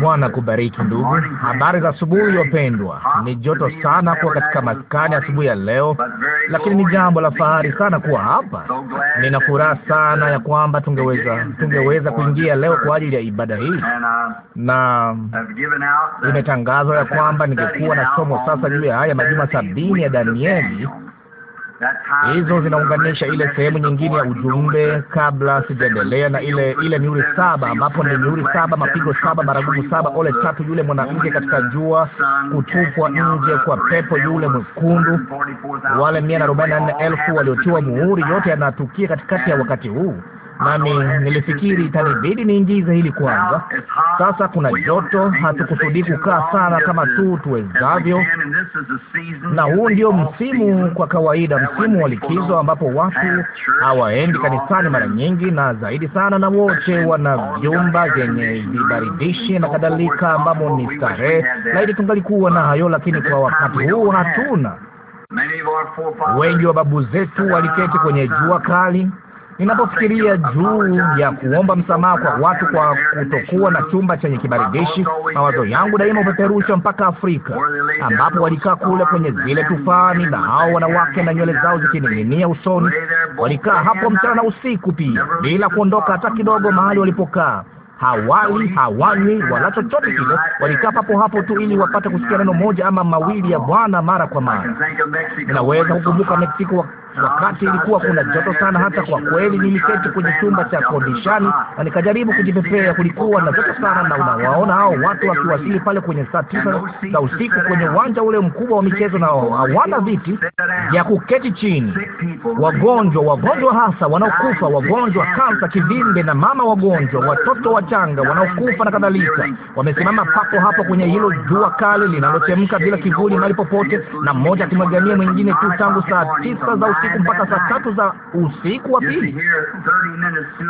Bwana kubariki ndugu. Habari za asubuhi wapendwa. Ni joto sana kuwa katika maskani asubuhi ya leo, lakini ni jambo la fahari sana kuwa hapa. Nina furaha sana ya kwamba tungeweza tungeweza kuingia leo kwa ajili ya ibada hii, na imetangazwa ya kwamba ningekuwa na somo sasa juu ya haya majuma sabini ya Danieli hizo zinaunganisha ile sehemu nyingine ya ujumbe. Kabla sijaendelea na ile ile mihuri saba, ambapo ni mihuri saba, mapigo saba, baragumu saba, ole tatu, yule mwanamke katika jua, kutupwa nje kwa pepo yule mwekundu, wale mia na arobaini na nne elfu waliotiwa muhuri, yote yanatukia katikati ya wakati huu nami nilifikiri itanibidi niingize hili kwanza. Sasa kuna joto, hatukusudii kukaa sana kama tu tuwezavyo, na huu ndio msimu, kwa kawaida, msimu wa likizo ambapo watu hawaendi kanisani mara nyingi, na zaidi sana, na wote wana vyumba vyenye vibaridishi na kadhalika, ambamo ni starehe. Laiti tungalikuwa na hayo, lakini kwa wakati huu hatuna. Wengi wa babu zetu waliketi kwenye jua kali ninapofikiria juu ya kuomba msamaha kwa watu kwa kutokuwa na chumba chenye kibaridishi, mawazo yangu daima upeperusha mpaka Afrika ambapo walikaa kule kwenye zile tufani, na hao wanawake na nywele zao zikining'inia usoni, walikaa hapo mchana na usiku pia, bila kuondoka hata kidogo mahali walipokaa hawali hawanywi wala chochote kile, walikaa papo hapo tu ili wapate kusikia neno moja ama mawili ya Bwana mara kwa mara. Ninaweza kukumbuka Meksiko wakati ilikuwa kuna joto sana, hata kwa kweli niliketi kwenye chumba cha kondishani na nikajaribu kujipepea. Kulikuwa na joto sana, na unawaona hao watu wakiwasili pale kwenye saa tisa za usiku kwenye uwanja ule mkubwa wa michezo, na hawana viti vya kuketi chini. Wagonjwa, wagonjwa hasa wanaokufa, wagonjwa kansa, kivimbe, na mama wagonjwa, watoto wachanga wanaokufa na kadhalika, wamesimama papo hapo kwenye hilo jua kali linalochemka bila kivuli mali popote, na mmoja akimwagania mwingine tu tangu saa tisa za usiku usiku mpaka saa tatu za usiku wa pili,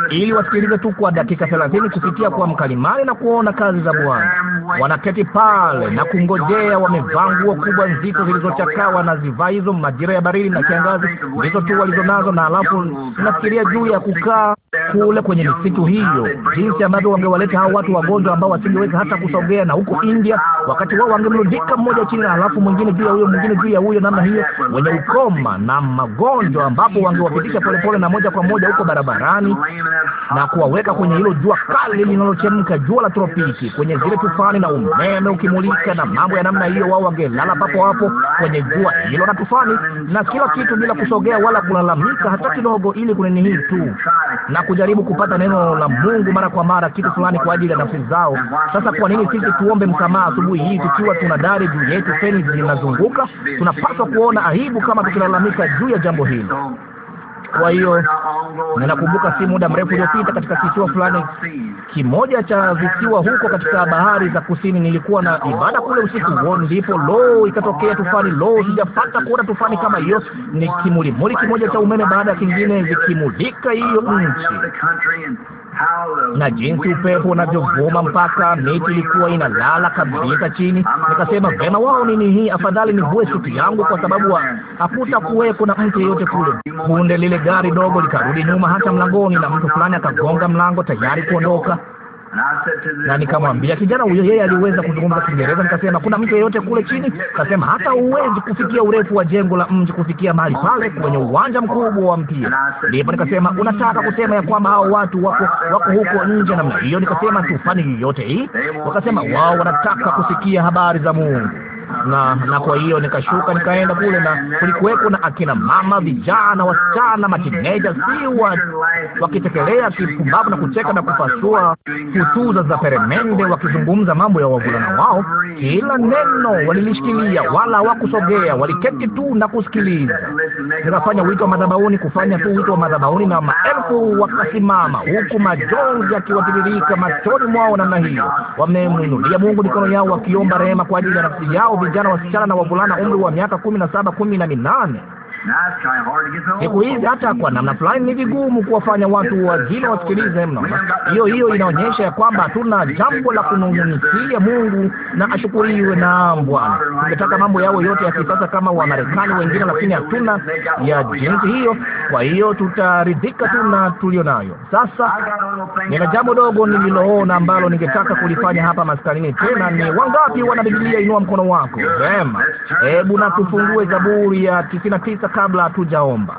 ili wasikilize tu kwa dakika thelathini kupitia kwa mkalimani na kuona kazi za Bwana. Wanaketi pale na kungojea, wamevaa nguo kubwa nzito zilizochakaa, wanazivaa hizo majira ya baridi na kiangazi, ndizo tu walizonazo. Na alafu nafikiria juu ya kukaa kule kwenye misitu hiyo, jinsi ambavyo wangewaleta hao watu wagonjwa ambao wasingeweza hata kusogea, na huko India wakati wao wangemrudika mmoja chini, alafu mwingine juu ya huyo, mwingine juu ya huyo, namna hiyo, wenye ukoma na magonjwa wagonjwa, ambapo wangewapitisha polepole na moja kwa moja huko barabarani na kuwaweka kwenye hilo jua kali linalochemka, jua la tropiki, kwenye zile tufani na umeme ukimulika na mambo ya namna hiyo. Wao wangelala papo hapo kwenye jua hilo na tufani na kila kitu, bila kusogea wala kulalamika hata kidogo, ili kunini hii tu na kujaribu kupata neno la Mungu mara kwa mara, kitu fulani kwa ajili ya nafsi zao. Sasa kwa nini sisi tuombe msamaha asubuhi hii tukiwa tuna dari juu yetu, feni zinazunguka? Tunapaswa kuona aibu kama tukilalamika juu ya jambo hili. Kwa hiyo ninakumbuka si muda mrefu uliopita katika kisiwa fulani kimoja cha visiwa huko katika bahari za kusini, nilikuwa na ibada kule usiku huo, ndipo lo, ikatokea tufani. Lo, sijapata kuona tufani kama hiyo. Ni kimulimuli kimoja cha umeme baada ya kingine, zikimulika hiyo nchi na jinsi upepo unavyovuma mpaka miti ilikuwa inalala kabisa chini. Nikasema vema, wao nini hii, afadhali nivue suti yangu, kwa sababu kuweko na mtu yeyote kule. Punde lile gari dogo likarudi nyuma hata mlangoni, na mtu fulani akagonga mlango, tayari kuondoka na nikamwambia kijana huyo, yeye aliweza kuzungumza Kiingereza. Nikasema, kuna mtu yeyote kule chini? Kasema, hata huwezi kufikia urefu wa jengo la mji kufikia mahali pale kwenye uwanja mkubwa wa mpira. Ndipo nikasema, unataka kusema ya kwamba hao watu wako wako huko nje namna hiyo? Nikasema, tufani yoyote hii. Wakasema wao wanataka kusikia habari za Mungu na na kwa hiyo nikashuka nikaenda kule, na kulikuwepo na akina mama, vijana, wasichana, matineja, si wa, wakitekelea kipumbavu na kucheka na kufasua kutuza za peremende, wakizungumza mambo ya wavulana wao. Kila neno walilishikilia, wala wakusogea, waliketi tu na kusikiliza. Nikafanya wito wa madhabauni, kufanya tu wito wa madhabauni, na maelfu wakasimama, huku majonzi akiwatiririka machoni mwao namna hiyo, wamemwinulia Mungu mikono yao, wakiomba rehema kwa ajili ya nafsi yao vijana wasichana na wavulana umri wa miaka kumi na saba kumi na minane Siku hizi hata kwa namna fulani ni vigumu kuwafanya watu wazima wasikilize mno. Hiyo hiyo inaonyesha ya kwamba hatuna jambo la kunung'unikia Mungu na ashukuriwe. Na Bwana, tungetaka mambo yao yote ya kisasa kama Wamarekani wengine, lakini hatuna ya jinsi hiyo. Kwa hiyo tutaridhika tu na tulio nayo. Sasa nina jambo dogo nililoona ambalo ningetaka kulifanya hapa maskanini tena. Ni wangapi wana Biblia? Inua mkono wako. Vema, hebu na tufungue Zaburi ya 99 kabla hatujaomba.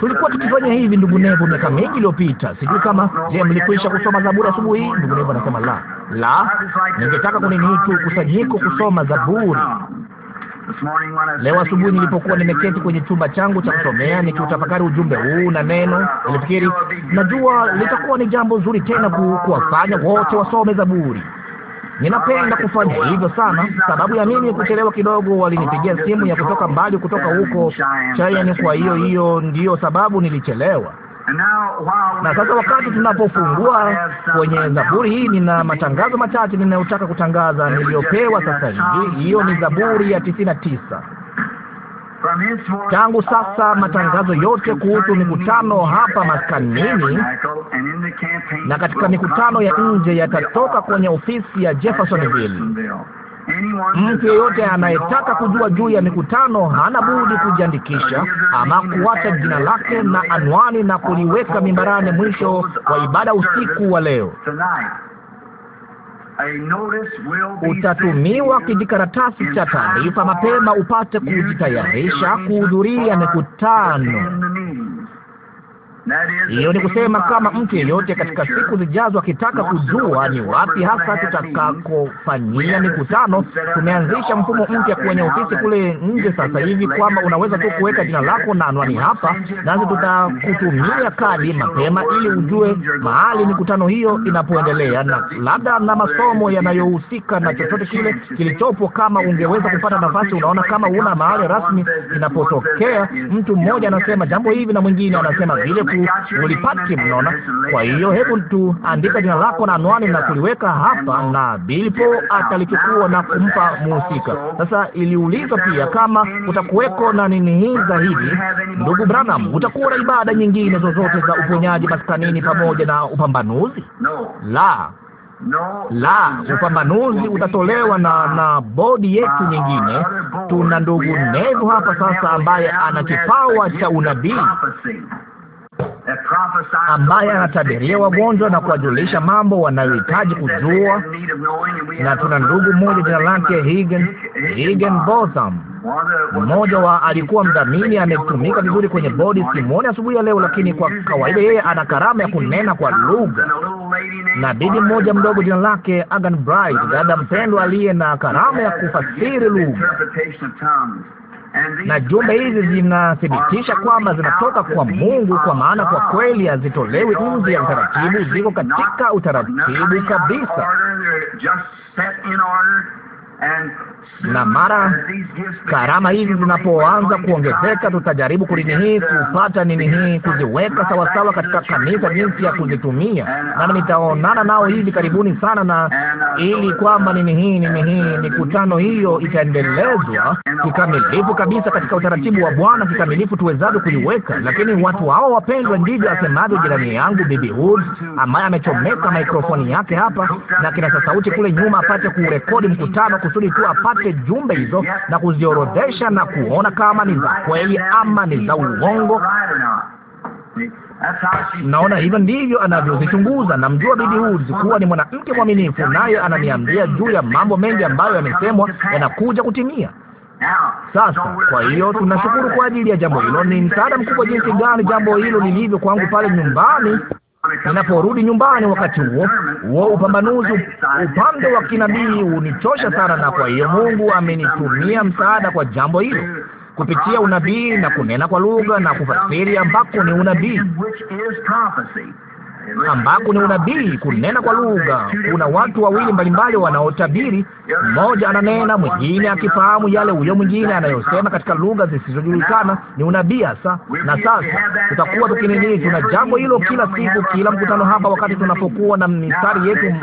Tulikuwa uh, tukifanya hivi ndugu Nevo miaka mingi iliyopita. Sijui uh, kama je, mlikwisha kusoma Zaburi asubuhi hii? Ndugu Nevo anasema la, la, ningetaka kuninitu kusanyiko kusoma Zaburi. Leo asubuhi nilipokuwa nimeketi uh, kwenye chumba changu cha kusomea nikiutafakari ujumbe huu na neno, nilifikiri najua litakuwa ni jambo zuri tena kuwafanya wote wasome Zaburi. Ninapenda kufanya hivyo sana. Sababu ya mimi kuchelewa kidogo, walinipigia simu ya kutoka mbali, kutoka huko Cheyenne. Kwa hiyo hiyo ndiyo sababu nilichelewa. Na sasa wakati tunapofungua kwenye zaburi hii, nina matangazo machache ninayotaka kutangaza niliyopewa sasa hivi. Hiyo ni Zaburi ya tisini na tisa. Tangu sasa matangazo yote kuhusu mikutano hapa maskanini na katika mikutano ya nje yatatoka kwenye ofisi ya Jeffersonville. Mtu yeyote anayetaka kujua juu ya mikutano hana budi kujiandikisha ama kuacha jina lake na anwani na kuliweka mimbarani mwisho wa ibada usiku wa leo utatumiwa kijikaratasi cha taarifa mapema, upate kujitayarisha kuhudhuria mikutano hiyo ni kusema kama mtu yeyote katika siku zijazo akitaka kujua ni wapi hasa tutakakofanyia mikutano, tumeanzisha mfumo mpya kwenye ofisi kule nje sasa hivi, kwamba unaweza tu kuweka jina lako na anwani hapa, nasi tutakutumia kadi mapema ili ujue mahali mikutano hiyo inapoendelea, na labda na masomo yanayohusika na chochote kile kilichopo, kama ungeweza kupata nafasi. Unaona, kama una mahali rasmi, inapotokea mtu mmoja anasema jambo hivi na mwingine anasema vile ulipati. Mnaona? Kwa hiyo hebu tuandika jina lako na anwani na kuliweka hapa, na bilipo atalichukua na kumpa muhusika. Sasa iliuliza pia kama utakuweko na nini hii za hivi, ndugu Branham, utakuwa na ibada nyingine zozote za uponyaji maskanini pamoja na upambanuzi? La, la, upambanuzi utatolewa na na bodi yetu nyingine. Tuna ndugu Nevu hapa sasa, ambaye ana kipawa cha unabii ambaye anatabiria wagonjwa na kuwajulisha mambo wanayohitaji kujua. Na tuna ndugu mmoja jina lake Higen Higen Botham, mmoja wa alikuwa mdhamini, ametumika vizuri kwenye bodi. Simuone asubuhi ya leo, lakini kwa kawaida yeye ana karama ya kunena kwa lugha, na bibi mmoja mdogo jina lake Agan Bright, dada mpendwa, aliye na karama ya kufasiri lugha na jumbe hizi zinathibitisha kwamba zinatoka kwa Mungu, kwa maana kwa kweli hazitolewi nje ya utaratibu, ziko katika utaratibu kabisa na mara karama hizi zinapoanza kuongezeka, tutajaribu kulini hii kupata nini hii kuziweka sawasawa katika kanisa, jinsi ya kuzitumia. Nami nitaonana nao hivi karibuni sana, na ili kwamba nini hii nini hii mikutano hiyo itaendelezwa kikamilifu kabisa katika utaratibu wa Bwana kikamilifu tuwezavyo kuiweka. Lakini watu hao wapendwa, ndivyo asemavyo jirani yangu Bibi Hood ambaye amechomeka mikrofoni yake hapa na kinasa sauti kule nyuma apate kurekodi mkutano kusudi tu apate zake jumbe hizo na kuziorodhesha na kuona kama ni za kweli ama ni za uongo. Naona hivyo ndivyo anavyozichunguza. Namjua bibi huyu kuwa ni mwanamke mwaminifu, naye ananiambia juu ya mambo mengi ambayo yamesemwa yanakuja kutimia. Sasa kwa hiyo tunashukuru kwa ajili ya jambo hilo. Ni msaada mkubwa jinsi gani jambo hilo lilivyo kwangu pale nyumbani. Ninaporudi nyumbani wakati huo huo, upambanuzi, upande wa kinabii unichosha sana, na kwa hiyo Mungu amenitumia msaada kwa jambo hilo kupitia unabii na kunena kwa lugha na kufasiri ambako ni unabii ambako ni unabii, kunena kwa lugha. Kuna watu wawili mbalimbali wanaotabiri, mmoja ananena, mwingine akifahamu yale huyo mwingine anayosema katika lugha zisizojulikana. Ni unabii hasa. Na sasa tutakuwa tukinini, tuna jambo hilo kila siku, kila mkutano hapa, wakati tunapokuwa na mistari yetu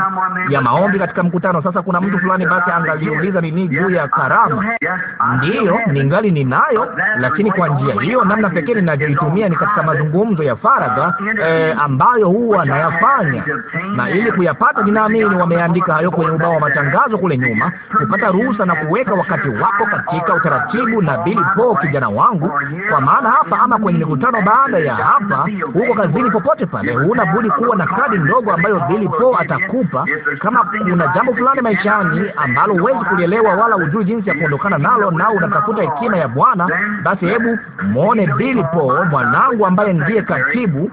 ya maombi katika mkutano. Sasa kuna mtu fulani basi angaliuliza nini juu ya karama. Ndiyo, ningali ninayo, lakini kwa njia hiyo, namna pekee ninavyoitumia ni katika mazungumzo ya faragha eh, ambayo huwa anayafanya, na ili kuyapata, ninaamini wameandika hayo kwenye ubao wa matangazo kule nyuma, kupata ruhusa na kuweka wakati wako katika utaratibu. Na Bili Po, kijana wangu, kwa maana hapa ama kwenye mikutano baada ya hapa, huko kazini, popote pale, huna budi kuwa na kadi ndogo ambayo Bili Po atakupa kama kuna jambo fulani maishani ambalo huwezi kulielewa wala ujui jinsi ya kuondokana nalo, na unatafuta hekima ya Bwana, basi hebu mwone Bili Po mwanangu, ambaye ndiye katibu,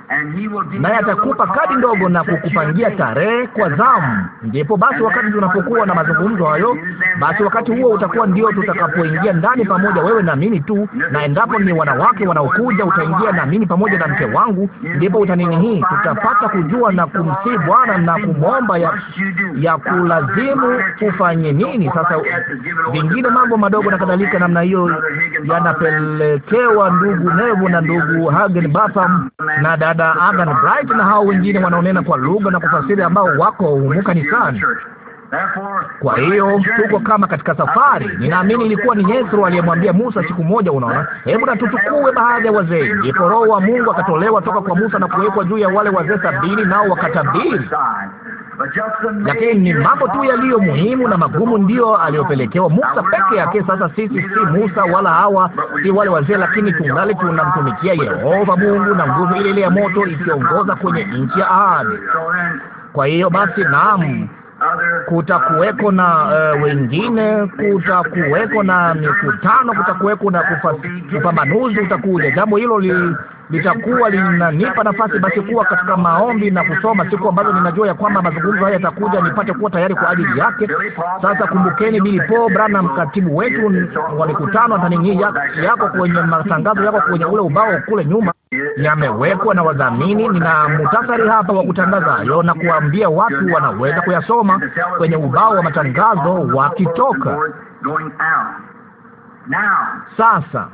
naye atakupa kukupa kadi ndogo na kukupangia tarehe kwa zamu. Ndipo basi wakati tunapokuwa na mazungumzo hayo, basi wakati huo utakuwa ndio tutakapoingia ndani pamoja, wewe na mimi tu, na endapo ni wanawake wanaokuja, utaingia na mimi pamoja na mke wangu. Ndipo utanini hii tutapata kujua na kumsii Bwana na kumwomba ya, ya kulazimu ufanye nini. Sasa vingine mambo madogo na kadhalika namna hiyo yanapelekewa ndugu Nevo na ndugu Hagen na dada Agan Bright na hao wengine wanaonena kwa lugha na kufasiri ambao wako humu kanisani. Kwa hiyo tuko kama katika safari. Ninaamini ilikuwa ni Yethro aliyemwambia Musa siku moja, unaona, hebu na tuchukue baadhi ya wazee. Ndipo Roho wa Mungu akatolewa toka kwa Musa na kuwekwa juu ya wale wazee sabini, nao wakatabiri lakini ni mambo tu yaliyo muhimu na magumu ndiyo aliyopelekewa Musa peke yake. Sasa sisi si Musa wala hawa si wale wazee, lakini tungali tunamtumikia Yehova Mungu na nguvu ile ile ya moto ikiongoza kwenye nchi ya ahadi. Kwa hiyo basi, naam kutakuweko na uh, wengine, kutakuweko na mikutano, kutakuweko na kufa, upambanuzi utakuja. Jambo hilo li litakuwa linanipa nafasi basi kuwa katika maombi na kusoma siku ambazo ninajua ya kwamba mazungumzo haya yatakuja, nipate kuwa tayari kwa ajili yake. Sasa kumbukeni, Billy Paul Branham, katibu wetu wa mikutano tanini yako kwenye matangazo yako kwenye ule ubao kule nyuma yamewekwa na wadhamini. Nina muhtasari hapa wa kutangaza hayo na kuambia watu wanaweza kuyasoma kwenye ubao wa matangazo wakitoka sasa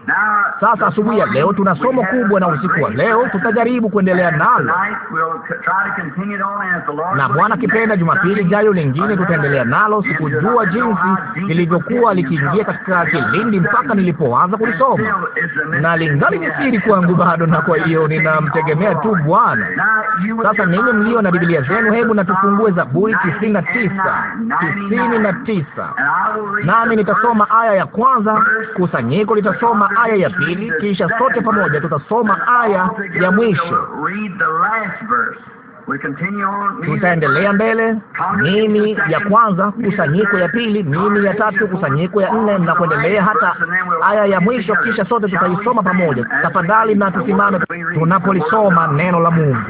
sasa, asubuhi ya leo tuna somo kubwa, na usiku wa leo tutajaribu kuendelea nalo, na Bwana kipenda, Jumapili jayo lingine tutaendelea nalo. Sikujua jinsi lilivyokuwa likiingia katika kilindi mpaka nilipoanza kulisoma, na lingali ni siri kwangu bado, na kwa hiyo ninamtegemea tu Bwana. Sasa ninyi mlio na Biblia zenu, hebu na tufungue Zaburi tisini na tisa tisini na tisa nami nitasoma aya ya kwanza kusanyiko litasoma aya ya pili, kisha sote pamoja tutasoma aya ya mwisho. Tutaendelea mbele, mimi ya kwanza, kusanyiko ya pili, mimi ya tatu, kusanyiko ya nne, na kuendelea hata aya ya mwisho, kisha sote tutaisoma pamoja. Tafadhali na tusimame tunapolisoma neno la Mungu.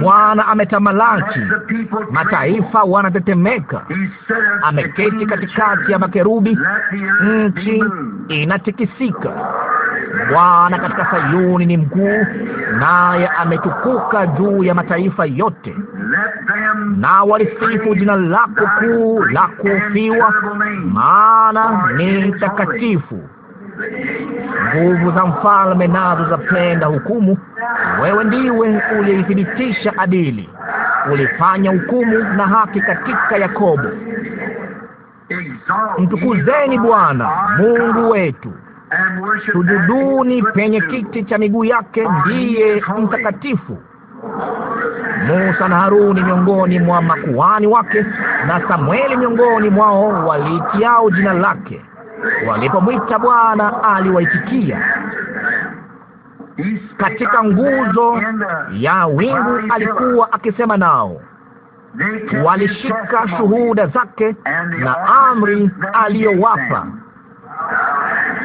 Bwana ametamalaki, mataifa wanatetemeka. Ameketi katikati ya makerubi, nchi inatikisika. Bwana katika Sayuni ni mkuu, naye ametukuka juu ya mataifa yote. Na walisifu jina lako kuu la kuofiwa, maana ni takatifu. Nguvu za mfalme nazo zapenda hukumu. Wewe ndiwe uliithibitisha adili, ulifanya hukumu na haki katika Yakobo. Mtukuzeni Bwana Mungu wetu, sujuduni penye kiti cha miguu yake, ndiye mtakatifu. Musa na Haruni miongoni mwa makuhani wake, na Samueli miongoni mwao walitiao jina lake. Walipomwita Bwana aliwaitikia. Katika nguzo ya wingu alikuwa akisema nao, walishika shuhuda zake na amri aliyowapa.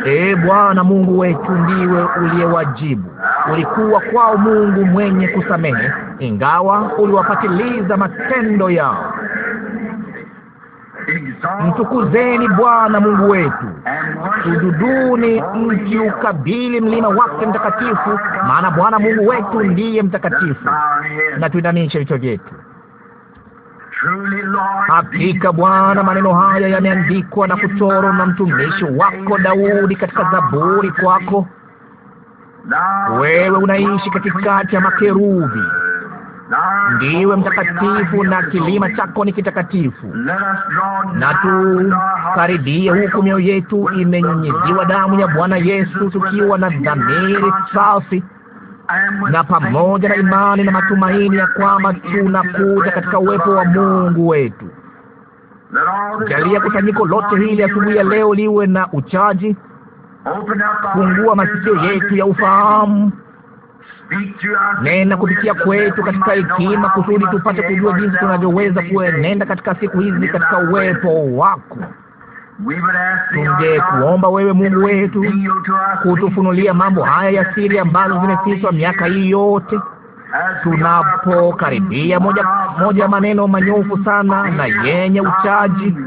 Ee Bwana Mungu wetu, ndiwe uliyewajibu. Ulikuwa kwao Mungu mwenye kusamehe, ingawa uliwapatiliza matendo yao. Mtukuzeni Bwana Mungu wetu, sujuduni mkiukabili mlima wake mtakatifu, maana Bwana Mungu wetu ndiye mtakatifu. Na tuinamishe vichwa vyetu. Hakika Bwana, maneno haya yameandikwa na kuchorwa na mtumishi wako Daudi katika Zaburi. Kwako wewe unaishi katikati ya makerubi Ndiwe mtakatifu na kilima chako ni kitakatifu, na tukaribie huku mioyo yetu imenyunyiziwa damu ya Bwana Yesu, tukiwa na dhamiri safi na pamoja na imani na matumaini ya kwamba tunakuja katika uwepo wa Mungu wetu. Jalia kusanyiko lote hili asubuhi ya leo liwe na uchaji. Fungua masikio yetu ya ufahamu nena kupitia kwetu katika hekima, kusudi tupate kujua jinsi tunavyoweza kuenenda katika siku hizi katika uwepo wako. Tungekuomba wewe Mungu wetu kutufunulia mambo haya ya siri ambazo zimefichwa miaka hii yote tunapokaribia moja moja maneno manyofu sana na yenye uchaji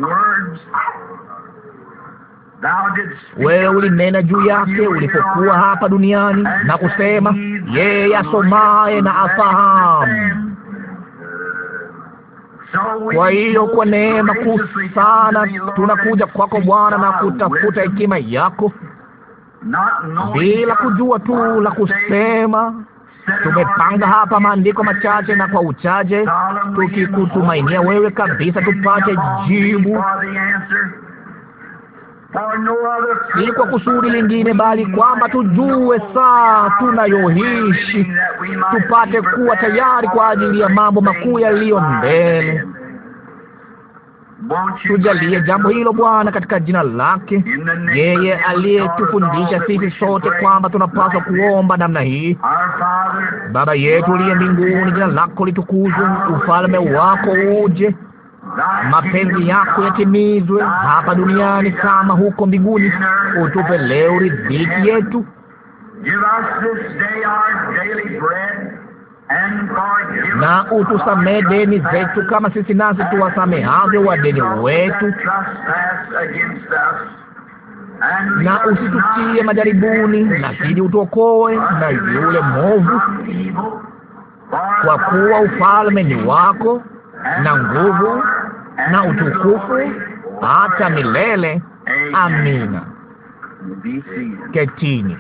wewe ulinena juu yake ulipokuwa hapa duniani na kusema, yeye asomaye na afahamu. Kwa hiyo kwa neema kuu sana tunakuja kwako Bwana na kutafuta hekima yako, bila kujua tu la kusema. Tumepanga hapa maandiko machache na kwa uchache, tukikutumainia wewe kabisa tupate jibu si kwa kusudi lingine, bali kwamba tujue saa tunayoishi, tupate kuwa tayari kwa ajili ya mambo makuu yaliyo mbele. Tujalie jambo hilo Bwana, katika jina lake, yeye aliyetufundisha sisi sote kwamba tunapaswa kuomba namna hii: Baba yetu uliye mbinguni, jina lako litukuzwe, ufalme wako uje mapenzi yako yatimizwe hapa duniani kama huko mbinguni. Utupe leo riziki yetu na utusamee deni zetu kama sisi nasi tuwasamehavyo wadeni wetu, na usitutie majaribuni, lakini utuokoe na yule mwovu, kwa kuwa ufalme ni wako na nguvu na utukufu hata milele. Amina. Ketini.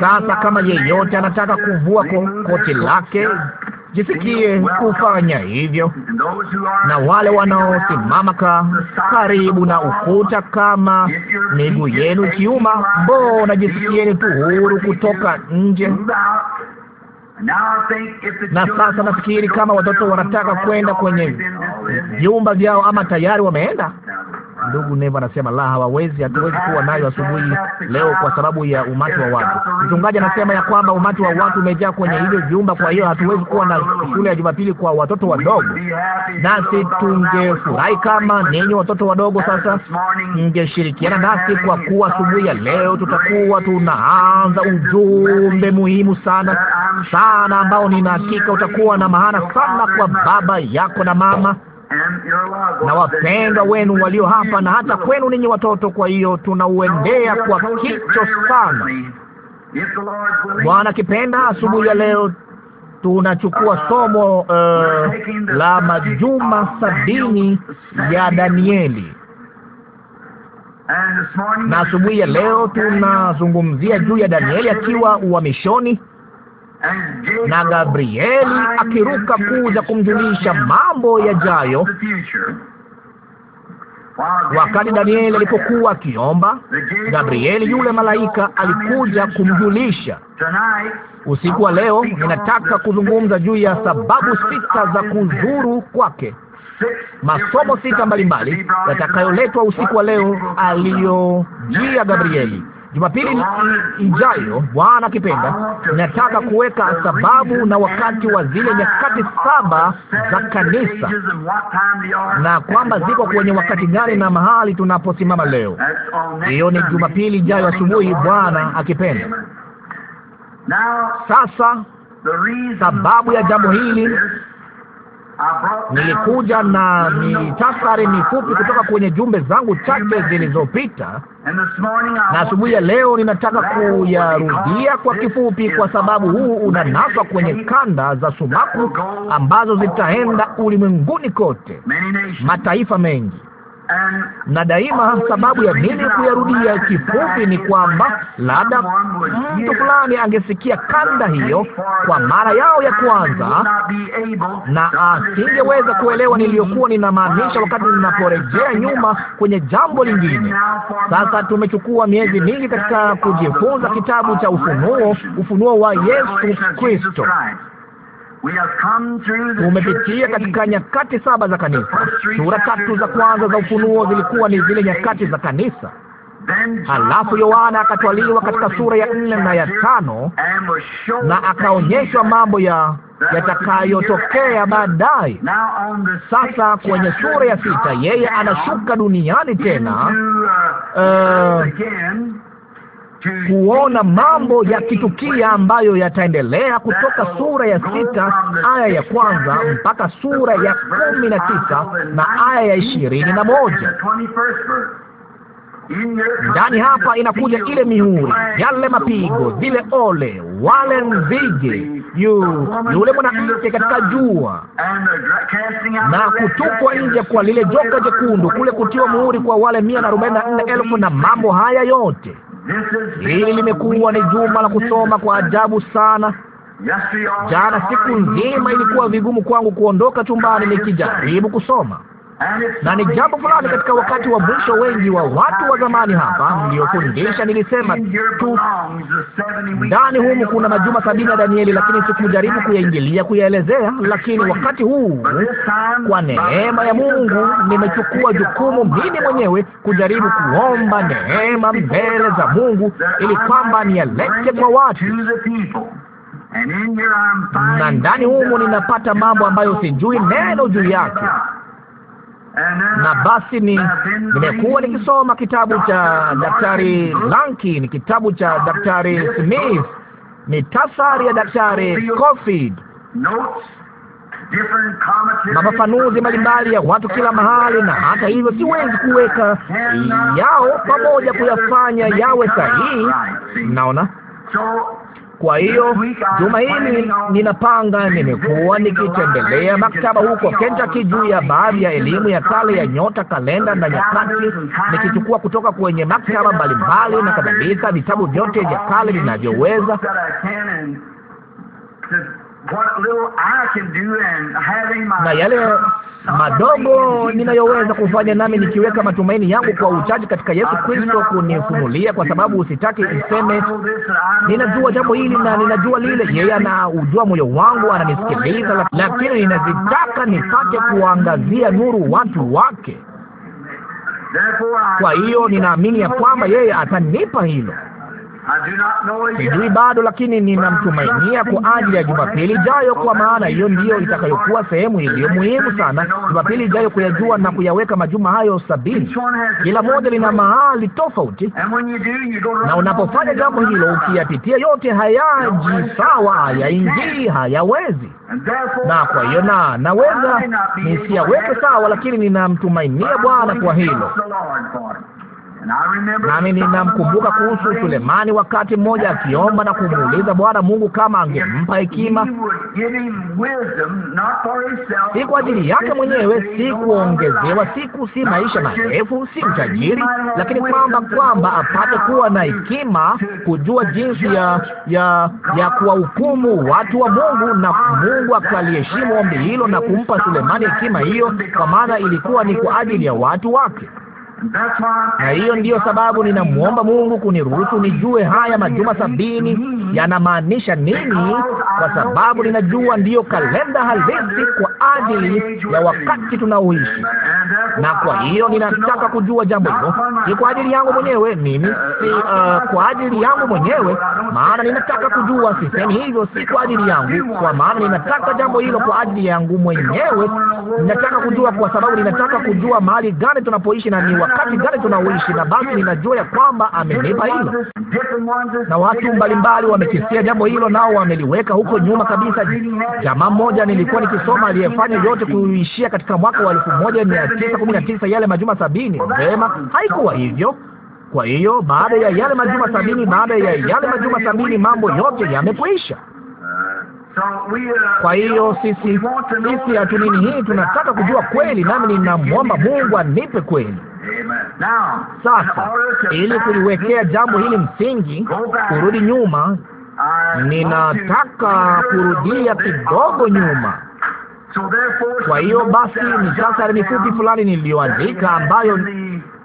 Sasa kama yeyote anataka kuvua koti lake jisikie kufanya hivyo, na wale wanaosimama ka karibu na ukuta, kama miguu yenu kiuma, mbona jisikieni tu huru kutoka nje. Na sasa nafikiri kama watoto wanataka kwenda kwenye vyumba vyao, ama tayari wameenda Ndugu Neva anasema la, hawawezi, hatuwezi kuwa nayo asubuhi leo kwa sababu ya umati wa watu. Mchungaji anasema ya kwamba umati wa watu umejaa kwenye hivyo vyumba, kwa hiyo hatuwezi kuwa na shule ya Jumapili kwa watoto wadogo. Nasi tungefurahi kama ninyi watoto wadogo sasa mngeshirikiana nasi, kwa kuwa asubuhi ya leo tutakuwa tunaanza ujumbe muhimu sana sana, ambao nina hakika utakuwa na maana sana kwa baba yako na mama na wapendwa wenu walio hapa na hata kwenu ninyi watoto. Kwa hiyo tunauendea kwa kicho sana. Bwana kipenda, asubuhi ya leo tunachukua somo uh, la majuma sabini ya Danieli na asubuhi ya leo tunazungumzia juu ya Danieli akiwa uhamishoni na Gabrieli akiruka kuja kumjulisha mambo yajayo. Wakati Danieli alipokuwa akiomba, Gabrieli yule malaika alikuja kumjulisha. Usiku wa leo ninataka kuzungumza juu ya sababu sita za kuzuru kwake, masomo sita mbalimbali yatakayoletwa usiku wa leo aliyojia Gabrieli. Jumapili ijayo, Bwana akipenda, nataka kuweka sababu na wakati wa zile nyakati saba za kanisa, na kwamba ziko kwenye wakati gani na mahali tunaposimama leo. Hiyo ni Jumapili ijayo asubuhi, Bwana akipenda. Sasa sababu ya jambo hili Nilikuja na mitasari mifupi kutoka kwenye jumbe zangu chache zilizopita, na asubuhi ya leo ninataka kuyarudia kwa kifupi, kwa sababu huu unanaswa kwenye kanda za sumaku ambazo zitaenda ulimwenguni kote, mataifa mengi na daima sababu ya mimi kuyarudia kifupi ni kwamba labda mtu fulani angesikia kanda hiyo kwa mara yao ya kwanza, na asingeweza kuelewa niliyokuwa ninamaanisha wakati ninaporejea nyuma kwenye jambo lingine. Sasa tumechukua miezi mingi katika kujifunza kitabu cha Ufunuo, ufunuo wa Yesu Kristo. Tumepitia katika nyakati saba za kanisa. Sura tatu za kwanza za Ufunuo zilikuwa ni zile nyakati za kanisa. Halafu Yohana akatwaliwa katika sura ya nne na ya tano na akaonyeshwa mambo ya yatakayotokea baadaye. Sasa kwenye sura ya sita yeye anashuka duniani uh, tena uh, kuona mambo yakitukia ambayo yataendelea kutoka sura ya sita aya ya kwanza mpaka sura ya kumi na tisa na aya ya ishirini na moja ndani hapa inakuja ile mihuri, yale mapigo, zile ole, wale nzige, yu yule mwanamke katika jua na kutupwa nje kwa lile joka jekundu, kule kutiwa muhuri kwa wale mia na arobaini na nne elfu na mambo haya yote Hili limekuwa ni juma la kusoma kwa ajabu sana. Jana siku nzima ilikuwa vigumu kwangu kuondoka chumbani nikijaribu kusoma na ni jambo fulani katika wakati wa mwisho. Wengi wa watu wa zamani hapa mliofundisha, nilisema tu ndani humu kuna majuma sabini ya Danieli, lakini sikujaribu kuyaingilia, kuyaelezea. Lakini wakati huu kwa neema ya Mungu nimechukua jukumu mimi mwenyewe kujaribu kuomba neema mbele za Mungu ili kwamba niyalete kwa watu na ndani humu ninapata mambo ambayo sijui neno juu yake na basi ni nimekuwa nikisoma kitabu cha Daktari Lanki, ni kitabu cha Daktari Smith, ni tasari ya Daktari na mafafanuzi mbalimbali ya watu kila mahali, na hata hivyo siwezi kuweka yao pamoja kuyafanya yawe sahihi. Naona kwa hiyo juma hili ninapanga, nimekuwa nikitembelea maktaba huko Kentucky juu ya baadhi ya elimu ya kale ya nyota, kalenda na nyakati, nikichukua kutoka kwenye maktaba mbalimbali na kadhalika, vitabu vyote vya kale vinavyoweza na yale madogo ninayoweza kufanya, nami nikiweka matumaini yangu kwa uchaji katika Yesu Kristo kunifunulia, kwa sababu usitaki iseme ninajua jambo hili na ninajua lile. Yeye anaujua moyo wangu, ananisikiliza, lakini ninazitaka nipate kuangazia nuru watu wake. Kwa hiyo ninaamini ya kwamba yeye atanipa hilo. Sijui bado, lakini ninamtumainia kwa ajili ya Jumapili ijayo, kwa maana hiyo ndiyo itakayokuwa sehemu iliyo muhimu sana, Jumapili ijayo, kuyajua na kuyaweka majuma hayo sabini. Kila moja lina mahali tofauti, na unapofanya jambo hilo, ukiyapitia yote, hayaji sawa, hayaingii, hayawezi na kwa hiyo na naweza nisiyaweke sawa, lakini ninamtumainia Bwana kwa hilo. Nami ninamkumbuka kuhusu Sulemani, wakati mmoja akiomba na kumuuliza Bwana Mungu kama angempa hekima, si kwa ajili yake mwenyewe, si kuongezewa siku, si maisha marefu, si utajiri, lakini kwamba kwamba apate kuwa na hekima, kujua jinsi ya ya ya kuwahukumu watu wa Mungu, na Mungu akaliheshimu ombi hilo na kumpa Sulemani hekima hiyo, kwa maana ilikuwa ni kwa ajili ya watu wake na hiyo ndiyo sababu ninamwomba Mungu kuniruhusu nijue haya majuma sabini Mm-hmm. yanamaanisha nini, kwa uh, sababu ninajua ndiyo kalenda halisi kwa ajili ya wakati tunaoishi, na kwa hiyo ninataka kujua jambo hilo, si kwa ajili yangu mwenyewe mimi, uh, si uh, kwa ajili yangu mwenyewe, maana ninataka kujua. Sisemi hivyo, si kwa ajili yangu, kwa maana ninataka jambo hilo kwa ajili yangu mwenyewe. Ninataka kujua kwa sababu ninataka kujua mahali gani tunapoishi na ni wakati gani tunaoishi, na basi ninajua ya kwamba amenipa hilo, na watu mbalimbali wa wamekisia jambo hilo, nao wameliweka huko nyuma kabisa. Jamaa mmoja nilikuwa nikisoma, aliyefanya yote kuishia katika mwaka wa elfu moja mia tisa kumi na tisa, yale majuma sabini. Vema, haikuwa hivyo. Kwa hiyo baada ya yale majuma sabini, baada ya yale majuma sabini, mambo yote yamekwisha. Kwa hiyo sisi sisi hatunini hii, tunataka kujua kweli, nami ninamwomba Mungu anipe kweli. Sasa ili kuliwekea jambo hili msingi, kurudi nyuma, ninataka kurudia kidogo nyuma. Kwa hiyo basi, ni sasa mifupi fulani niliyoandika ambayo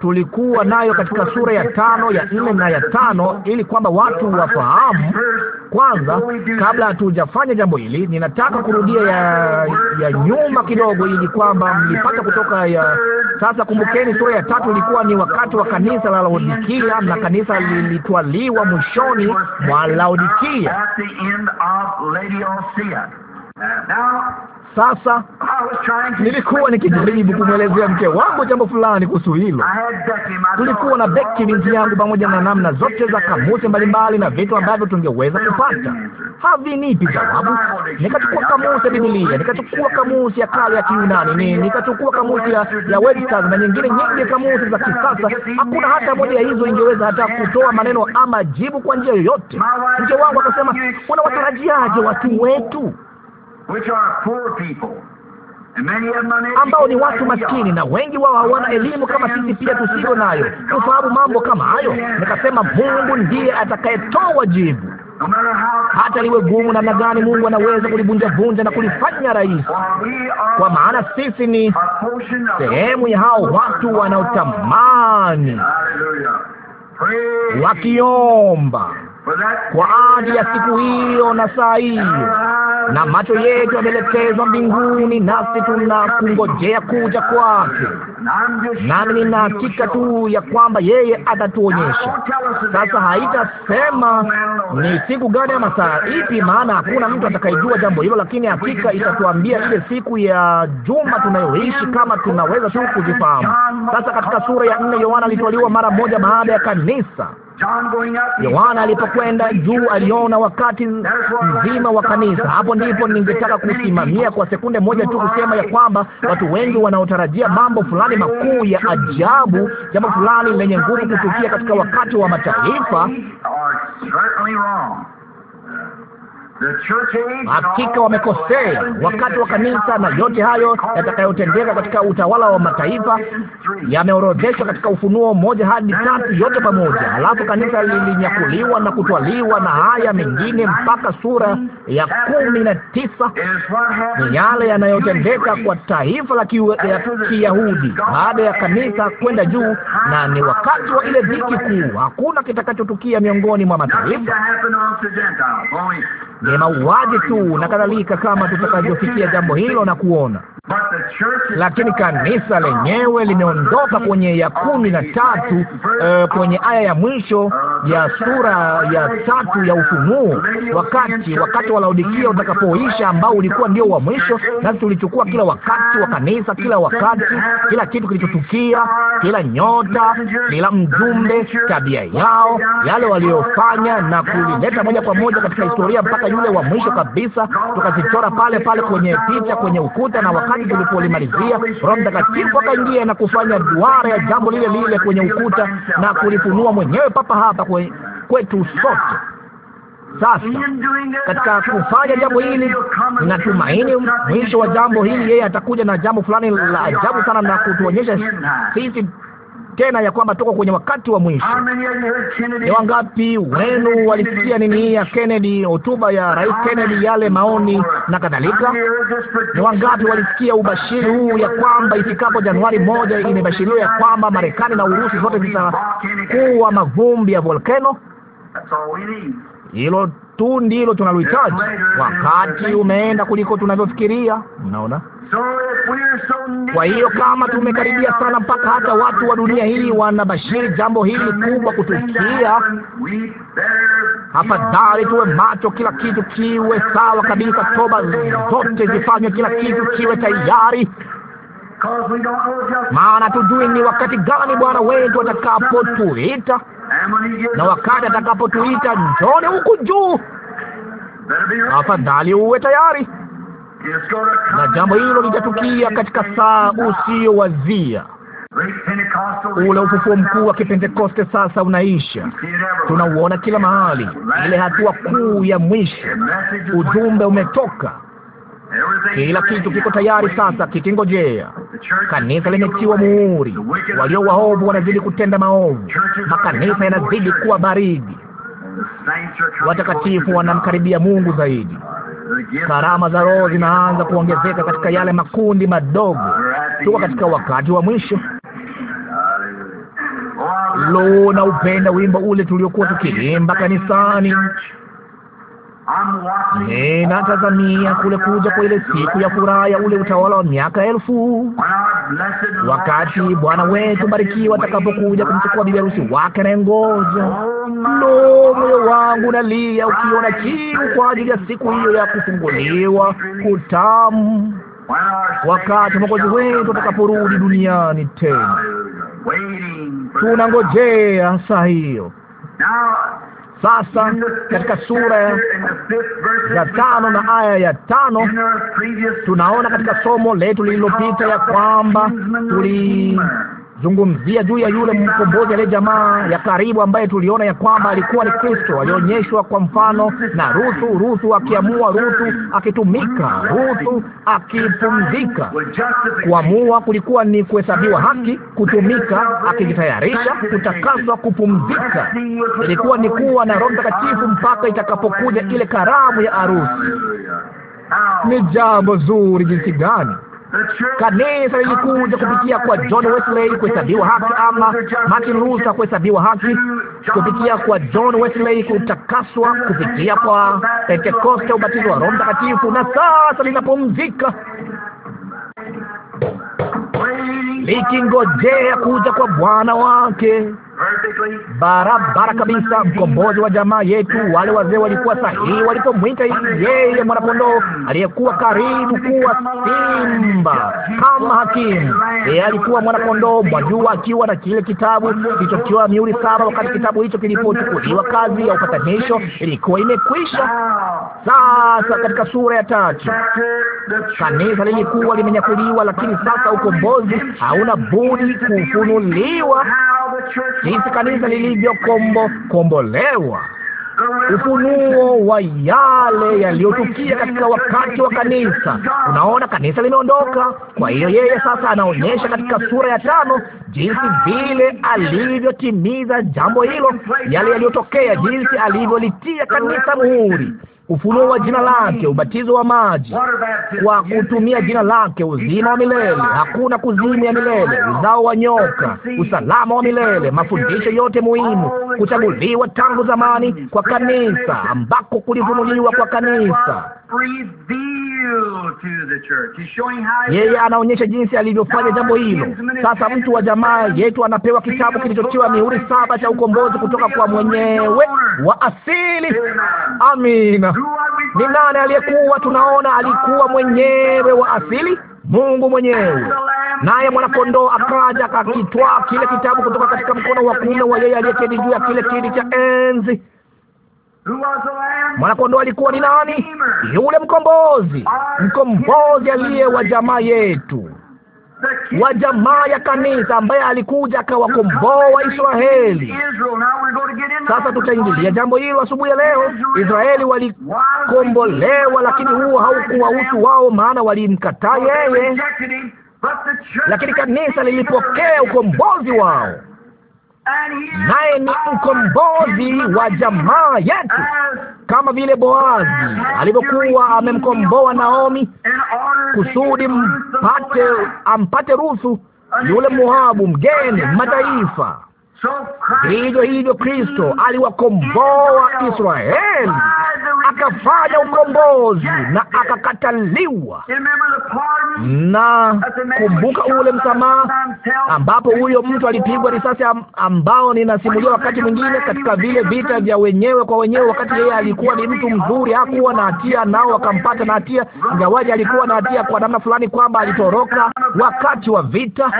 tulikuwa nayo katika sura ya tano ya nne na ya tano ili kwamba watu wafahamu. Kwanza, kabla hatujafanya jambo hili, ninataka kurudia ya, ya nyuma kidogo, ili kwamba mlipata kutoka ya sasa. Kumbukeni, sura ya tatu ilikuwa ni wakati wa kanisa la Laodikia, na kanisa lilitwaliwa mwishoni mwa Laodikia. Sasa nilikuwa nikijaribu kumwelezea mke wangu jambo fulani kuhusu hilo. Tulikuwa na Beki binti yangu, pamoja na namna zote za kamusi mbalimbali na vitu ambavyo tungeweza kupata. Havinipi jawabu. Nikachukua kamusi ya bibilia nikachukua kamusi ya kale ya Kiunani, ni nikachukua kamusi ya, ya Webster na nyingine nyingi, kamusi za kisasa. Hakuna hata moja ya hizo ingeweza hata kutoa maneno ama jibu kwa njia yoyote. Mke wangu akasema, unawatarajiaje watu wetu? ambao ni watu maskini na wengi wao hawana elimu kama sisi pia tusiyo nayo, kufahamu mambo kama hayo. Nikasema Mungu ndiye atakayetoa jibu, hata liwe gumu namna gani. Mungu anaweza kulivunjavunja na kulifanya rahisi, kwa maana sisi ni sehemu ya hao watu wanaotamani wakiomba kwa ajili ya siku hiyo na saa hiyo, na macho yetu yameelekezwa mbinguni, nasi tunakungojea kuja kwake. Nami nina hakika tu ya kwamba yeye atatuonyesha. Sasa haitasema ni siku gani ama saa ipi, maana hakuna mtu atakayejua jambo hilo, lakini hakika itatuambia ile siku ya juma tunayoishi, kama tunaweza tu kuzifahamu. Sasa katika sura ya nne, Yohana alitwaliwa mara moja baada ya kanisa Yohana alipokwenda juu aliona wakati mzima wa kanisa. Hapo ndipo ningetaka kusimamia kwa sekunde moja tu kusema ya kwamba watu wengi wanaotarajia mambo fulani makuu ya ajabu, jambo fulani lenye nguvu kutukia katika wakati wa mataifa Hakika wamekosea wakati wa kanisa, na yote hayo yatakayotendeka katika utawala wa mataifa yameorodheshwa katika Ufunuo moja hadi tatu, yote pamoja. Alafu kanisa lilinyakuliwa na kutwaliwa na haya mengine mpaka sura ya kumi na tisa ni yale yanayotendeka kwa taifa la Kiyahudi baada ya kanisa kwenda juu, na ni wakati wa ile dhiki kuu. Hakuna kitakachotukia miongoni mwa mataifa ni mauaji tu na kadhalika, kama tutakavyofikia jambo hilo na kuona. Lakini kanisa lenyewe limeondoka kwenye ya kumi na tatu uh, kwenye aya ya mwisho ya sura ya tatu ya Ufunuo, wakati wakati wa Laodikia utakapoisha, ambao ulikuwa ndio wa mwisho, nasi tulichukua kila wakati wa kanisa, kila wakati, kila kitu kilichotukia, kila nyota, kila mjumbe, tabia yao, yale waliofanya na kulileta moja kwa moja katika historia mpaka yule wa mwisho kabisa, tukazichora pale pale kwenye picha kwenye ukuta, na wakati tulipolimalizia, Roho Mtakatifu akaingia na kufanya duara ya jambo lile lile kwenye ukuta na kulifunua mwenyewe papa hapa kwe, kwetu sote. Sasa katika kufanya jambo hili, natumaini mwisho wa jambo hili, yeye atakuja na jambo fulani la ajabu sana na kutuonyesha sisi tena ya kwamba tuko kwenye wakati wa mwisho. Ni wangapi wenu walisikia nini ya Kennedy, hotuba ya Rais Kennedy, yale maoni na kadhalika? Ni wangapi walisikia ubashiri huu ya kwamba ifikapo Januari moja, imebashiriwa ya kwamba Marekani na Urusi zote zitakuwa mavumbi ya volkano? Hilo tu ndilo tunalohitaji. Wakati umeenda kuliko tunavyofikiria, mnaona. Kwa hiyo kama tumekaribia sana mpaka hata watu wa dunia hii wanabashiri jambo hili kubwa kutukia, afadhali tuwe macho, kila kitu kiwe sawa kabisa, toba zote zifanywe, kila kitu kiwe tayari, maana tujui ni wakati gani Bwana wetu atakapotuita na wakati atakapotuita njoni huku juu, afadhali uwe tayari, na jambo hilo litatukia katika saa usiyowazia. Ule ufufuo mkuu wa Kipentekoste sasa unaisha, tunauona kila mahali, ile hatua kuu ya mwisho. Ujumbe umetoka kila kitu kiko tayari sasa, kikingojea. Kanisa limetiwa muhuri. Walio waovu wanazidi kutenda maovu, makanisa yanazidi kuwa baridi, watakatifu wanamkaribia Mungu zaidi. Karama za Roho zinaanza kuongezeka katika yale makundi madogo. Tuko katika wakati wa mwisho. Lo, na upenda wimbo ule tuliokuwa tukiimba kanisani ninatazamia kule kuja kwa ile siku ya furaha ya ule utawala wa miaka elfu, wakati Bwana wetu barikiwa atakapokuja kumchukua bibi harusi wake. Nayengoja ndo moyo wangu nalia, ukiona kiu kwa ajili ya siku hiyo ya kufunguliwa kutamu, wakati mwokozi wetu atakaporudi duniani tena. Tunangojea saa hiyo. Sasa katika sura ya tano na aya ya tano tunaona katika somo letu lililopita ya kwamba tuli zungumzia juu ya yule mkombozi aliye jamaa ya karibu, ambaye tuliona ya kwamba alikuwa ni Kristo, alionyeshwa kwa mfano na Ruthu, Ruthu akiamua, Ruthu akitumika, Ruthu akipumzika. Kuamua kulikuwa ni kuhesabiwa haki, kutumika, akijitayarisha, kutakaswa, kupumzika, ilikuwa ni kuwa na Roho Mtakatifu mpaka itakapokuja ile karamu ya arusi. Ni jambo zuri jinsi gani! Kanisa lilikuja kupitia kwa John Wesley kuhesabiwa haki, ama Martin Luther kuhesabiwa haki, kupitia kwa John Wesley kutakaswa, kupitia kwa Pentekoste ubatizo wa Roho Mtakatifu, na sasa linapumzika likingojea kuja kwa Bwana wake barabara kabisa, mkombozi wa jamaa yetu. Wale wazee walikuwa sahihi walipomwita yeye mwanakondoo aliyekuwa karibu kuwa simba kama hakimu. Yeye alikuwa mwanakondoo, mwajua, akiwa na kile kitabu kilichotiwa mihuri saba. Wakati kitabu hicho kilipochukuliwa, kazi ya upatanisho ilikuwa imekwisha. Sasa katika sura ya tatu kanisa lilikuwa limenyakuliwa, lakini sasa ukombozi hauna budi kufunuliwa jinsi kanisa lilivyokombolewa, ufunuo wa yale yaliyotukia katika wakati wa kanisa. Unaona, kanisa limeondoka. Kwa hiyo yeye sasa anaonyesha katika sura ya tano jinsi vile alivyotimiza jambo hilo, yale yaliyotokea, jinsi alivyolitia kanisa muhuri ufunuo wa jina lake, ubatizo wa maji kwa kutumia jina lake, uzima wa milele, hakuna kuzimu ya milele, uzao wa nyoka, usalama wa milele, mafundisho yote muhimu, kuchaguliwa tangu zamani kwa kanisa, ambako kulifunuliwa kwa kanisa yeye anaonyesha jinsi alivyofanya jambo hilo. Sasa mtu wa jamaa yetu anapewa kitabu kilichotiwa mihuri saba cha ukombozi kutoka kwa mwenyewe wa asili. Amina. Ni nani aliyekuwa tunaona alikuwa mwenyewe wa asili? Mungu mwenyewe. Naye mwanakondoo akaja akakitwaa kile kitabu kutoka katika mkono wa kuume wa yeye aliyeketi juu ya kile kiti cha enzi. Mwanakondoo alikuwa ni nani? Yule mkombozi, mkombozi aliye wa jamaa yetu, wa jamaa ya kanisa, ambaye alikuja akawakomboa Israeli. Sasa tutaingilia jambo hilo asubuhi ya leo. Israeli walikombolewa, lakini huo haukuwa utu wao, maana walimkataa yeye, lakini kanisa lilipokea ukombozi wao naye ni mkombozi wa jamaa yetu, kama vile Boazi alivyokuwa amemkomboa Naomi, kusudi mpate ampate Ruthu yule Moabu, mgeni mataifa Vivyo hivyo Kristo aliwakomboa Israeli, akafanya ukombozi na akakataliwa. Na kumbuka ule msamaha ambapo huyo mtu alipigwa risasi, ambao ninasimulia wakati mwingine katika vile vita vya wenyewe kwa wenyewe, wakati yeye alikuwa ni mtu mzuri, hakuwa na hatia, nao wakampata na hatia, ingawaji alikuwa na hatia kwa namna fulani kwamba alitoroka wakati wa vita,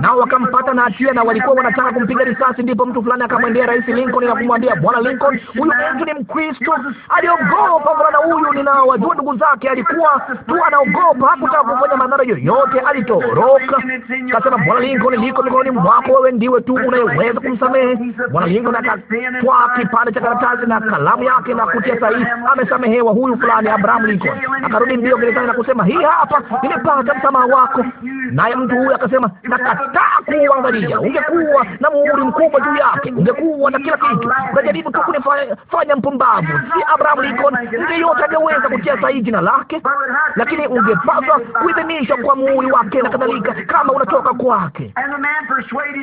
nao wakampata na hatia na walikuwa wanataka kumpiga risasi, ndipo mtu fulani akamwendea Rais Lincoln na kumwambia, Bwana Lincoln, huyu mtu ni Mkristo, aliogopa mvulana huyu, ninawajua ndugu zake, alikuwa tu anaogopa, hakutaka kufanya madhara yoyote, alitoroka. Kasema, Bwana Lincoln, liko mikononi mwako, wewe ndiwe tu unayeweza kumsamehe. Bwana Lincoln akatwaa kipande cha karatasi na kalamu yake na kutia sahihi, amesamehewa huyu fulani Abraham Lincoln. Akarudi mbio gerezani na kusema, hii hapa, nimepata msamaha wako. Naye mtu huyu akasema, nakataa kuangalia, Ungekuwa na umri mkubwa juu yake, ungekuwa na kila kitu. Unajaribu tu kunifanya mpumbavu. Si Abraham Lincoln yote angeweza kutia sahihi jina lake, lakini ungepaswa kuidhinisha kwa muhuri wake na kadhalika, kama unatoka kwake.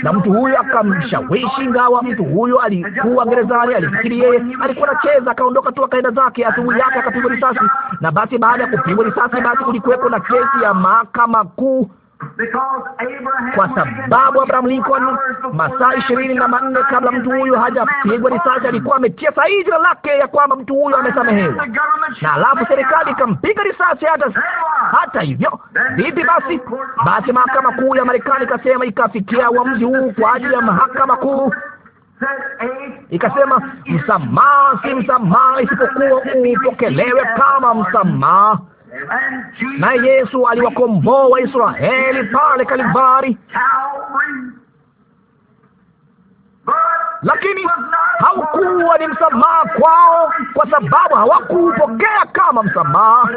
Na mtu huyo akamshawishi, ingawa mtu huyo alikuwa gerezani, alifikiri yeye alikuwa anacheza, akaondoka tu akaenda zake. Asubuhi yake akapigwa risasi, na basi baada ya kupigwa risasi, basi kulikuwepo na kesi ya mahakama kuu kwa sababu Abraham Lincoln masaa ishirini na manne kabla mtu huyu hajapigwa risasi alikuwa ametia sahihi jina lake ya kwamba mtu huyu amesamehewa, na alafu serikali ikampiga risasi. Hata hata hivyo, vipi basi? Basi mahakama kuu ya Marekani ikasema, ikafikia uamuzi huu kwa ajili ya mahakama kuu ikasema, msamaha si msamaha isipokuwa upokelewe kama msamaha na Yesu aliwakomboa Waisraeli pale kalibari lakini haukuwa ni msamaha kwao, kwa sababu hawakupokea kama msamaha.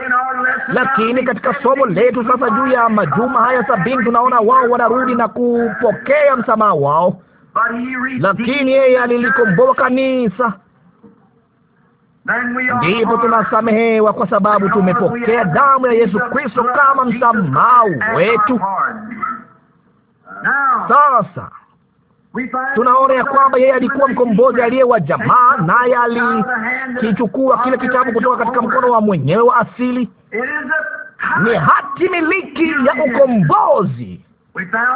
Lakini katika somo letu sasa juu ya majuma haya sabini, tunaona wao wanarudi na kupokea msamaha wao, lakini yeye alilikomboa kanisa ndipo tunasamehewa kwa sababu tumepokea damu ya Yesu Kristo kama msamao wetu. Sasa tunaona ya kwamba yeye alikuwa mkombozi aliye wa jamaa, naye alikichukua kile kitabu kutoka katika mkono wa mwenyewe wa asili. Ni hati miliki ya ukombozi.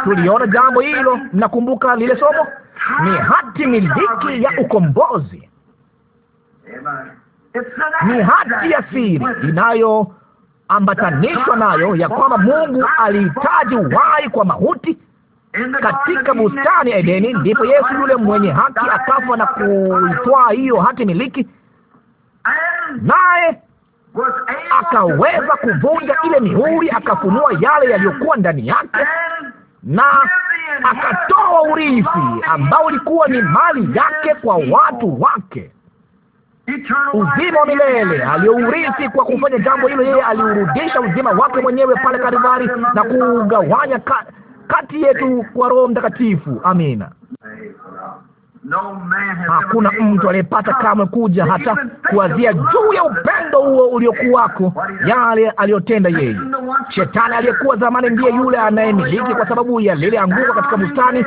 Tuliona jambo hilo, mnakumbuka lile somo? Ni hati miliki ya ukombozi ni hati ya siri inayoambatanishwa nayo ya kwamba Mungu alihitaji uhai kwa mauti katika bustani ya Edeni. Ndipo Yesu yule mwenye haki akafa na kuitwaa hiyo hati miliki, naye akaweza kuvunja ile mihuri, akafunua yale yaliyokuwa ndani yake na akatoa urithi ambao ulikuwa ni mali yake kwa watu wake uzima wa milele aliourithi kwa kufanya jambo hilo. Yeye aliurudisha uzima wake mwenyewe pale Kalivari na kuugawanya ka, kati yetu kwa Roho Mtakatifu. Amina. Hakuna mtu aliyepata kamwe kuja hata kuwazia juu ya upendo huo uliokuwako, yale aliyotenda yeye. Shetani aliyekuwa zamani ndiye yule anayemiliki, kwa sababu ya lile anguko katika bustani,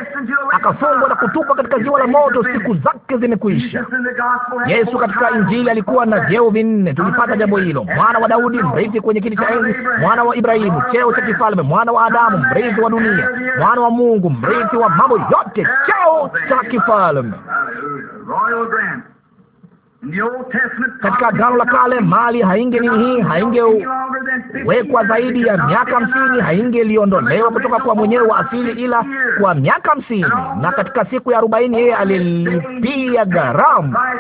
akafungwa na kutupwa katika ziwa la moto, siku zake zimekwisha. Yesu katika Injili alikuwa na vyeo vinne, tulipata jambo hilo: mwana wa Daudi, mrithi kwenye kiti cha enzi, mwana wa Ibrahimu, cheo cha kifalme, mwana wa Adamu, mrithi wa dunia, mwana wa Mungu, mrithi wa mambo yote, cheo cha kifalme. Hallelujah. Royal grant. Katika Agano la Kale mali haingenini hii haingewekwa zaidi ya miaka hamsini, haingeliondolewa kutoka kwa mwenyewe wa asili ila kwa miaka hamsini, na katika siku ya arobaini yeye alilipia gharama.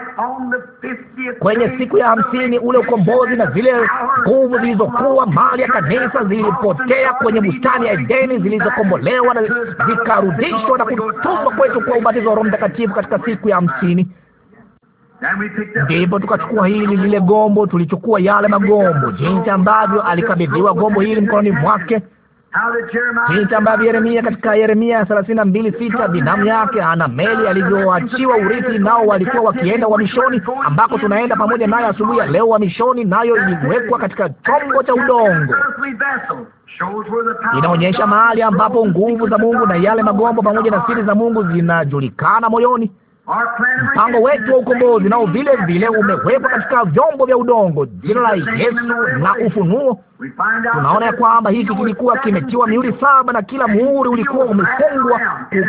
Kwenye siku ya hamsini ule ukombozi na zile nguvu zilizokuwa mali ya kanisa zilipotea kwenye bustani ya Edeni, zilizokombolewa na zikarudishwa na kutumwa kwetu kwa ubatizo wa Roho Mtakatifu katika siku ya hamsini ndipo tukachukua hili lile gombo, tulichukua yale magombo, jinsi ambavyo alikabidhiwa gombo hili mkononi mwake, jinsi ambavyo Yeremia katika Yeremia thelathini na mbili sita binamu yake ana meli alivyoachiwa urithi, nao walikuwa wakienda uhamishoni, ambako tunaenda pamoja naye asubuhi ya leo. Uhamishoni nayo iliwekwa katika chombo cha udongo inaonyesha mahali ambapo nguvu za Mungu na yale magombo pamoja na siri za Mungu zinajulikana moyoni mpango wetu wa ukombozi nao vile vile umewekwa katika vyombo vya udongo, jina la Yesu na ufunuo. Tunaona ya kwamba hiki kilikuwa kimetiwa mihuri saba na kila muhuri ulikuwa umefungwa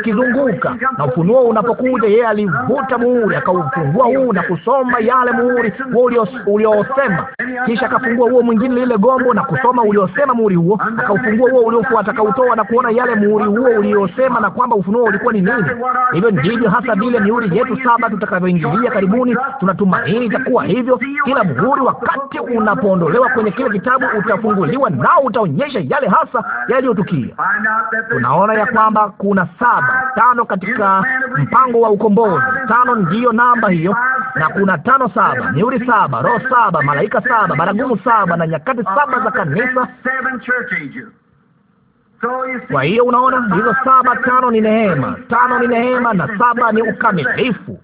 ukizunguka, na ufunuo unapokuja, yeye alivuta muhuri akaufungua huu na kusoma yale muhuri huo uliosema, kisha akafungua huo mwingine, lile gombo na kusoma uliosema muhuri huo, akaufungua huo uliofuata akautoa na kuona yale muhuri huo uliosema, na kwamba ufunuo ulikuwa ni nini. Hivyo ndivyo hasa vile mihuri mihuri yetu saba tutakavyoingilia karibuni, tunatumaini itakuwa hivyo. Kila mhuri wakati unapoondolewa kwenye kile kitabu utafunguliwa nao utaonyesha yale hasa yaliyotukia. Tunaona ya kwamba kuna saba tano katika mpango wa ukombozi. Tano ndiyo namba hiyo, na kuna tano saba, miuri saba, roho saba, malaika saba, baragumu saba na nyakati saba za kanisa kwa hiyo unaona, hizo saba, tano ni neema, tano ni neema na saba ni ukamilifu.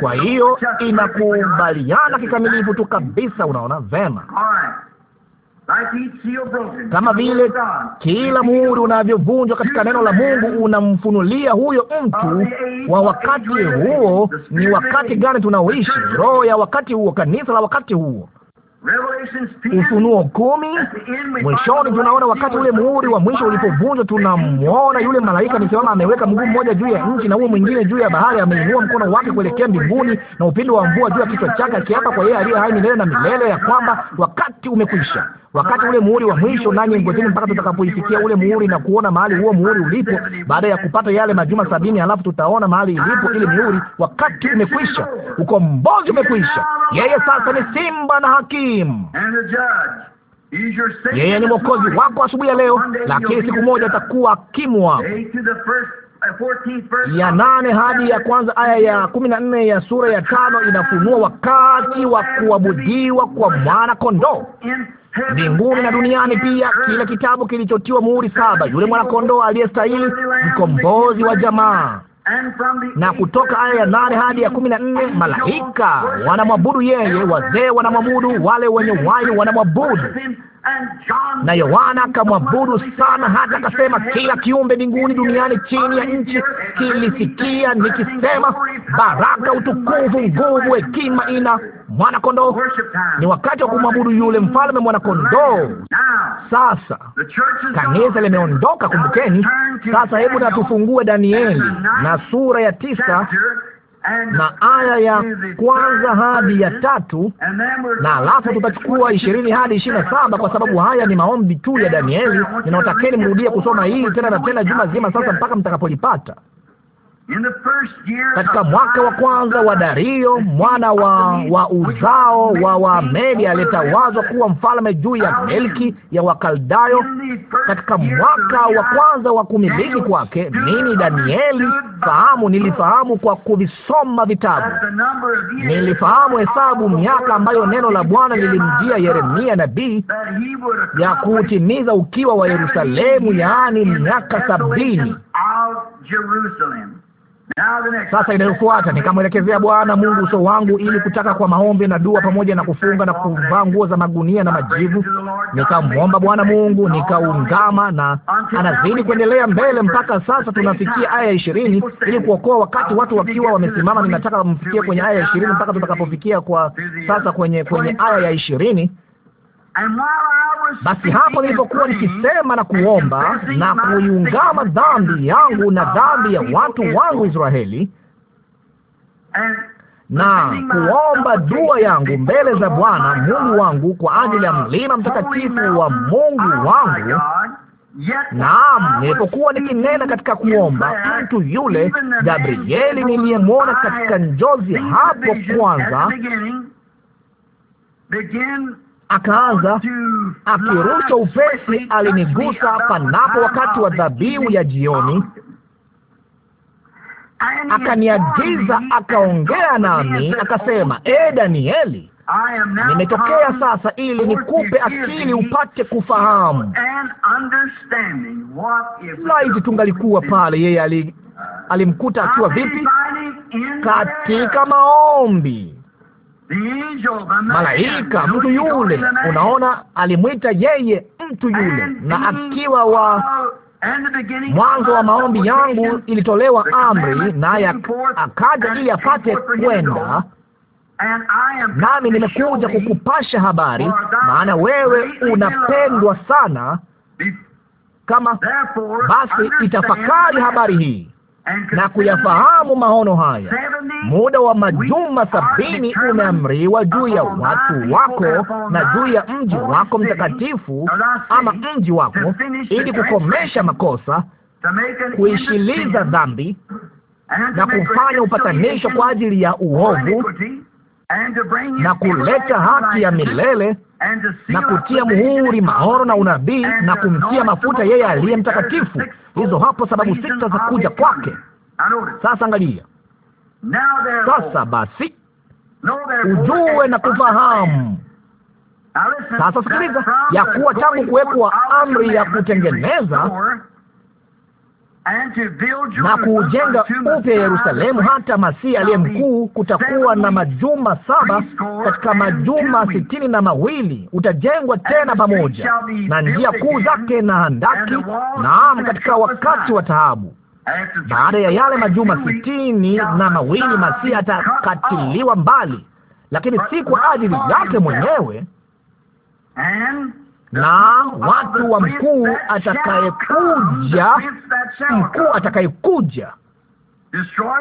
Kwa hiyo inakubaliana kikamilifu tu kabisa. Unaona vema, kama vile kila muhuri unavyovunjwa katika neno la Mungu, unamfunulia huyo mtu wa wakati huo. Ni wakati gani tunaoishi, roho ya wakati huo, kanisa la wakati huo Ufunuo kumi mwishoni, tunaona wakati ule muhuri wa mwisho ulipovunjwa, tunamwona yule malaika amesimama, ameweka mguu mmoja juu ya nchi na huo mwingine juu ya bahari, ameinua mkono wake kuelekea mbinguni, na upinde wa mvua juu ya kichwa chake, akiapa kwa yeye aliye hai milele na milele ya kwamba wakati umekwisha. Wakati ule muhuri wa mwisho, nanyi ngojeni mpaka tutakapoisikia ule muhuri na kuona mahali huo muhuri ulipo, baada ya kupata yale majuma sabini, alafu tutaona mahali ilipo ile mihuri. Wakati umekwisha, ukombozi umekwisha. Yeye sasa ni simba na haki hakimu. Yeye ni mwokozi wako asubuhi ya leo, lakini siku moja atakuwa hakimu wako. Uh, ya nane hadi ya kwanza aya ya kumi na nne ya sura ya tano inafunua wakati wa kuabudiwa kwa mwana kondoo mbinguni na duniani pia. Kile kitabu kilichotiwa muhuri saba, yule mwanakondoo aliyestahili, mkombozi wa jamaa na kutoka aya ya nane hadi ya kumi na nne malaika wanamwabudu yeye, wazee wanamwabudu, wale wenye uhai wanamwabudu na Yohana akamwabudu sana, hata akasema, kila kiumbe mbinguni, duniani, chini ya nchi kilisikia nikisema, baraka, utukufu, nguvu, hekima ina mwanakondoo. Ni wakati wa kumwabudu yule mfalme mwanakondoo. Sasa kanisa limeondoka, kumbukeni. Sasa hebu natufungue Danieli na sura ya tisa na aya ya kwanza hadi ya tatu na alafu tutachukua ishirini hadi ishirini na saba kwa sababu haya ni maombi tu ya Danieli. Ninawatakeni mrudie kusoma hili tena na tena juma zima sasa mpaka mtakapolipata katika mwaka wa kwanza wa Dario mwana wa, wa uzao wa Wamedi aliyetawazwa kuwa mfalme juu ya milki ya Wakaldayo, katika mwaka wa kwanza wa kumiliki kwake, mimi Danieli fahamu, nilifahamu kwa kuvisoma vitabu, nilifahamu hesabu miaka ambayo neno la Bwana lilimjia Yeremia nabii ya kuutimiza ukiwa wa Yerusalemu, yaani miaka sabini. Sasa inayofuata nikamwelekezea Bwana Mungu uso wangu ili kutaka kwa maombi na dua pamoja na kufunga na kuvaa nguo za magunia na majivu. Nikamwomba Bwana Mungu nikaungama, na anazidi kuendelea mbele mpaka sasa tunafikia aya ya ishirini ili kuokoa wakati watu wakiwa wamesimama. Ninataka mfikie kwenye aya ya ishirini mpaka tutakapofikia kwa sasa kwenye kwenye aya ya ishirini. Basi hapo nilipokuwa nikisema na kuomba na kuiungama dhambi yangu na dhambi ya watu wangu Israeli na kuomba dua yangu mbele za Bwana Mungu wangu kwa ajili ya mlima mtakatifu wa Mungu wangu. Naam, nilipokuwa nikinena katika kuomba, mtu yule Gabrieli niliyemwona katika njozi hapo kwanza akaanza akirusha upesi, alinigusa panapo ah, wakati wa dhabihu ya jioni, akaniagiza, akaongea nami, akasema, E Danieli, nimetokea sasa ili nikupe akili upate kufahamu. Laiti tungalikuwa pale, yeye alimkuta akiwa vipi katika maombi malaika mtu yule, unaona, alimwita yeye mtu yule, na akiwa wa mwanzo wa maombi yangu ilitolewa amri, naye akaja ili apate kwenda nami nimekuja kukupasha habari, maana wewe unapendwa sana. Kama basi, itafakari habari hii, na kuyafahamu maono haya. Muda wa majuma sabini umeamriwa juu ya watu wako na juu ya mji wako mtakatifu, ama mji wako, ili kukomesha makosa, kuishiliza dhambi na kufanya upatanisho kwa ajili ya uovu na kuleta haki ya milele na kutia muhuri mahoro na unabii na kumtia mafuta yeye aliye mtakatifu. Hizo hapo sababu sita za kuja kwake. Sasa angalia sasa, basi ujue na kufahamu sasa. Sikiliza, ya kuwa tangu kuwekwa amri ya kutengeneza na kuujenga upya Yerusalemu hata Masihi aliye mkuu. Kutakuwa na majumba saba katika majumba sitini na mawili, utajengwa tena pamoja na njia kuu zake na handaki. Naam, katika wakati wa taabu baada ya yale majuma sitini na mawili Masihi atakatiliwa mbali, lakini si kwa ajili yake mwenyewe na watu wa mkuu atakayekuja, mkuu atakayekuja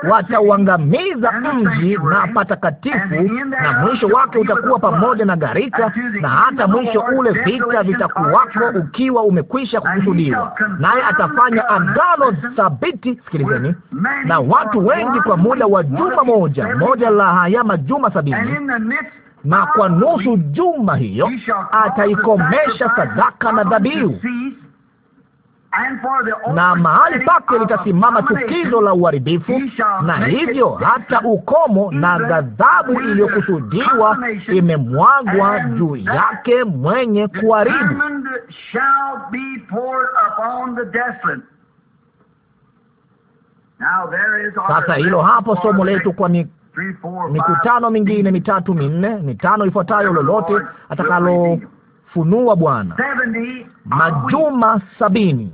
watauangamiza mji na patakatifu, na mwisho wake utakuwa pamoja na gharika, na hata mwisho ule vita vitakuwako, ukiwa umekwisha kukusudiwa. Naye atafanya agano thabiti, sikilizeni, na watu wengi kwa muda wa juma moja moja la haya majuma sabini, na kwa nusu juma hiyo ataikomesha sadaka na dhabihu, na mahali pake litasimama chukizo la uharibifu, na hivyo hata ukomo na ghadhabu iliyokusudiwa imemwagwa juu yake mwenye kuharibu. Sasa hilo hapo somo letu kwa ni mikutano mingine mitatu minne mitano ifuatayo, lolote atakalofunua Bwana, majuma sabini.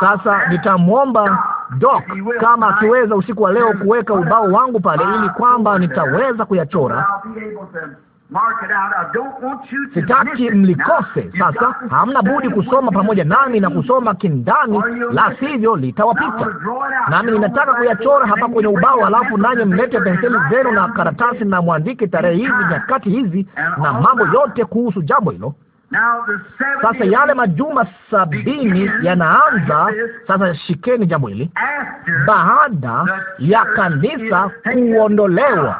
Sasa nitamwomba Doc kama akiweza usiku wa leo kuweka ubao wangu pale, ili kwamba nitaweza kuyachora sitaki mlikose. Sasa hamna budi kusoma pamoja nami na kusoma kindani, la sivyo litawapita. Nami ninataka kuyachora hapa kwenye ubao, halafu nanyi mlete penseli zenu na karatasi na mwandike tarehe hizi, nyakati hizi, na mambo yote kuhusu jambo hilo. Sasa yale majuma sabini yanaanza sasa. Shikeni jambo hili baada ya kanisa kuondolewa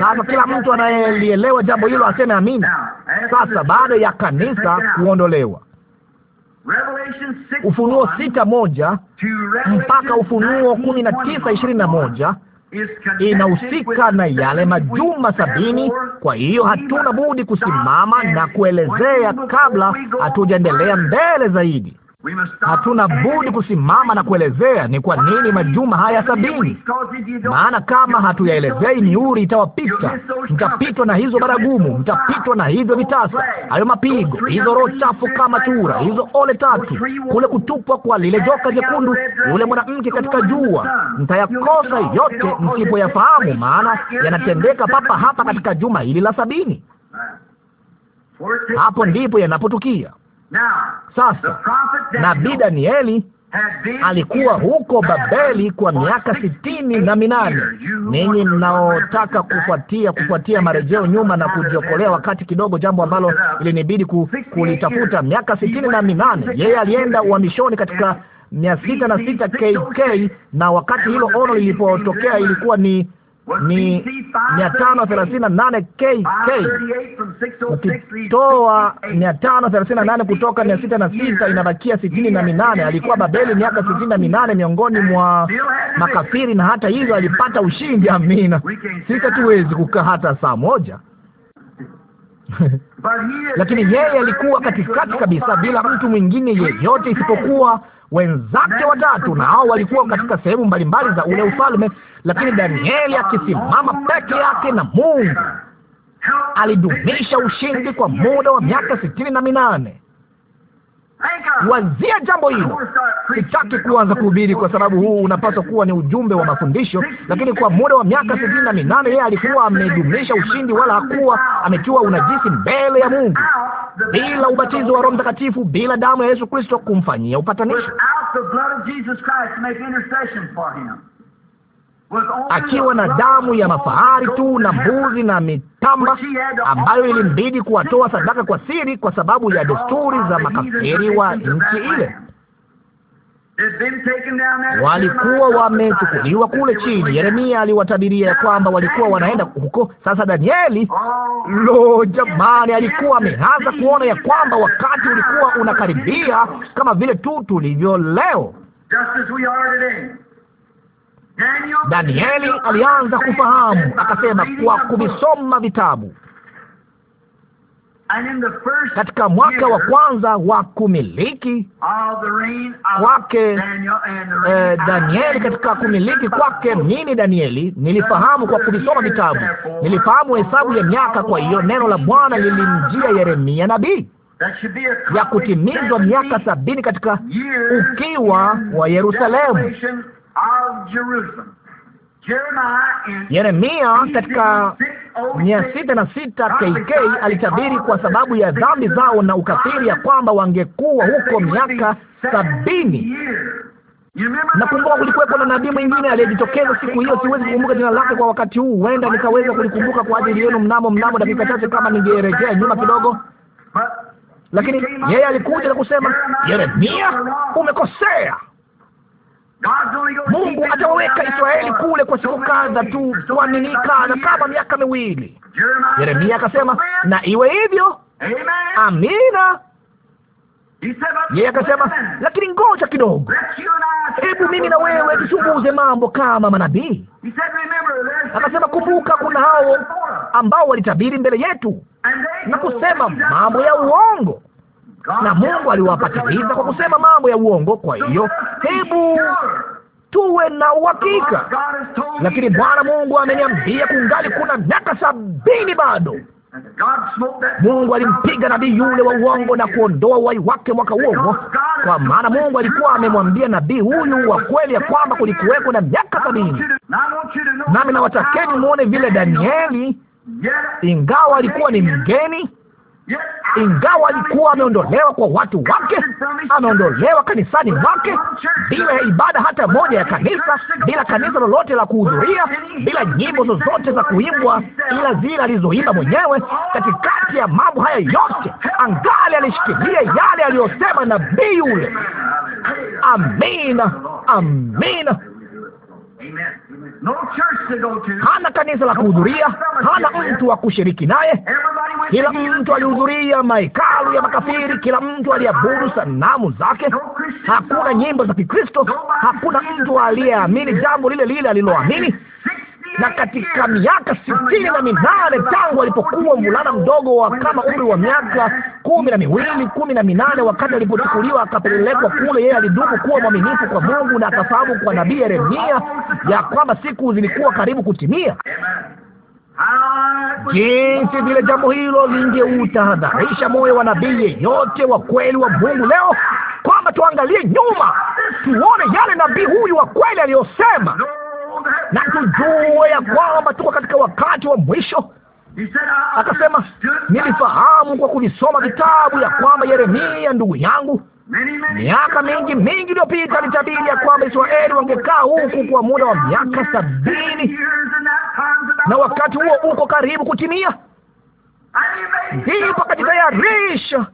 sasa kila mtu anayelielewa jambo hilo aseme amina. Sasa baada ya kanisa kuondolewa, Ufunuo sita moja mpaka Ufunuo kumi na tisa ishirini na moja inahusika na yale majuma sabini. Kwa hiyo hatuna budi kusimama na kuelezea kabla hatujaendelea mbele zaidi hatuna budi kusimama na kuelezea ni kwa nini majuma haya sabini. Maana kama hatuyaelezei miuri itawapita, mtapitwa na hizo baragumu, mtapitwa na hivyo vitasa, hayo mapigo, hizo roho chafu kama chura, hizo ole tatu, kule kutupwa kwa lile joka jekundu, yule mwanamke katika jua. Mtayakosa yote msipoyafahamu, maana yanatendeka papa hapa katika juma hili la sabini. Hapo ndipo yanapotukia. Sasa nabii Danieli alikuwa huko Babeli kwa miaka sitini na minane. Ninyi mnaotaka kufuatia kufuatia marejeo nyuma na kujiokolea wakati kidogo, jambo ambalo ilinibidi ku, kulitafuta miaka sitini na minane, yeye alienda uhamishoni katika mia sita na sita KK, na wakati hilo ono lilipotokea ilikuwa ni ni mia tano thelathini na nane KK ukitoa mia tano thelathini na nane kutoka mia sita na sita inabakia sitini na minane Alikuwa Babeli miaka sitini na minane miongoni mwa makafiri, na hata hivyo alipata ushindi. Amina, sisi hatuwezi kukaa hata saa moja lakini yeye alikuwa katikati kabisa, bila mtu mwingine yeyote isipokuwa wenzake watatu, na hao walikuwa katika sehemu mbalimbali za ule ufalme, lakini Danieli akisimama peke yake na Mungu alidumisha ushindi kwa muda wa miaka sitini na minane. Wazia jambo hilo. Sitaki kuanza kuhubiri kwa sababu huu unapaswa kuwa ni ujumbe wa mafundisho, lakini kwa muda wa miaka sitini na minane yeye alikuwa amedumisha ushindi, wala hakuwa ametiwa unajisi mbele ya Mungu bila ubatizo wa Roho Mtakatifu, bila damu ya Yesu Kristo kumfanyia upatanisho, akiwa na damu ya mafahari tu na mbuzi na mitamba ambayo ilimbidi kuwatoa sadaka kwa siri, kwa sababu ya desturi za makafiri wa nchi ile walikuwa wamechukuliwa kule chini. Yeremia aliwatabiria ya kwamba walikuwa wanaenda huko. Sasa Danieli, oh. lo jamani, alikuwa ameanza kuona ya kwamba wakati ulikuwa unakaribia, kama vile tu tulivyo leo. Danieli alianza kufahamu, akasema kwa kuvisoma vitabu katika mwaka wa kwanza wa kumiliki kwake eh, Danieli, katika kumiliki kwake mimi Danieli nilifahamu kwa kuvisoma vitabu, nilifahamu hesabu ya miaka. Kwa hiyo neno la Bwana lilimjia Yeremia nabii ya kutimizwa miaka sabini katika ukiwa wa Yerusalemu Yeremia katika mia sita na sita KK alitabiri kwa sababu ya dhambi zao na ukafiri, ya kwamba wangekuwa huko miaka sabini. Nakumbuka kulikuwepo na nabii mwingine aliyejitokeza siku hiyo. Siwezi kukumbuka jina lake kwa wakati huu, huenda nikaweza kulikumbuka kwa ajili yenu mnamo mnamo dakika chache kama ningerejea nyuma kidogo, lakini yeye alikuja na kusema, Yeremia, umekosea Mungu atawaweka Israeli kule kwa siku kadha tu kuaminika, na kama miaka miwili. Yeremia akasema na iwe hivyo, amina. Yeye akasema lakini ngoja kidogo, hebu mimi na wewe tuchunguze mambo kama manabii. Akasema kumbuka, kuna hao ambao walitabiri mbele yetu na kusema mambo ya uongo na Mungu aliwapatiliza kwa kusema mambo ya uongo. Kwa hiyo hebu tuwe na uhakika. Lakini Bwana Mungu ameniambia kungali kuna miaka sabini bado. Mungu alimpiga nabii yule wa uongo na kuondoa uhai wake mwaka huo, kwa maana Mungu alikuwa amemwambia nabii huyu wa kweli ya kwamba kulikuweko na miaka sabini. Nami nawatakeni muone vile Danieli, ingawa alikuwa ni mgeni ingawa alikuwa ameondolewa kwa watu wake, ameondolewa kanisani mwake, bila ya ibada hata moja ya kanisa, bila kanisa lolote la kuhudhuria, bila nyimbo zozote za kuimbwa ila zile alizoimba mwenyewe. Katikati ya mambo haya yote, angali alishikilia yale aliyosema nabii yule. Amina, amina hana kanisa la kuhudhuria, hana mtu wa kushiriki naye. Kila mtu alihudhuria mahekalu ya makafiri, kila mtu aliabudu sanamu zake. Hakuna nyimbo za Kikristo, hakuna mtu aliyeamini jambo lile lile aliloamini na katika miaka sitini na minane tangu alipokuwa mvulana mdogo wa kama umri wa miaka kumi na miwili kumi na minane wakati alipochukuliwa akapelekwa kule, yeye alidumu kuwa mwaminifu kwa Mungu na akafahamu kwa nabii Yeremia ya kwamba siku zilikuwa karibu kutimia. Jinsi vile jambo hilo lingeutahadharisha moyo wa nabii yeyote wa kweli wa Mungu leo, kwamba tuangalie nyuma tuone yale nabii huyu wa kweli aliyosema na tujue ya kwamba tuko katika wakati wa mwisho. Akasema, nilifahamu kwa kulisoma vitabu ya kwamba Yeremia ndugu yangu miaka mingi mingi iliyopita alitabiri ya kwamba Israeli wangekaa huku kwa muda wa miaka sabini na wakati huo uko karibu kutimia. Ndipo akajitayarisha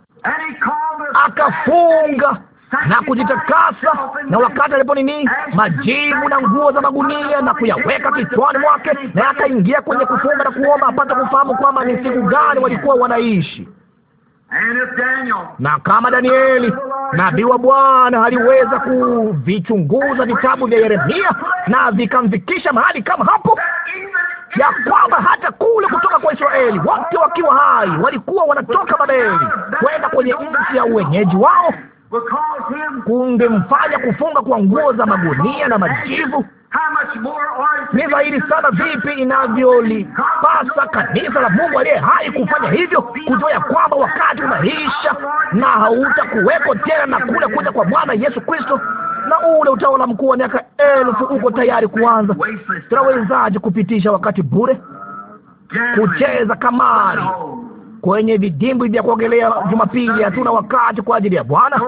akafunga na kujitakasa, na wakati alipo nini, majivu na nguo za magunia na kuyaweka kichwani mwake, na akaingia kwenye kufunga na kuomba, apate kufahamu kwamba ni siku gani walikuwa wanaishi. Na kama Danieli nabii wa Bwana aliweza kuvichunguza vitabu vya Yeremia na vikamfikisha mahali kama hapo ya kwamba hata kule kutoka kwa Israeli wote wakiwa hai walikuwa wanatoka Babeli kwenda kwenye nchi ya uwenyeji wao, kungemfanya kufunga kwa nguo za magunia na majivu ni dhahiri sana vipi inavyolipasa kanisa la Mungu aliye hai kufanya hivyo, kujua ya kwamba wakati unaisha na hautakuweko tena, na kule kuja kwa Bwana Yesu Kristo na ule utawala mkuu wa miaka elfu uko tayari kuanza. Tunawezaje kupitisha wakati bure kucheza kamari? kwenye vidimbwi vya kuogelea Jumapili. Hatuna wakati kwa ajili ya Bwana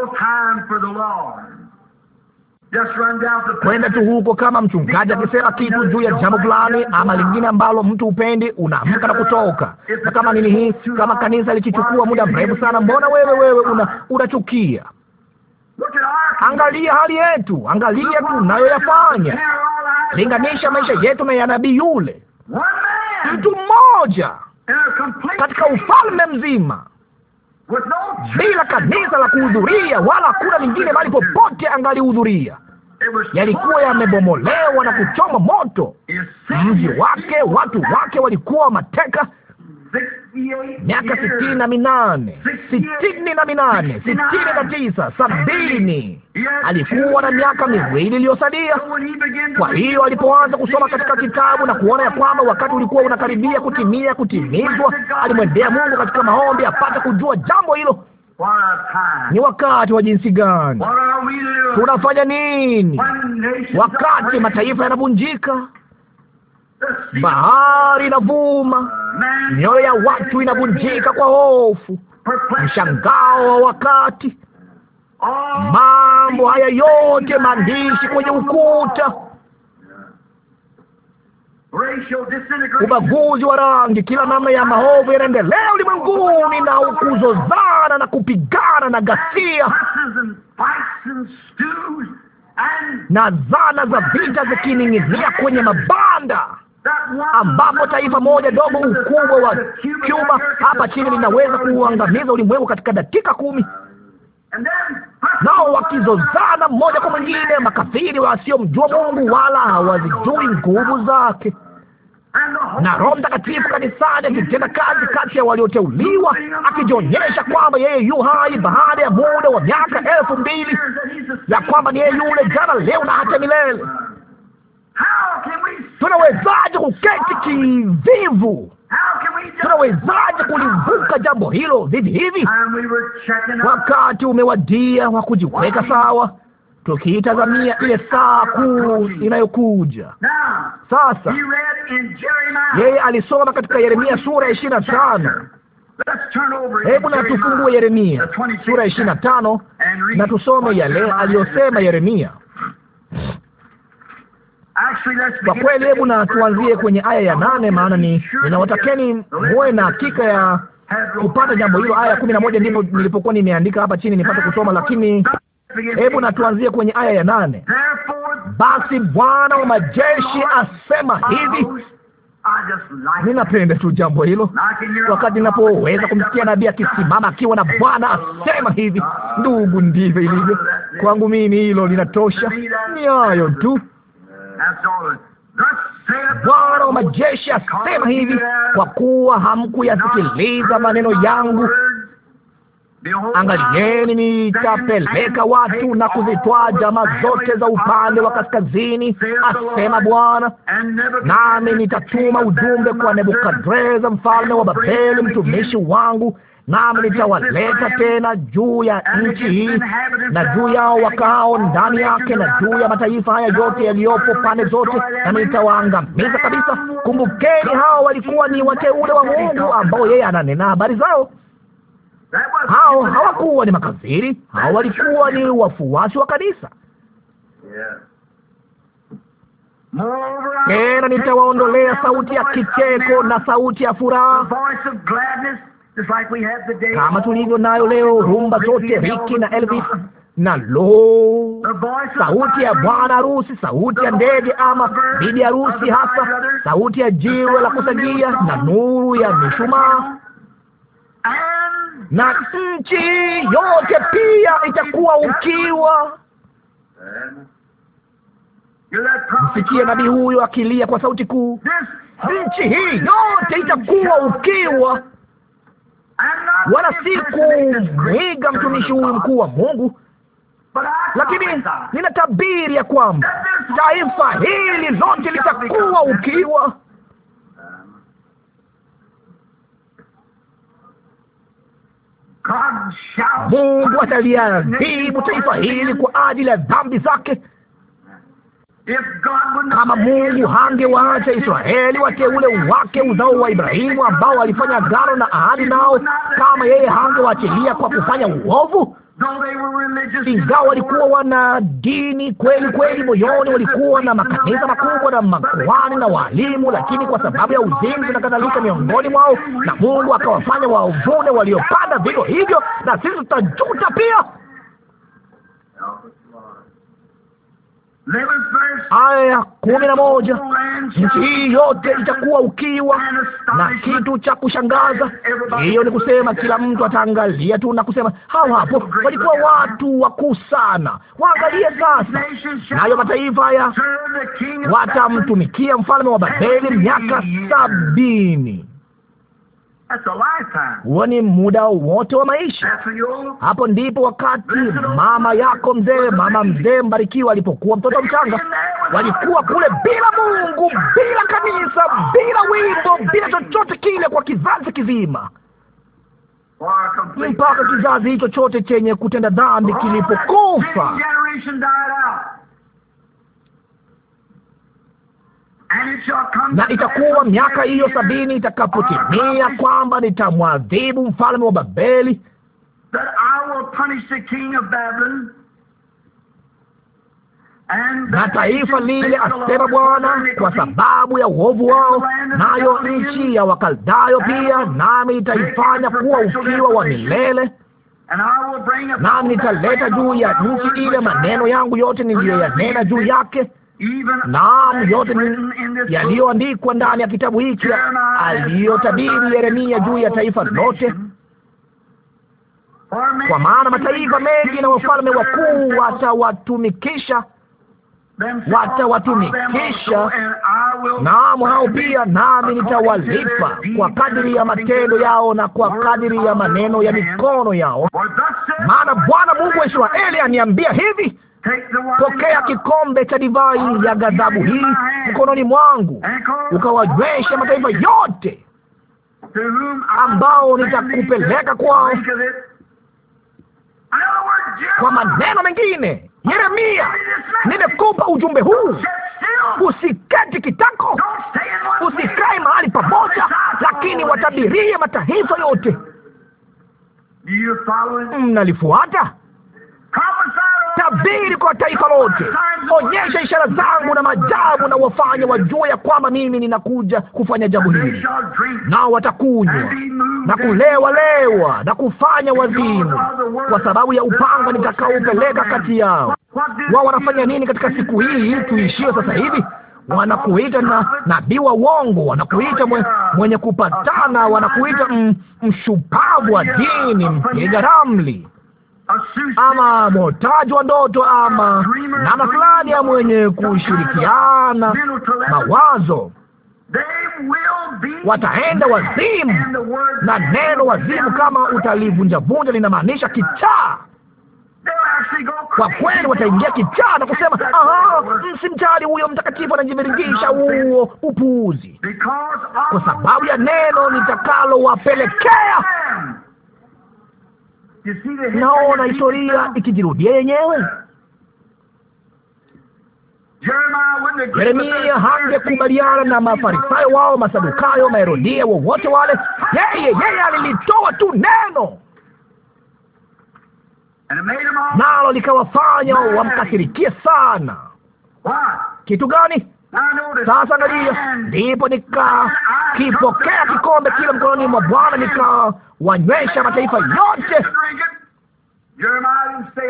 kwenda tu huko kama mchungaji akisema kitu juu ya jambo fulani ama lingine ambalo mtu upendi, unaamka na kutoka. Na kama nini hii, kama kanisa lichichukua muda mrefu sana, mbona wewe wewe una unachukia? Angalia hali yetu, angalia tunayoyafanya, linganisha maisha yetu na ya nabii yule, mtu mmoja katika ufalme mzima bila kanisa la kuhudhuria wala hakuna lingine mahali popote angalihudhuria. Yalikuwa yamebomolewa na kuchoma moto, mji wake, watu wake walikuwa mateka miaka sitini na minane sitini na minane sitini na tisa sabini alikuwa na miaka miwili iliyosalia. Kwa hiyo alipoanza kusoma katika kitabu na kuona ya kwamba wakati ulikuwa unakaribia kutimia kutimizwa, alimwendea Mungu katika maombi apate kujua jambo hilo. Ni wakati wa jinsi gani? Tunafanya nini wakati mataifa yanavunjika? bahari inavuma, mioyo ya watu inavunjika kwa hofu, mshangao wa wakati. Mambo haya yote maandishi kwenye ukuta, ubaguzi wa rangi, kila namna ya maovu yanaendelea ulimwenguni, na ukuzozana na kupigana na ghasia na zana za vita zikining'inia kwenye mabanda ambapo taifa moja dogo, ukubwa wa Cuba hapa chini, linaweza kuuangamiza ulimwengu katika dakika kumi. Nao wakizozana mmoja kwa mwingine, makafiri wasiomjua Mungu wala hawazijui nguvu zake, na Roho Mtakatifu kanisani akitenda kazi kati ya walioteuliwa, akijionyesha kwamba yeye yu hai baada ya muda wa miaka elfu mbili, ya kwamba ni yeye yule jana, leo na hata milele. Tunawezaje kuketi kivivu? Tunawezaje kulivuka jambo hilo vivi hivi? Wakati umewadia wa kujiweka sawa, tukiitazamia ile saa kuu inayokuja. Sasa yeye alisoma katika Yeremia sura ya ishirini na tano. Hebu na tufungue Yeremia sura ya ishirini na tano na tusome yale aliyosema Yeremia. Kwa kweli, hebu na tuanzie kwenye aya ya nane, maana ni ninawatakeni muwe na hakika ya kupata jambo hilo. Aya ya kumi na moja ndipo nilipokuwa nimeandika hapa chini nipate kusoma, lakini hebu na tuanzie kwenye aya ya nane. Basi Bwana wa majeshi asema hivi Ninapenda tu jambo hilo, wakati ninapoweza kumsikia nabii akisimama akiwa na Bwana asema hivi. Ndugu, ndivyo ilivyo kwangu mimi, hilo linatosha. Ni hayo tu. Bwana wa majeshi asema hivi, kwa kuwa hamkuyasikiliza maneno yangu, angalieni, nitapeleka watu na kuzitwaa jamaa zote za upande wa kaskazini, asema Bwana, nami nitatuma ujumbe kwa Nebukadreza mfalme wa Babeli, mtumishi wangu nami nitawaleta tena juu ya nchi hii na juu yao wakao ndani yake na juu ya mataifa haya yote yaliyopo pande zote, nami nitawaangamiza kabisa. Kumbukeni, hao walikuwa ni wateule wa Mungu ambao yeye ananena habari zao. Hao hawakuwa ni makafiri, hao walikuwa ni wafuasi wa kanisa. Tena nitawaondolea sauti ya kicheko na sauti ya furaha kama tulivyo nayo leo rumba zote, Ricky na Elvis na lo, sauti ya bwana harusi, sauti ya ndege ama bibi harusi, hasa sauti ya jiwe la kusagia na nuru ya mishumaa, na nchi yote pia itakuwa ukiwa. Msikie nabii huyo akilia kwa sauti kuu, nchi hii yote itakuwa ukiwa wala si kumwiga mtumishi huyu mkuu wa Mungu, lakini nina tabiri ya kwamba taifa hili lote litakuwa ukiwa Mungu ataliadhibu taifa hili kwa ajili ya dhambi zake. Kama Mungu hangewaacha Israeli wateule wake, uzao wa Ibrahimu, ambao walifanya agano na ahadi nao, kama yeye hangewaachilia kwa kufanya uovu ingawa walikuwa wana dini kweli kweli moyoni, walikuwa na makanisa makubwa na makuhani na waalimu, lakini kwa sababu ya uzinzi na kadhalika miongoni mwao, na Mungu akawafanya wavune waliopanda vivyo hivyo, na sisi tutajuta pia. Aya kumi na moja, nchi hii yote itakuwa ukiwa na kitu cha kushangaza. Hiyo ni kusema kila mtu ataangalia tu na kusema hao hapo walikuwa watu wakuu sana, waangalie sasa. Nayo mataifa haya watamtumikia mfalme wa Babeli miaka sabini huo ni muda wote wa maisha. Hapo ndipo wakati mama yako mzee, mama mzee mbarikiwa, alipokuwa mtoto mchanga, walikuwa kule bila Mungu, bila kanisa, bila wimbo, bila chochote kile, kwa kizazi kizima mpaka kizazi hicho chote chenye kutenda dhambi kilipokufa. na itakuwa miaka hiyo sabini itakapotimia kwamba nitamwadhibu mfalme wa Babeli na taifa lile, asema Bwana, kwa sababu ya uovu wao, nayo nchi ya Wakaldayo pia, nami itaifanya kuwa ukiwa wa milele nami nitaleta juu ya nchi ile maneno yangu yote niliyoyanena juu yake naam, yote yaliyoandikwa ndani ya kitabu hiki aliyotabiri Yeremia juu ya taifa lote, kwa maana mataifa mengi na wafalme wakuu watawatumikisha watawatumikisha naam, hao pia nami nitawalipa kwa kadiri ya matendo yao na kwa kadiri ya maneno ya mikono yao, maana Bwana Mungu wa Israeli aniambia hivi pokea kikombe cha divai ya ghadhabu hii mkononi mwangu, ukawanywesha mataifa yote ambao nitakupeleka kwao. Kwa maneno mengine, Yeremia, nimekupa ujumbe huu, usiketi kitako, usikae mahali pamoja, lakini watabirie mataifa yote. Mnalifuata tabiri kwa taifa lote, onyesha ishara zangu na maajabu, na wafanye wajue ya kwamba mimi ninakuja kufanya jambo hili. Nao watakunywa na kulewa lewa na kufanya wazimu, kwa sababu ya upanga nitakaupeleka kati yao. Wao wanafanya nini katika siku hii tuishio sasa hivi? Wanakuita na nabii wa uongo, wanakuita mwe, mwenye kupatana, wanakuita mshupavu wa dini, mpiga ramli ama mwotaji wa ndoto ama namna fulani ya mwenye kushirikiana mawazo wataenda wazimu, na neno wazimu, kama utalivunjavunja, linamaanisha kichaa. Kwa kweli wataingia kichaa na kusema aha, msimjali huyo mtakatifu anajiviringisha huo upuuzi, kwa sababu ya neno nitakalowapelekea Naona historia ikijirudia yenyewe. Yeremia hangekubaliana na Mafarisayo wao, Masadukayo, Maherodia, wowote wale. Yeye yeye alilitoa tu neno nalo likawafanya wamkasirikie sana. Kitu gani? Sasa angalia, ndipo nikakipokea kikombe kile mkononi mwa Bwana nika wanywesha mataifa yote.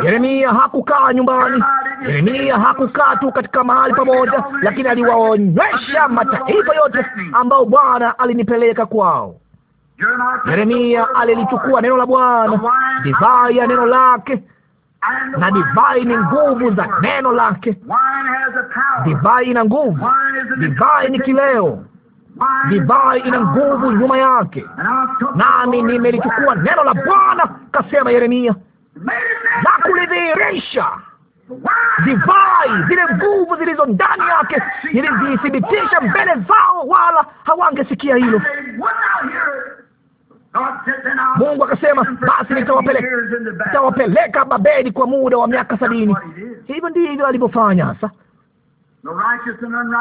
Yeremia hakukaa nyumbani. Yeremia hakukaa tu katika mahali pamoja, lakini aliwaonyesha mataifa yote ambao Bwana alinipeleka kwao. Yeremia alilichukua neno la Bwana, divai ya neno lake, na divai ni nguvu za neno lake. Divai ina nguvu, divai ni kileo divai ina nguvu nyuma yake, nami nimelichukua neno la Bwana, kasema Yeremia, na kulidhihirisha divai zile nguvu zilizo ndani yake, nilizithibitisha mbele zao, wala hawangesikia hilo. Mungu akasema, basi nitawapeleka Babeli kwa muda wa miaka sabini. Hivyo ndivyo alivyofanya hasa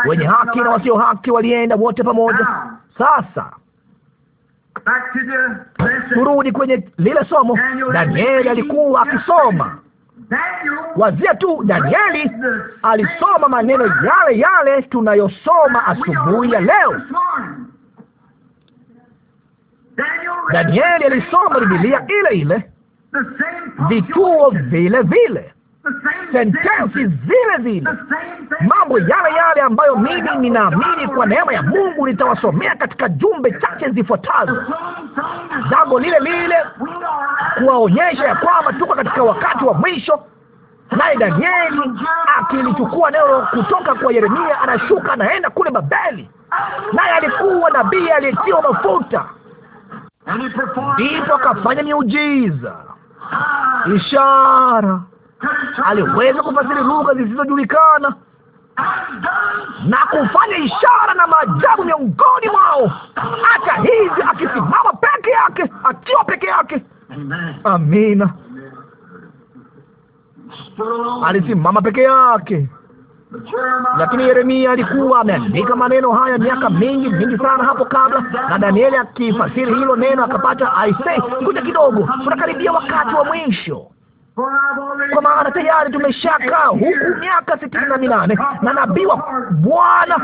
wenye haki na wasio haki walienda wote pamoja. Sasa turudi kwenye lile somo. Danieli alikuwa akisoma wazia tu. Danieli alisoma maneno yale yale tunayosoma asubuhi ya leo. Danieli alisoma Biblia ile ile, vituo vile vile sentensi zile zile, mambo yale yale ambayo mimi ninaamini kwa neema ya Mungu nitawasomea katika jumbe chache zifuatazo, jambo lile lile, kuwaonyesha ya kwamba tuko katika wakati wa mwisho. Naye Danieli akilichukua neno kutoka kwa Yeremia, anashuka anaenda kule Babeli, naye alikuwa nabii aliyetiwa mafuta, ndipo akafanya miujiza, ishara aliweza kufasiri lugha zisizojulikana na kufanya ishara na maajabu miongoni mwao, hata hivyo akisimama peke yake, akiwa peke yake. Amina, alisimama peke yake. Lakini Yeremia alikuwa ameandika maneno haya miaka mingi mingi sana hapo kabla, na Danieli akifasiri hilo neno akapata aise, kuja kidogo, tunakaribia wakati wa mwisho kwa maana tayari tumeshakaa huku miaka sitini na minane na nabii wa Bwana.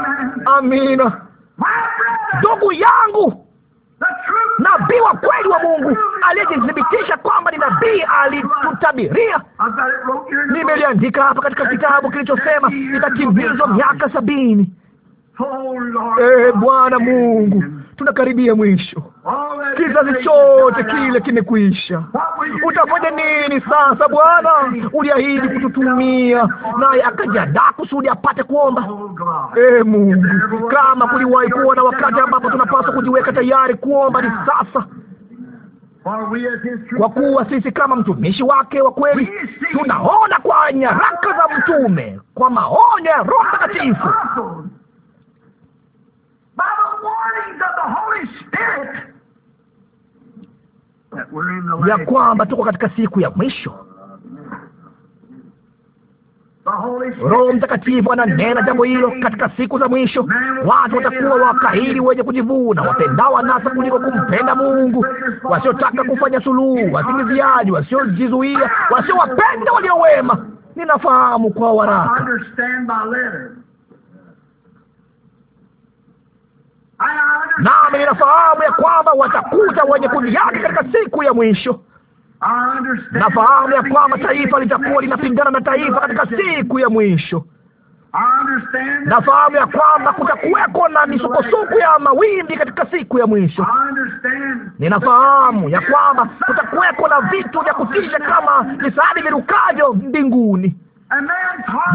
Amina, ndugu yangu, nabii wa kweli wa Mungu aliyejithibitisha kwamba ni nabii alitutabiria. Nimeliandika hapa katika kitabu kilichosema itatimizwa miaka sabini. eh, Bwana Mungu, tunakaribia mwisho. Kizazi chote kile kimekwisha. Utafanya nini sasa? Bwana, uliahidi kututumia, naye akajiandaa kusudi apate kuomba. E Mungu, kama kuliwahi kuwa na wakati ambapo tunapaswa kujiweka tayari kuomba, ni sasa kwa kuwa sisi kama mtumishi wake wa kweli tunaona kwa nyaraka za mtume, kwa maonyo ya Roho Mtakatifu ya kwamba tuko katika siku ya mwisho. Roho Mtakatifu ananena jambo hilo. Katika siku za mwisho, watu watakuwa wakahiri, wenye kujivuna, wapendao anasa kuliko kumpenda Mungu, wasiotaka kufanya suluhu, wasingiziaji, wasiojizuia, wasiowapenda waliowema. Ninafahamu kwa waraka nami ninafahamu ya kwamba watakuja wenye kundi yake katika siku ya mwisho. Nafahamu ya kwamba taifa litakuwa linapingana na taifa katika siku ya mwisho. Nafahamu ya kwamba kutakuweko na misukosuko ya mawimbi katika siku ya mwisho. Ninafahamu ya kwamba kutakuweko na vitu vya kutisha kama misaadi virukavyo mbinguni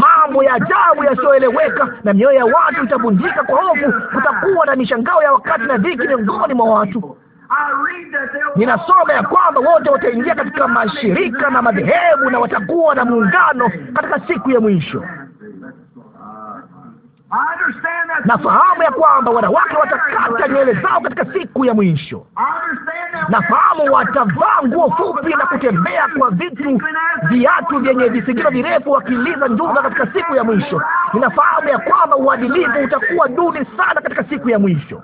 mambo ya ajabu yasiyoeleweka, na mioyo ya watu itavunjika kwa hofu. Kutakuwa na mishangao ya wakati na dhiki miongoni mwa watu. Ninasoma ya kwamba wote wataingia katika mashirika na madhehebu na watakuwa na muungano katika siku ya mwisho. Nafahamu ya kwamba wanawake watakata nywele zao katika siku ya mwisho. Nafahamu watavaa nguo fupi na kutembea kwa vitu viatu vyenye visigino virefu, wakiliza njuga katika siku ya mwisho. Ninafahamu ya kwamba uadilifu utakuwa duni sana katika siku ya mwisho.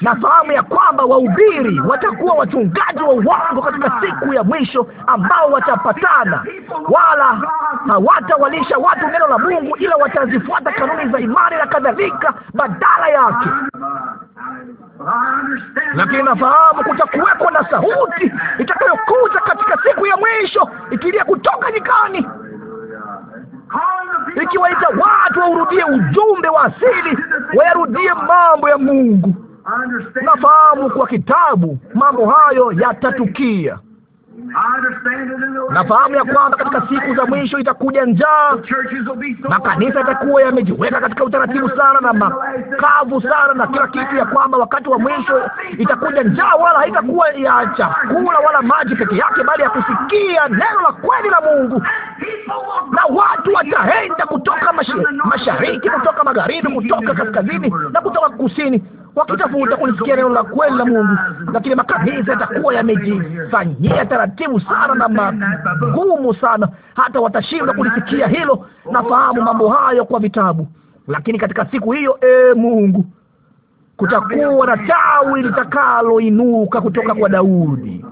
Nafahamu ya kwamba wahubiri watakuwa wachungaji wa uongo katika siku ya mwisho, ambao watapatana, wala hawatawalisha watu neno la Mungu, ila watazifuata kanuni za imani na kadhalika badala yake. Lakini nafahamu kutakuwekwa na sauti itakayokuja katika siku ya mwisho ikilia kutoka nyikani ikiwaita watu waurudie ujumbe wa asili, wayarudie mambo ya Mungu. Nafahamu kwa kitabu mambo hayo yatatukia. Nafahamu ya kwamba katika siku za mwisho itakuja njaa, makanisa yatakuwa yamejiweka katika utaratibu sana na makavu sana na kila kitu, ya kwamba wakati wa mwisho itakuja njaa, wala haitakuwa ya chakula wala maji peke yake, bali ya kusikia neno la kweli la Mungu. Na watu wataenda kutoka mashariki, kutoka magharibi, kutoka kaskazini na kutoka kusini wakitafuta kulisikia neno la kweli la Mungu, lakini makanisa yatakuwa yamejifanyia taratibu sana na magumu sana, hata watashinda kulisikia hilo. Nafahamu mambo hayo kwa vitabu, lakini katika siku hiyo, e Mungu, kutakuwa na tawi litakaloinuka kutoka kwa Daudi.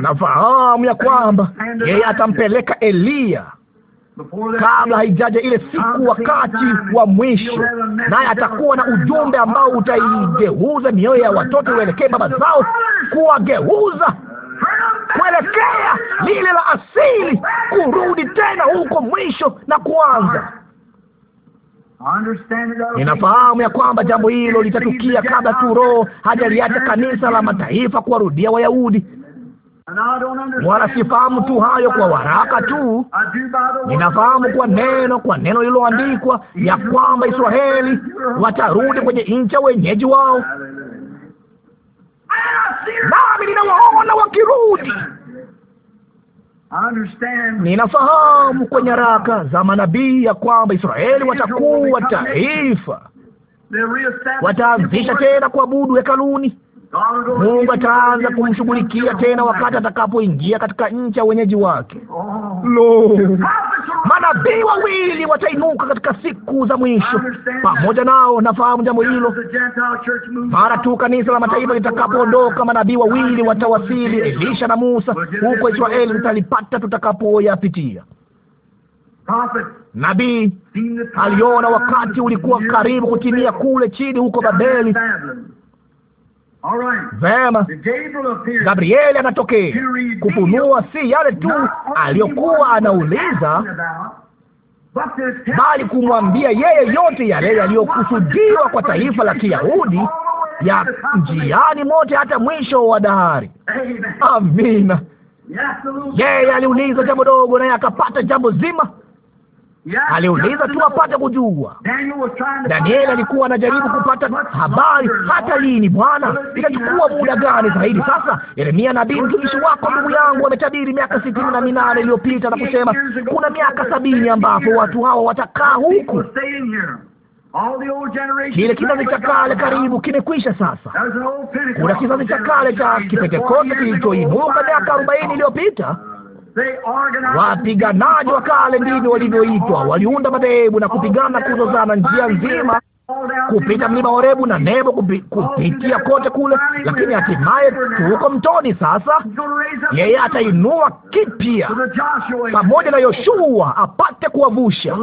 Nafahamu ya kwamba yeye atampeleka Eliya kabla haijaja ile siku, wakati wa mwisho, naye atakuwa na ujumbe ambao utaigeuza mioyo ya watoto uelekee baba zao, kuwageuza kuelekea lile la asili, kurudi tena huko mwisho na kuanza Ninafahamu ya kwamba jambo hilo litatukia kabla tu Roho hajaliacha kanisa la mataifa kuwarudia Wayahudi wala sifahamu tu hayo kwa waraka tu, ninafahamu kwa neno kwa neno lililoandikwa ya kwamba Israeli watarudi kwenye nchi ya wenyeji wao, nami ninawaona wakirudi. Ninafahamu kwa nyaraka za manabii ya kwamba Israeli watakuwa taifa, wataanzisha tena kuabudu hekaluni Mungu ataanza kumshughulikia tena wakati atakapoingia katika nchi ya wenyeji wake. Lo, manabii wawili watainuka katika siku za mwisho pamoja nao. Nafahamu jambo hilo. Mara tu kanisa la mataifa litakapoondoka, manabii wawili watawasili, Elisha na Musa, huko Israeli. Tutalipata tutakapoyapitia. Nabii aliona wakati ulikuwa karibu kutimia kule chini huko Babeli Vema, Gabrieli anatokea kufunua si yale tu aliyokuwa anauliza, bali kumwambia yeye yote yale yaliyokusudiwa kwa taifa la Kiyahudi ya njiani mote hata mwisho wa dahari. Amina. Yeye aliuliza jambo dogo, naye akapata jambo zima aliuliza tu apate kujua. Danieli alikuwa anajaribu kupata habari, hata lini Bwana, itachukua muda gani zaidi? Sasa Yeremia nabii mtumishi wako ndugu yangu ametabiri miaka sitini na minane iliyopita na kusema kuna miaka sabini ambapo watu hawa watakaa huku kile kizazi cha kale karibu kimekwisha. Sasa kuna kizazi cha kale cha Kipentekoste kilichoinuka miaka arobaini iliyopita Wapiganaji wa kale ndivyo walivyoitwa. Waliunda madhehebu na kupigana kuzozana njia nzima kupita mlima Horebu na Nebo, kupitia kote kule, lakini hatimaye tuko mtoni sasa. Yeye atainua kipya pamoja na Yoshua apate kuwavusha.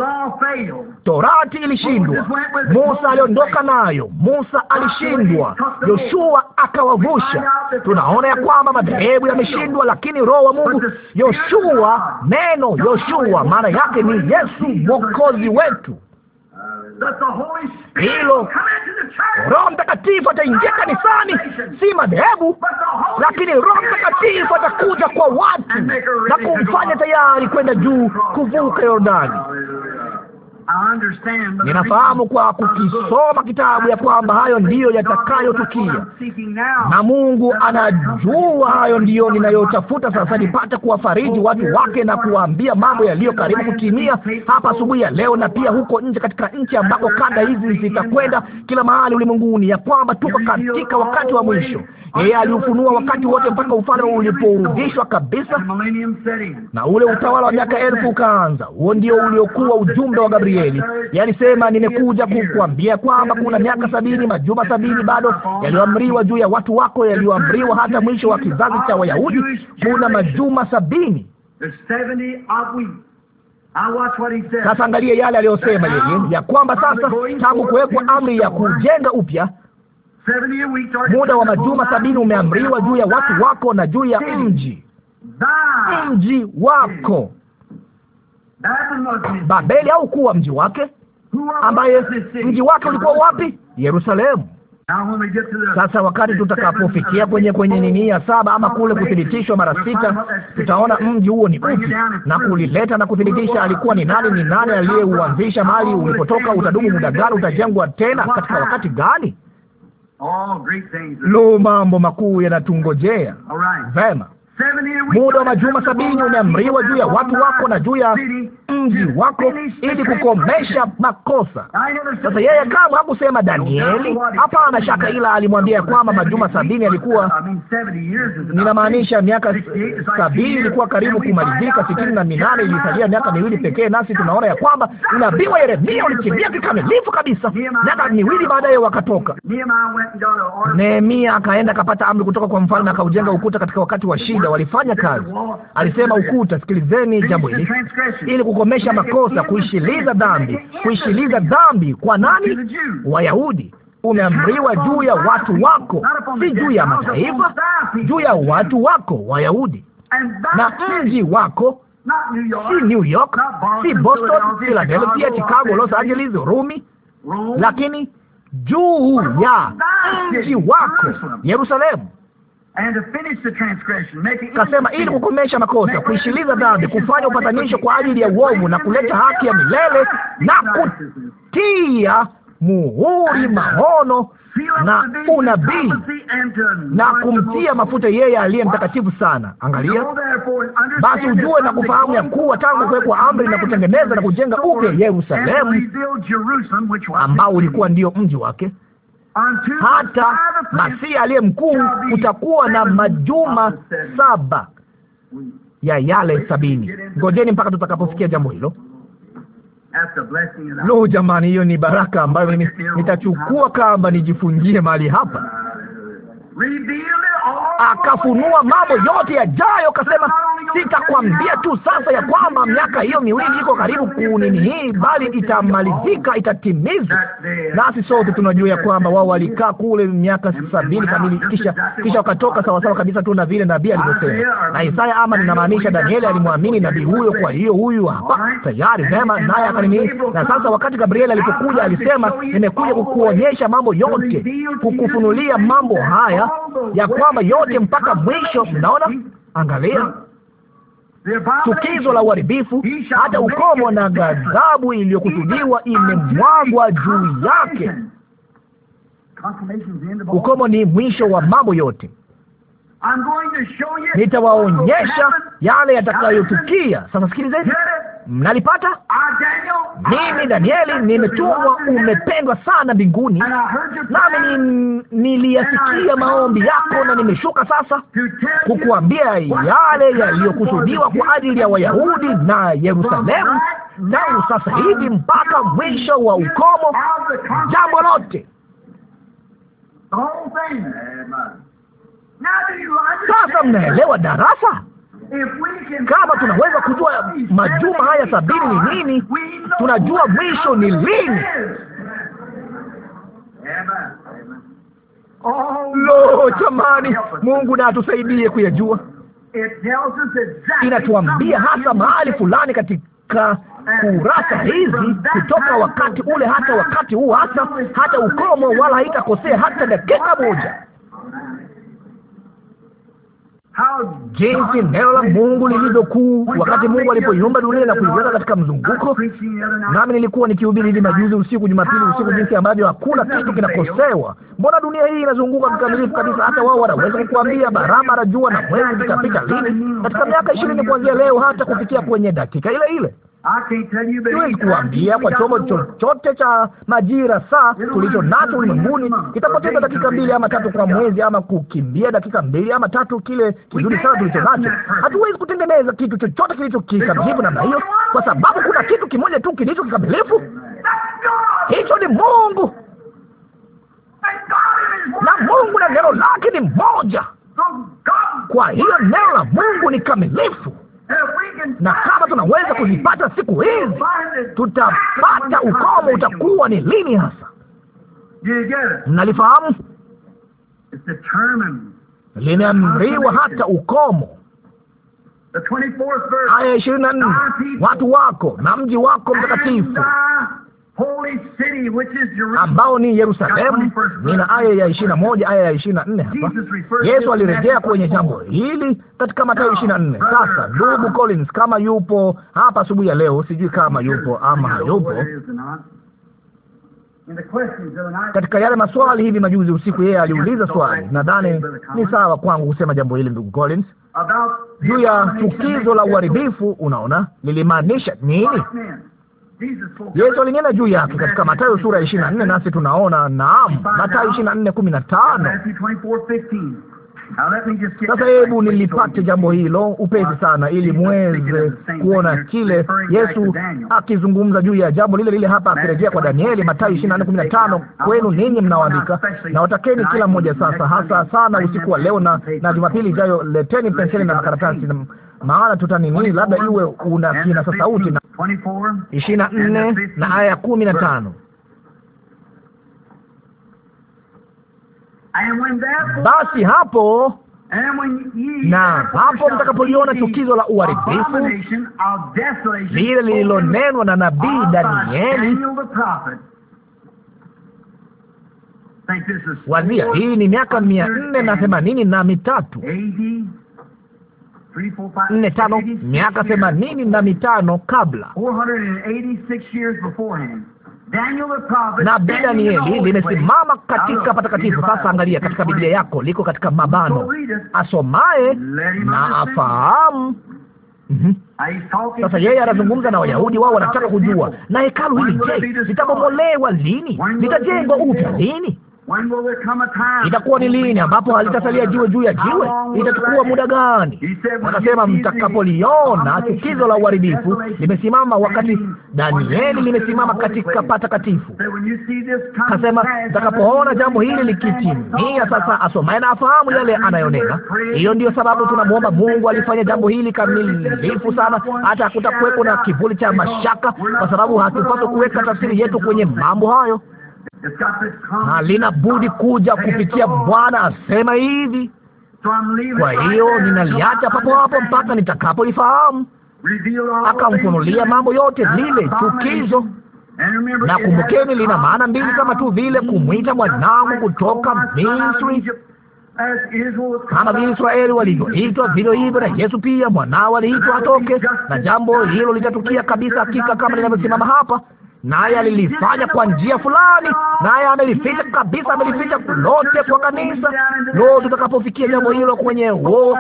Torati ilishindwa, Musa aliondoka nayo, Musa alishindwa, Yoshua akawavusha. Tunaona ya kwamba madhehebu yameshindwa, lakini Roho wa Mungu, Yoshua, neno Yoshua maana yake ni Yesu mwokozi wetu hilo Roho Mtakatifu ataingia kanisani, si madhehebu, lakini Roho Mtakatifu atakuja kwa watu na kumfanya tayari kwenda juu kuvuka Yordani. Ninafahamu kwa kukisoma kitabu ya kwamba hayo ndiyo yatakayotukia, na Mungu anajua hayo ndiyo ninayotafuta sasa, nipate kuwafariji watu wake na kuwaambia mambo yaliyo karibu kutimia hapa asubuhi ya leo, na pia huko nje katika nchi ambako kanda hizi zitakwenda kila mahali ulimwenguni, ya kwamba tuko katika wakati wa mwisho. Yeye aliufunua wakati wote mpaka ufalme ulipourudishwa kabisa, na ule utawala wa miaka elfu ukaanza. Huo ndio uliokuwa ujumbe wa Gabrieli. Yalisema, nimekuja kukuambia kwamba kuna miaka sabini, majuma sabini bado yaliyoamriwa juu ya watu wako, yaliyoamriwa hata mwisho wa kizazi cha Wayahudi. Kuna majuma sabini. Sasa angalie yale aliyosema yeye, ya kwamba sasa tangu kuwekwa amri ya kujenga upya muda wa majuma sabini umeamriwa juu ya watu wako na juu ya mji mji wako Babeli au kuwa mji wake ambaye mji wake ulikuwa wapi? Yerusalemu. Sasa wakati tutakapofikia kwenye kwenye nini ya saba ama kule kuthibitishwa mara sita, tutaona mji huo ni upi na kulileta na kuthibitisha alikuwa ni nani, ni nani aliyeuanzisha, mahali ulipotoka, utadumu muda gani, utajengwa tena katika wakati gani. Lo, mambo makuu yanatungojea. Vema, Muda wa majuma sabini umeamriwa juu ya watu wako na juu ya mji wako ili kukomesha makosa. Sasa yeye kama hakusema Danieli, hapana shaka, ila alimwambia kwamba majuma sabini alikuwa ninamaanisha miaka sabini ilikuwa karibu kumalizika, sitini na minane ilisalia miaka miwili pekee, nasi tunaona ya kwamba unabii wa Yeremia ulitimia kikamilifu kabisa. Miaka miwili baadaye wakatoka. Nehemia akaenda akapata amri kutoka kwa mfalme, akaujenga ukuta katika wakati wa shida kwanza walifanya kazi. Alisema ukuta, sikilizeni jambo hili, ili kukomesha makosa, kuishiliza dhambi, kuishiliza dhambi kwa nani? Wayahudi. Umeamriwa juu ya watu wako, si juu ya mataifa, juu ya watu wako Wayahudi, na mji wako si New York, si Boston, Philadelphia, Chicago, Los Angeles, Rumi, lakini juu ya mji wako Yerusalemu. Kasema ili kukomesha makosa, kuishiliza dhambi, kufanya upatanisho kwa ajili ya uovu na kuleta haki ya milele na kutia muhuri maono na unabii na kumtia mafuta yeye aliye mtakatifu sana. Angalia basi, ujue na kufahamu ya kuwa tangu kuwekwa amri na kutengeneza na kujenga upya Yerusalemu, ambao ulikuwa ndio mji wake hata Masihi aliye mkuu, utakuwa na majuma saba ya yale sabini. Ngojeni mpaka tutakapofikia jambo hilo. Lo, jamani, hiyo ni baraka ambayo mimi nitachukua kamba nijifungie mahali hapa akafunua mambo yote yajayo, akasema, sitakwambia tu sasa ya kwamba miaka hiyo miwili iko karibu kunini hii, bali itamalizika, itatimizwa. Nasi sote tunajua ya kwamba wao walikaa kule miaka sabini kamili, kisha kisha wakatoka sawasawa kabisa tu na vile nabii alivyosema. Na Isaya ama ninamaanisha Danieli alimwamini nabii huyo, kwa hiyo huyu hapa tayari vema, naye akanini. Na sasa wakati Gabrieli alipokuja alisema, nimekuja kukuonyesha mambo yote, kukufunulia mambo haya ya kwamba yote mpaka mwisho. Mnaona, angalia chukizo la uharibifu, hata ukomo na ghadhabu iliyokusudiwa imemwagwa juu yake. Ukomo ni mwisho wa mambo yote. Nitawaonyesha yale yatakayotukia. Sasa sikilizeni mnalipata? Mimi Danieli nimetumwa, umependwa sana mbinguni, nami niliyasikia maombi yako na nimeshuka sasa kukuambia yale yaliyokusudiwa kwa ajili ya Wayahudi na Yerusalemu, tangu sasa hivi mpaka mwisho wa ukomo, jambo lote sasa mnaelewa darasa kama tunaweza kujua majuma haya sabini ni nini, tunajua mwisho ni lini. Lo, jamani, Mungu na atusaidie kuyajua. Inatuambia hasa mahali fulani katika kurasa hizi kutoka wakati ule hata wakati huu hasa hata ukomo, wala haitakosea hata dakika moja jinsi neno la Mungu lilivyokuu wakati Mungu alipoiumba dunia na kuiweka katika mzunguko. Nami nilikuwa nikihubiri hivi majuzi usiku, Jumapili usiku, jinsi ambavyo hakuna kitu kinakosewa. Mbona dunia hii inazunguka kikamilifu kabisa? Hata wao wanaweza kukuambia barabara jua na mwezi vitapita lini, katika miaka ishirini kuanzia leo, hata kufikia kwenye dakika ile ile siwezi kuambia kwa chombo chochote cha majira saa yaani tulicho nacho ulimwenguni kitapoteza dakika mbili ama tatu kwa mwezi, ama kukimbia dakika mbili ama tatu, kile kizuri sana tulicho nacho. Hatuwezi kutengeneza kitu chochote kilicho kikamilifu namna hiyo, kwa sababu kuna kitu kimoja tu kilicho kikamilifu, hicho ni Mungu na Mungu na neno lake ni moja. Kwa hiyo neno la Mungu ni kamilifu na kama tunaweza kuzipata siku hizi, tutapata ukomo. Utakuwa ni lini hasa? Mnalifahamu, limeamriwa hata ukomo. Aya ishirini na nne, watu wako na mji wako mtakatifu ambao ni Yerusalemu. Nina aya ya ishirini na moja aya ya ishirini na nne hapa. Yesu alirejea kwenye jambo hili katika Mathayo ishirini na nne. Sasa ndugu Collins, kama yupo hapa asubuhi ya leo, sijui kama yupo ama hayupo katika yale maswali hivi majuzi usiku, yeye aliuliza swali, nadhani ni sawa kwangu kusema jambo hili, ndugu Collins, juu ya chukizo la uharibifu. Unaona lilimaanisha nini? Yesu alinena juu yake katika Mathayo sura ya ishirini na nne nasi tunaona naam, Mathayo ishirini na nne kumi na tano. Sasa hebu nilipate jambo hilo upesi sana, ili muweze kuona kile Yesu akizungumza juu ya jambo lile lile hapa, akirejea kwa Danieli, Mathayo ishirini na nne kumi na tano kwenu ninyi mnaoandika, na watakeni kila mmoja sasa, hasa sana usiku wa leo na na Jumapili ijayo, leteni penseli na makaratasi maana tutaninii, labda iwe una kinasa sauti na ishirini na nne na aya ya kumi na tano basi hapo na hapo mtakapoliona chukizo la uharibifu lile lililonenwa na nabii Danieli. Wazia, hii ni miaka mia nne na themanini na mitatu nne tano miaka themanini na mitano kabla na danieli limesimama katika patakatifu. Sasa angalia katika Biblia yako, liko katika mabano, asomaye na afahamu. Mm -hmm. Sasa yeye anazungumza na Wayahudi, wao wanataka kujua, na hekalu hili je, litabomolewa lini? Litajengwa upya lini? Itakuwa ni lini ambapo alitasalia jiwe juu ya jiwe? Itachukua muda gani? Akasema, mtakapoliona chukizo la uharibifu limesimama, wakati Danieli limesimama katika patakatifu. Kasema, mtakapoona jambo hili likitimia, sasa asomaye na afahamu yale anayonena. Hiyo ndiyo sababu tunamwomba Mungu alifanya jambo hili kamilifu sana, hata hakutakuwepo na kivuli cha mashaka, kwa sababu hatupaswi kuweka tafsiri yetu kwenye mambo hayo na budi kuja kupitia Bwana asema hivi. Kwa hiyo ninaliacha papo hapo mpaka nitakapolifahamu. Akamfunulia mambo yote, lile chukizo na kumbukeni, lina maana mbili, kama tu vile kumwita mwanangu kutoka Misri, kama vile Israeli walivyoitwa, vivyo hivyo na Yesu pia mwanao aliitwa atoke, na jambo hilo litatukia kabisa, hakika, kama linavyosimama hapa naye alilifanya kwa njia fulani, naye amelificha kabisa, amelificha lote kwa kanisa. Lo, tutakapofikia jambo hilo kwenye huo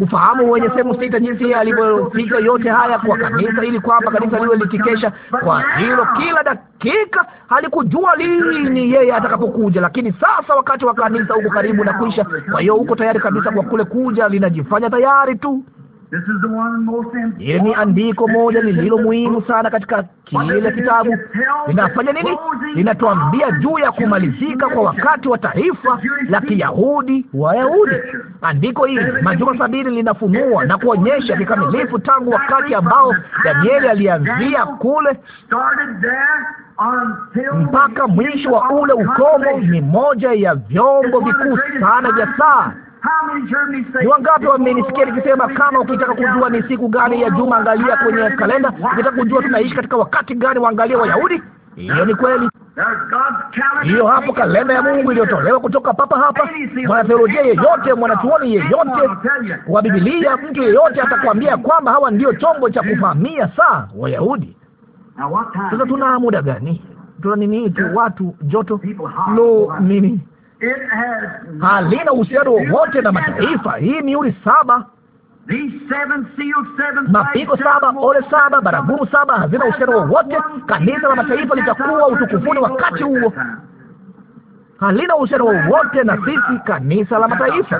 ufahamu wenye sehemu sita, jinsi alivyofika yote haya kwa kanisa, ili kwamba kanisa liwe likikesha kwa hilo kila dakika. Alikujua lini yeye atakapokuja, lakini sasa wakati wa kanisa huko karibu na kuisha. Kwa hiyo uko tayari kabisa kwa kule kuja, linajifanya tayari tu Hili ni andiko moja lililo muhimu sana katika kile kitabu. Linafanya nini? Linatuambia juu ya kumalizika kwa wakati wa taifa la Kiyahudi, Wayahudi. Andiko hili majuma sabini linafunua na kuonyesha kikamilifu tangu wakati ambao Danieli alianzia kule mpaka mwisho wa ule ukomo. Ni moja ya vyombo vikuu sana vya saa ni wangapi wamenisikia nikisema, kama ukitaka kujua ni siku gani ya juma, angalia kwenye kalenda. Ukitaka kujua tunaishi katika wakati gani, waangalie Wayahudi. Hiyo ni kweli. Hiyo hapo kalenda ya Mungu iliyotolewa kutoka papa hapa. Mwanatheolojia yeyote, mwanachuoni yeyote wa Bibilia, mtu yeyote atakwambia kwamba hawa ndio chombo cha kufahamia saa Wayahudi. Sasa tuna muda gani? Tuna nini tu watu joto lo mimi halina uhusiano wowote na mataifa. Hii mihuri saba, mapigo saba, ole saba, baragumu saba hazina uhusiano wowote. Kanisa la mataifa litakuwa utukufuni wakati huo, halina uhusiano wowote na sisi. Uh, kanisa la mataifa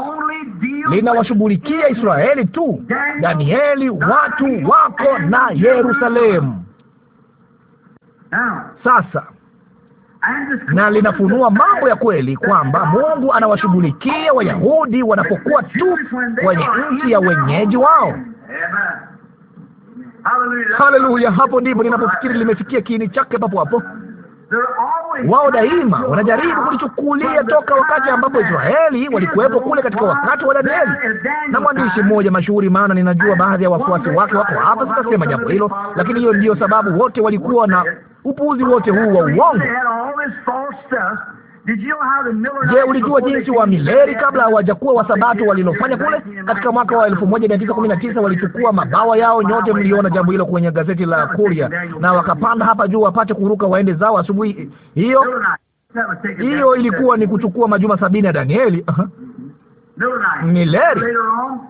uh, linawashughulikia Israeli tu. Danieli, watu wako na Yerusalemu. Sasa na linafunua mambo ya kweli kwamba Mungu anawashughulikia Wayahudi wanapokuwa tu kwenye nchi ya wenyeji wao. Haleluya! Hapo ndipo ninapofikiri limefikia kiini chake. Papo hapo wao daima wanajaribu kulichukulia toka wakati ambapo Israeli walikuwepo kule katika wakati wa Danieli. Na mwandishi mmoja mashuhuri, maana ninajua baadhi ya wafuasi wake wako hapa, sitasema jambo hilo, lakini hiyo ndiyo sababu wote walikuwa na upuuzi wote huu wa uongo. Je, ulijua jinsi wa Mileri kabla hawajakuwa Sabato walilofanya kule katika mwaka wa 1919 walichukua mabawa yao? Nyote mliona jambo hilo kwenye gazeti la Kuria, na wakapanda hapa juu wapate kuruka waende zao asubuhi hiyo hiyo. Ilikuwa ni kuchukua majuma sabini ya Danieli Mileri.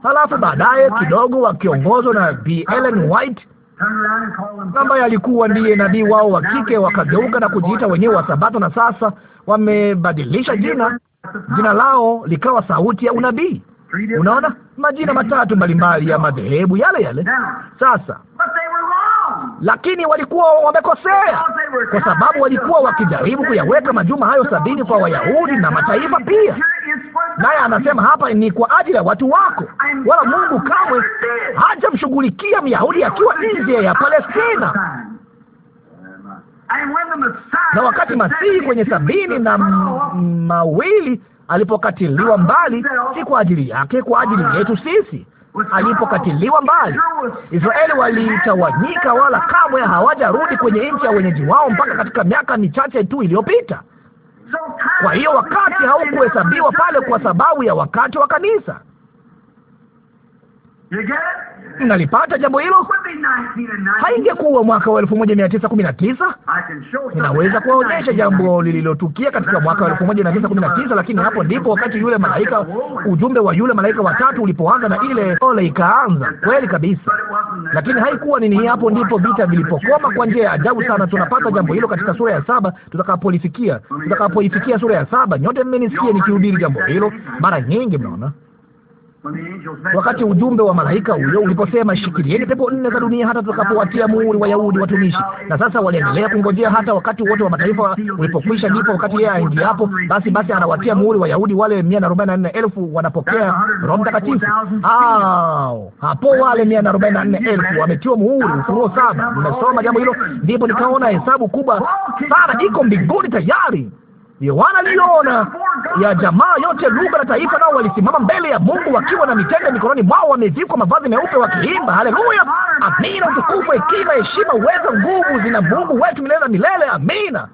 Halafu baadaye kidogo wakiongozwa na B. Ellen White ambaye alikuwa ndiye nabii wao wa kike, wakageuka na kujiita wenyewe wa Sabato, na sasa wamebadilisha jina, jina lao likawa sauti ya unabii. Unaona, majina matatu mbalimbali ya madhehebu yale yale. Sasa lakini walikuwa wamekosea, kwa sababu walikuwa wakijaribu kuyaweka majuma hayo sabini kwa Wayahudi na mataifa pia naye anasema hapa ni kwa ajili ya watu wako. Wala Mungu kamwe hajamshughulikia Myahudi akiwa nje ya Palestina. Na wakati Masihi kwenye sabini na mawili alipokatiliwa mbali, si kwa ajili yake, kwa ajili yetu sisi alipokatiliwa mbali, Israeli walitawanyika, wala kamwe hawajarudi kwenye nchi ya wenyeji wao mpaka katika miaka michache tu iliyopita. Kwa hiyo wakati haukuhesabiwa pale kwa sababu ya wakati wa kanisa. Mnalipata jambo hilo? Haingekuwa mwaka wa elfu moja mia tisa kumi na tisa ninaweza kuwaonyesha jambo lililotukia katika mwaka wa elfu moja mia tisa kumi na tisa lakini hapo ndipo wakati yule malaika, ujumbe wa yule malaika watatu ulipoanza na ile ole ikaanza kweli kabisa, lakini haikuwa nini. Hapo ndipo vita vilipokoma kwa njia ya ajabu sana. Tunapata jambo hilo katika sura ya saba tutakapolifikia, tutakapoifikia sura ya saba. Nyote mmenisikia nikihubiri jambo hilo mara nyingi, mnaona wakati ujumbe wa malaika huyo uliposema, shikilieni pepo nne za dunia hata tutakapowatia muhuri Wayahudi watumishi. Na sasa waliendelea kungojea hata wakati wote wa mataifa ulipokwisha, ndipo wakati yeye hapo. basi basi anawatia muhuri Wayahudi wale mia na arobaini na nne elfu wanapokea Roho Mtakatifu. Hapo wale mia na arobaini na nne elfu wametiwa muhuri, Ufunuo saba. Nimesoma jambo hilo, ndipo nikaona hesabu kubwa sana iko mbinguni tayari. Yohana aliona ya jamaa yote, lugha na taifa, nao walisimama mbele ya Mungu wakiwa na mitende mikononi mwao, wamevikwa mavazi meupe, wakiimba haleluya, amina, utukufu, hekima, heshima, uwezo, nguvu zina Mungu wetu milele na milele, amina.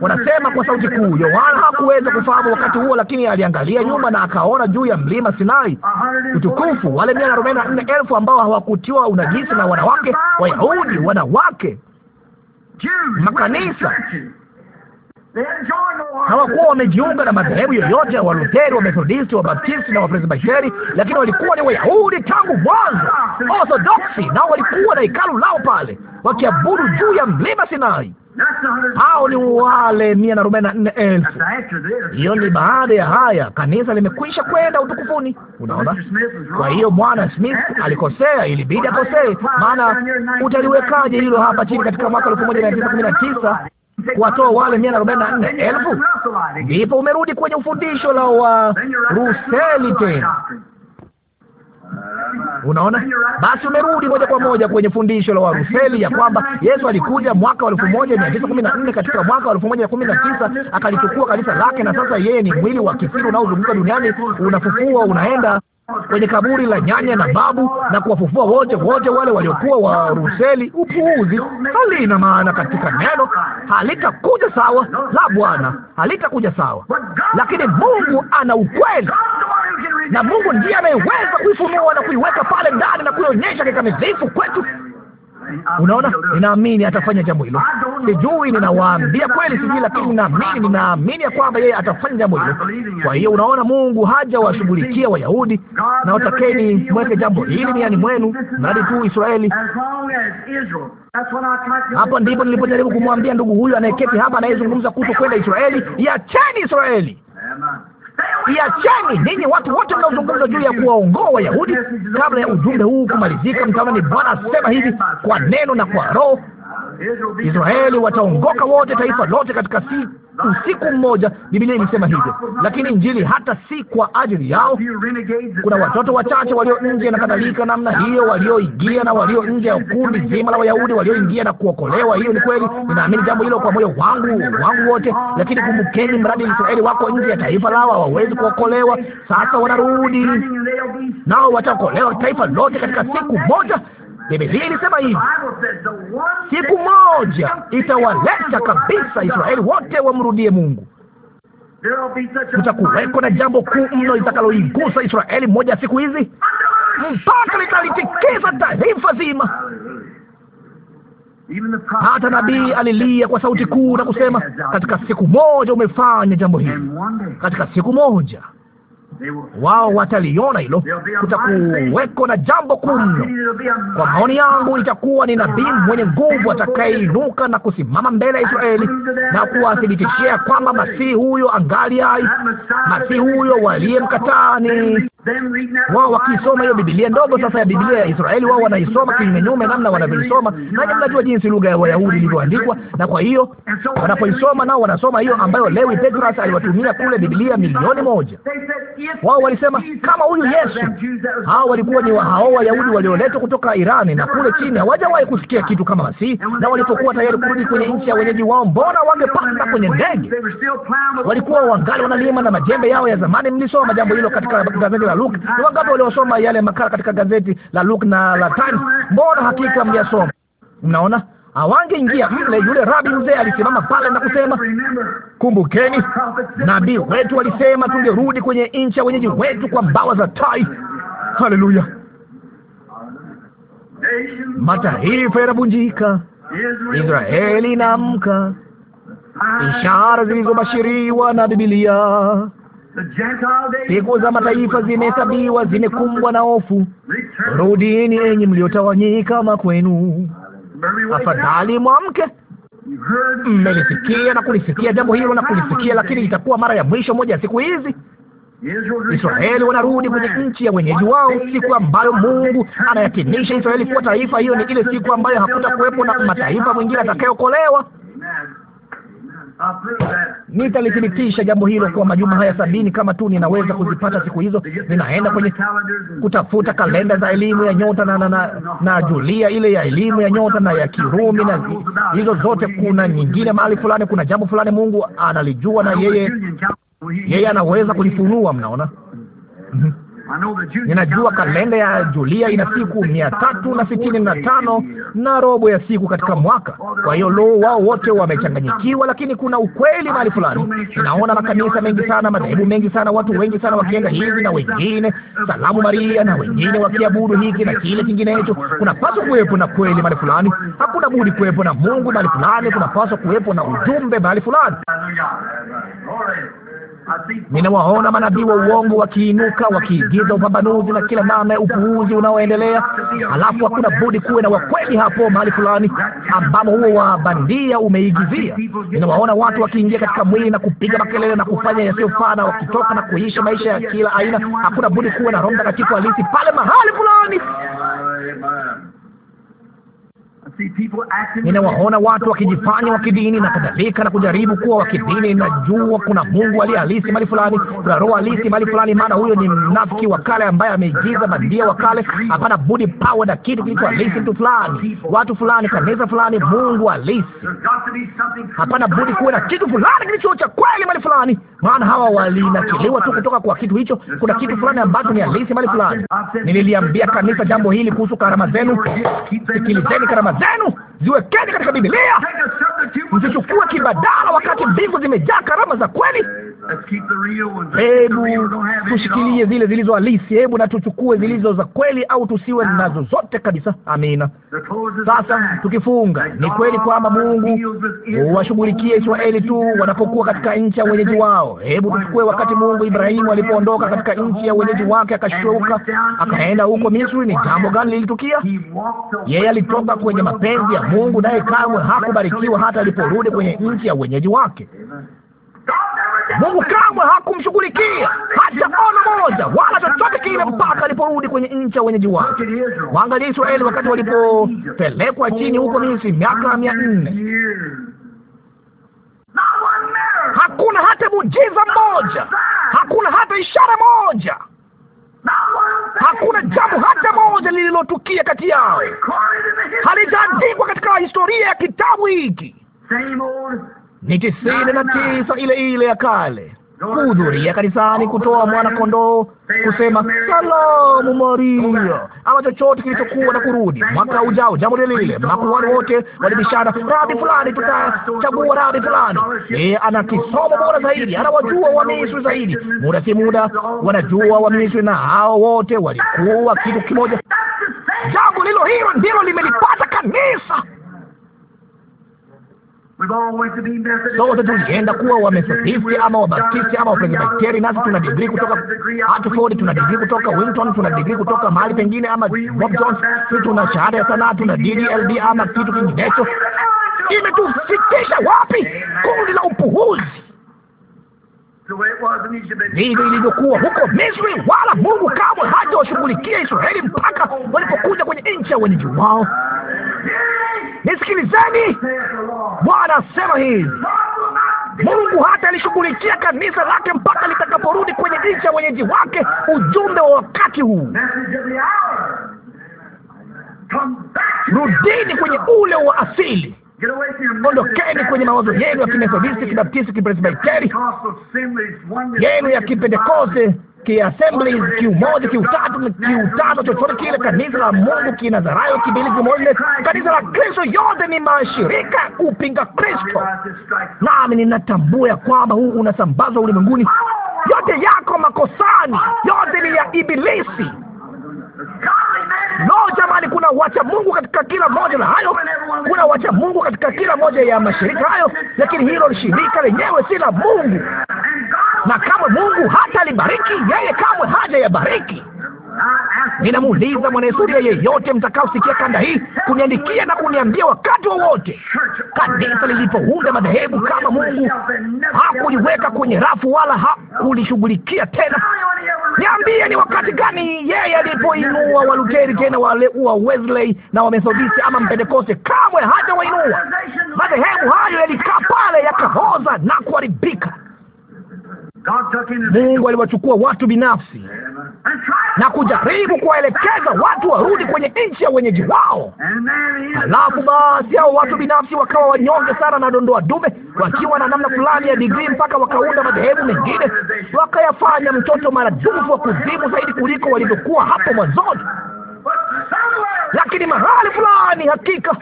Wanasema kwa sauti kuu. Yohana hakuweza kufahamu wakati huo, lakini aliangalia nyuma na akaona juu ya mlima Sinai utukufu, wale mia na arobaini na nne elfu ambao hawakutiwa unajisi na wanawake Wayahudi, wanawake makanisa hawakuwa wamejiunga na madhehebu yoyote ya Walutheri, Wamethodisti, Wabaptisti na Wapresbiteri, lakini walikuwa ni Wayahudi tangu mwanzo. Orthodoksi nao walikuwa na hekalu lao pale wakiabudu juu ya mlima Sinai. Hao ni wale mia na arobaini na nne elfu. Hiyo ni baada ya haya, kanisa limekwisha kwenda utukufuni. Unaona, kwa hiyo mwana Smith alikosea, ilibidi akosee. Maana utaliwekaje hilo hapa chini katika mwaka elfu moja mia tisa kumi na tisa kuwatoa wale mia na arobaini na nne elfu ndipo umerudi kwenye ufundisho la Waruseli tena. Unaona, basi umerudi moja kwa moja kwenye fundisho la Waruseli ya kwamba Yesu alikuja mwaka wa elfu moja mia tisa kumi na nne katika mwaka wa elfu moja kumi na tisa akalichukua kanisa lake, na sasa yeye ni mwili wa kifiri unaozunguka duniani, unafufua unaenda kwenye kaburi la nyanya na babu na kuwafufua wote wote wale waliokuwa wa ruseli Upuuzi, halina maana katika neno, halitakuja sawa la Bwana, halitakuja sawa, lakini Mungu ana ukweli na Mungu ndiye anayeweza kuifunua na kuiweka pale ndani na kuionyesha kikamilifu kwetu. Mm-hmm. Unaona, ninaamini atafanya jambo hilo. Sijui, ninawaambia kweli, sijui, lakini ninaamini, ninaamini ya kwamba yeye atafanya jambo hilo. Kwa hiyo unaona, Mungu haja washughulikia Wayahudi, na watakeni mweke jambo hili niani mwenu, mradi tu Israeli hapo ndipo nilipojaribu kumwambia ndugu huyu anayeketi hapa anayezungumza kuto kwenda Israeli, yacheni Israeli. Iacheni ninyi watu wote mnaozungumza juu ya kuwaongoa Wayahudi, kabla ya ujumbe huu kumalizika, mtaona ni Bwana asema hivi kwa neno na kwa roho Israeli wataongoka wote, taifa lote katika si, usiku mmoja. Biblia ilisema hivyo, lakini Injili hata si kwa ajili yao. Kuna watoto wachache walio nje na kadhalika namna hiyo, walioingia na walio nje ya kundi zima la Wayahudi walioingia na kuokolewa. Hiyo ni kweli, ninaamini jambo hilo kwa moyo wangu wangu wote. Lakini kumbukeni, mradi Israeli wako nje ya taifa lao, hawawezi kuokolewa. Sasa wanarudi nao, wataokolewa taifa lote katika siku moja. Biblia ilisema hivi, siku moja itawaleta kabisa Israeli wote wamrudie Mungu. Kutakuweko na jambo kuu mno litakaloigusa Israeli moja ya siku hizi, mpaka litalitikisa taifa zima. Hata nabii alilia kwa sauti kuu na kusema, katika siku moja umefanya jambo hili, katika siku moja wao wataliona hilo. Kutakuweko na jambo kuu mno. Kwa maoni yangu, itakuwa ni nabii mwenye nguvu atakayeinuka na kusimama mbele ya Israeli na kuwathibitishia kwamba masihi huyo angali hai, masihi huyo waliyemkataa ni wao wakiisoma hiyo Biblia ndogo sasa ya Biblia ya Israeli, wao wanaisoma kinyumenyume namna wanavyoisoma, nanyi mnajua jinsi lugha ya Wayahudi ilivyoandikwa. Na kwa hiyo wanapoisoma nao wanasoma hiyo ambayo Lewi Petrus aliwatumia kule Biblia milioni moja. Wao walisema kama huyu Yesu, hao walikuwa ni hao Wayahudi walioletwa kutoka Irani na kule chini, hawajawahi kusikia kitu kama Masihi, na walipokuwa tayari kurudi kwenye oh, nchi ya wenyeji wao, mbona wangepanda kwenye ndege? Walikuwa wangali wanalima na majembe yao ya zamani. Mlisoma jambo hilo katika gazeti la Luke. Ni wangapi waliosoma yale makala katika gazeti la Luke na la Times? Mbona hakika mliyasoma. Mnaona, hawangeingia mle. Yule rabi mzee alisimama pale na kusema, kumbukeni nabii wetu alisema tungerudi kwenye nchi ya wenyeji wetu kwa mbawa za tai. Haleluya! Mataifa yanavunjika, Israeli inaamka, ishara zilizobashiriwa na Bibilia. Siku za mataifa zimehesabiwa, zimekumbwa na hofu. rudini enyi mliotawanyika makwenu. Afadhali mwamke. Mmelisikia na kulisikia jambo hilo na kulisikia, lakini itakuwa mara ya mwisho moja ya siku hizi. Israeli wanarudi kwenye nchi ya wenyeji wao. Siku ambayo Mungu anayatinisha Israeli kuwa taifa, hiyo ni ile siku ambayo hakutakuwepo na mataifa mwingine atakayokolewa nitalithibitisha jambo hilo kwa majuma haya sabini kama tu ninaweza kuzipata siku hizo. Ninaenda kwenye kutafuta kalenda za elimu ya nyota na, na, na, na Julia ile ya elimu ya nyota na ya Kirumi na hizo zote, kuna nyingine mahali fulani, kuna jambo fulani Mungu analijua na yeye yeye anaweza kulifunua. Mnaona? Mhm. Ninajua kalenda ya Julia ina siku mia tatu na sitini na tano na robo ya siku katika mwaka. Kwa hiyo loo, wao wote wamechanganyikiwa, lakini kuna ukweli mahali fulani. Ninaona makanisa mengi sana, madhehebu mengi sana, watu wengi sana wakienda hivi na wengine Salamu Maria na wengine wakiabudu hiki na kile kinginecho. Kunapaswa kuwepo na kweli mahali fulani, hakuna budi kuwepo na Mungu mahali fulani, kunapaswa kuwepo na ujumbe mahali fulani. Ninawaona manabii wa uongo wakiinuka, wakiigiza upambanuzi na kila namna ya upuuzi unaoendelea. Halafu hakuna budi kuwe na wakweli hapo mahali fulani ambamo huo wa bandia umeigizia. Ninawaona watu wakiingia katika mwili na kupiga makelele na kufanya yasiyofaa na wakitoka na kuisha maisha ya kila aina. Hakuna budi kuwe na Roho Mtakatifu halisi pale mahali fulani. Ninawaona watu wakijifanya wa kidini na kadhalika na kujaribu kuwa wa kidini. Najua kuna Mungu aliye halisi mahali fulani, kuna roho halisi mahali fulani, maana huyo ni mnafiki wa kale ambaye ameigiza bandia wa kale. Hapana budi pawe na kitu kilicho halisi, mtu fulani, watu fulani, kanisa fulani, Mungu halisi. Hapana budi kuwe na kitu fulani kilicho cha kweli mahali fulani, maana hawa walinakiliwa tu kutoka kwa kitu hicho. Kuna kitu fulani ambacho ni halisi mahali fulani. Nililiambia kanisa jambo hili kuhusu karama zenu. Sikilizeni karama zenu inferno ziwekeni katika Bibilia, mzichukue kibadala wakati mbingu zimejaa karama za kweli. Hebu tushikilie zile zilizo halisi, hebu na tuchukue zilizo za kweli, au tusiwe nazo zote kabisa. Amina. Sasa tukifunga, ni kweli kwamba Mungu washughulikie Israeli tu wanapokuwa katika nchi ya wenyeji wao. Hebu tuchukue wakati Mungu Ibrahimu alipoondoka katika nchi ya wenyeji wake akashuka akaenda huko Misri, ni jambo gani lilitukia? Yeye alitoka kwenye mapenzi ya Mungu naye kamwe hakubarikiwa hata aliporudi kwenye nchi ya wenyeji wake. Mungu kamwe hakumshughulikia hata ono moja wala chochote kile mpaka aliporudi kwenye nchi ya wenyeji wake. Waangalie Israeli wakati walipopelekwa chini huko Misri miaka mia nne hakuna hata mujiza mmoja, hakuna hata ishara moja Hakuna jambo hata moja lililotukia kati yao, halijaandikwa katika historia ya kitabu hiki. Ni tisini na tisa ile ile ya kale kuhudhuria kanisani, kutoa mwana-kondoo, kusema salamu Maria, ama chochote kilichokuwa na kurudi. Mwaka ujao jambo lile lile, makuhani wote walibishana, rabi fulani, tutachagua rabi fulani. Yeye ana kisomo bora zaidi, anawajua wa Misri zaidi. Muda si muda, wanajua wa na hao wote walikuwa kitu kimoja. Jambo lilo hilo ndilo limelipata kanisa. Sote tulienda kuwa Wamethodisti ama Wabaptisti ama Wapresbiteri, nasi tuna digrii kutoka Hartford, tuna digrii kutoka Winton, tuna digrii kutoka mahali pengine ama Bob Jones. Sisi tuna shahada ya sanaa, tuna DDLB ama kitu kinginecho. Imetufikisha wapi? Kundi la upuhuzi ndivyo ilivyokuwa huko Misri, wala Mungu kamwe hajawashughulikia Israeli mpaka walipokuja kwenye nchi ya wenyeji wao. Nisikilizeni, Bwana asema hivi: Mungu hata alishughulikia kanisa lake mpaka litakaporudi kwenye nchi ya wenyeji wake. Ujumbe wa wakati huu, rudini kwenye ule wa asili. Ondokeni kwenye mawazo yenu ya Kimethodisti, Kibaptisti, Kipresbiteri yenu ya Kipentekoste, kiasembli kiumoja, kiutatu, kiutano, chochote kile. Kanisa la Mungu kinazarayo kibili, kimoja, kanisa la Kristo, yote ni mashirika kupinga Kristo. Nami ninatambua ya kwamba huu unasambazwa ulimwenguni, yote yako makosani, yote ni ya Ibilisi. No jamani, kuna wacha Mungu katika kila moja la hayo, kuna wacha Mungu katika kila moja ya mashirika hayo, lakini hilo shirika lenyewe si la Mungu, na kama Mungu hata libariki yeye, kamwe haja ya bariki Ninamuuliza mwanahistoria yeyote mtakaosikia kanda hii kuniandikia na kuniambia wakati wowote wa kanisa lilipounda madhehebu, kama Mungu hakuliweka kwenye rafu wala hakulishughulikia tena, niambie ni wakati gani yeye alipoinua Waluteri tena wale wa Wesley na Wamethodisti ama Mpentekoste? Kamwe hajawainua. Madhehebu hayo yalikaa pale yakahoza na kuharibika. Mungu aliwachukua watu binafsi na kujaribu kuwaelekeza watu warudi kwenye nchi ya wenyeji wao. Halafu baasi hao watu binafsi wakawa wanyonge sana na dondoa dume, wakiwa na namna fulani ya digrii, mpaka wakaunda madhehebu mengine, wakayafanya mtoto maradufu wa kuzimu zaidi kuliko walivyokuwa hapo mwanzoni lakini mahali fulani hakika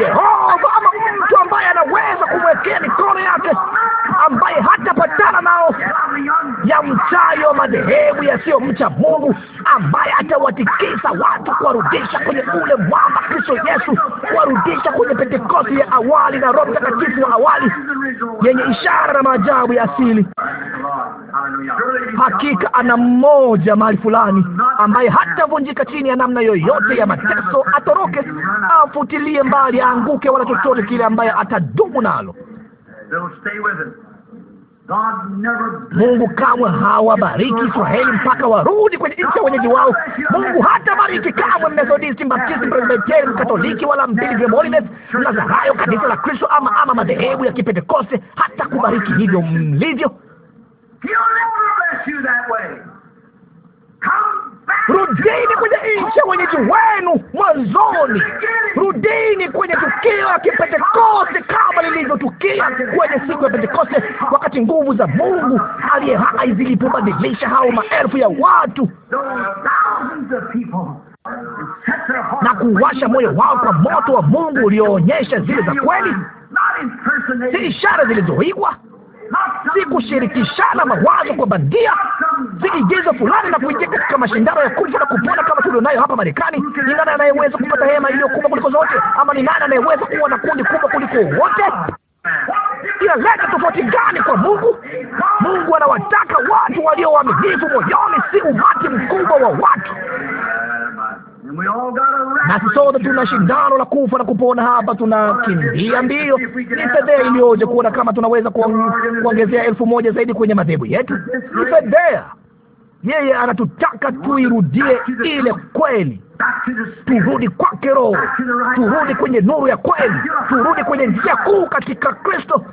Yehova ama mtu ambaye anaweza kumwekea mikono yake, ambaye hatapatana nao ya mchayo madhehebu yasiyomcha Mungu, ambaye atawatikisa watu kuwarudisha kwenye ule mwamba Kristo Yesu, kuwarudisha kwenye Pentekosti ya awali na Roho Mtakatifu wa awali yenye ishara na maajabu ya asili. Hakika ana mmoja mahali fulani ambaye hatavunjika chini ya namna yoyote ya mateso, atoroke, afutilie mbali, aanguke, wala chochote kile ambaye atadumu nalo. Mungu kamwe hawabariki Israeli mpaka warudi kwenye nchi ya wenyeji wao. Mungu hatabariki kamwe Methodisti, Mbaptisti, Presbiteri, Katoliki wala Mbiligremolines, Lazarayo, kanisa la Kristo ama ama madhehebu ya Kipentekoste. hata kubariki hivyo mlivyo. Rudini kwenye nchi ya wenyeji wenu mwanzoni. Rudini kwenye tukio la Kipentekoste kama lilivyotukia kwenye siku ya Pentekoste, wakati nguvu za Mungu aliye hai zilipobadilisha hao maelfu ya watu na kuwasha moyo wao kwa moto wa Mungu ulioonyesha zile za kweli, si ishara zilizoigwa si kushirikishana mawazo kwa bandia, si igizo fulani na kuingia katika mashindano ya kufa na kupona kama tulionayo hapa Marekani. Ni nani anayeweza kupata hema iliyo kubwa kuliko zote? Ama ni nani anayeweza kuwa na kundi kubwa kuliko wote? Inaleta tofauti gani kwa Mungu? Mungu anawataka watu walio waaminifu moyoni, si umati mkubwa wa watu. Basi sote tuna shindano la kufa na kupona hapa, tunakimbia mbio. Ni fedhea iliyoje kuona kama tunaweza kuongezea elfu moja zaidi kwenye madhehebu yetu. Ni fedhea. Yeye anatutaka tuirudie ile kweli, turudi kwake Roho, turudi kwenye nuru ya kweli, turudi kwenye njia kuu katika Kristo,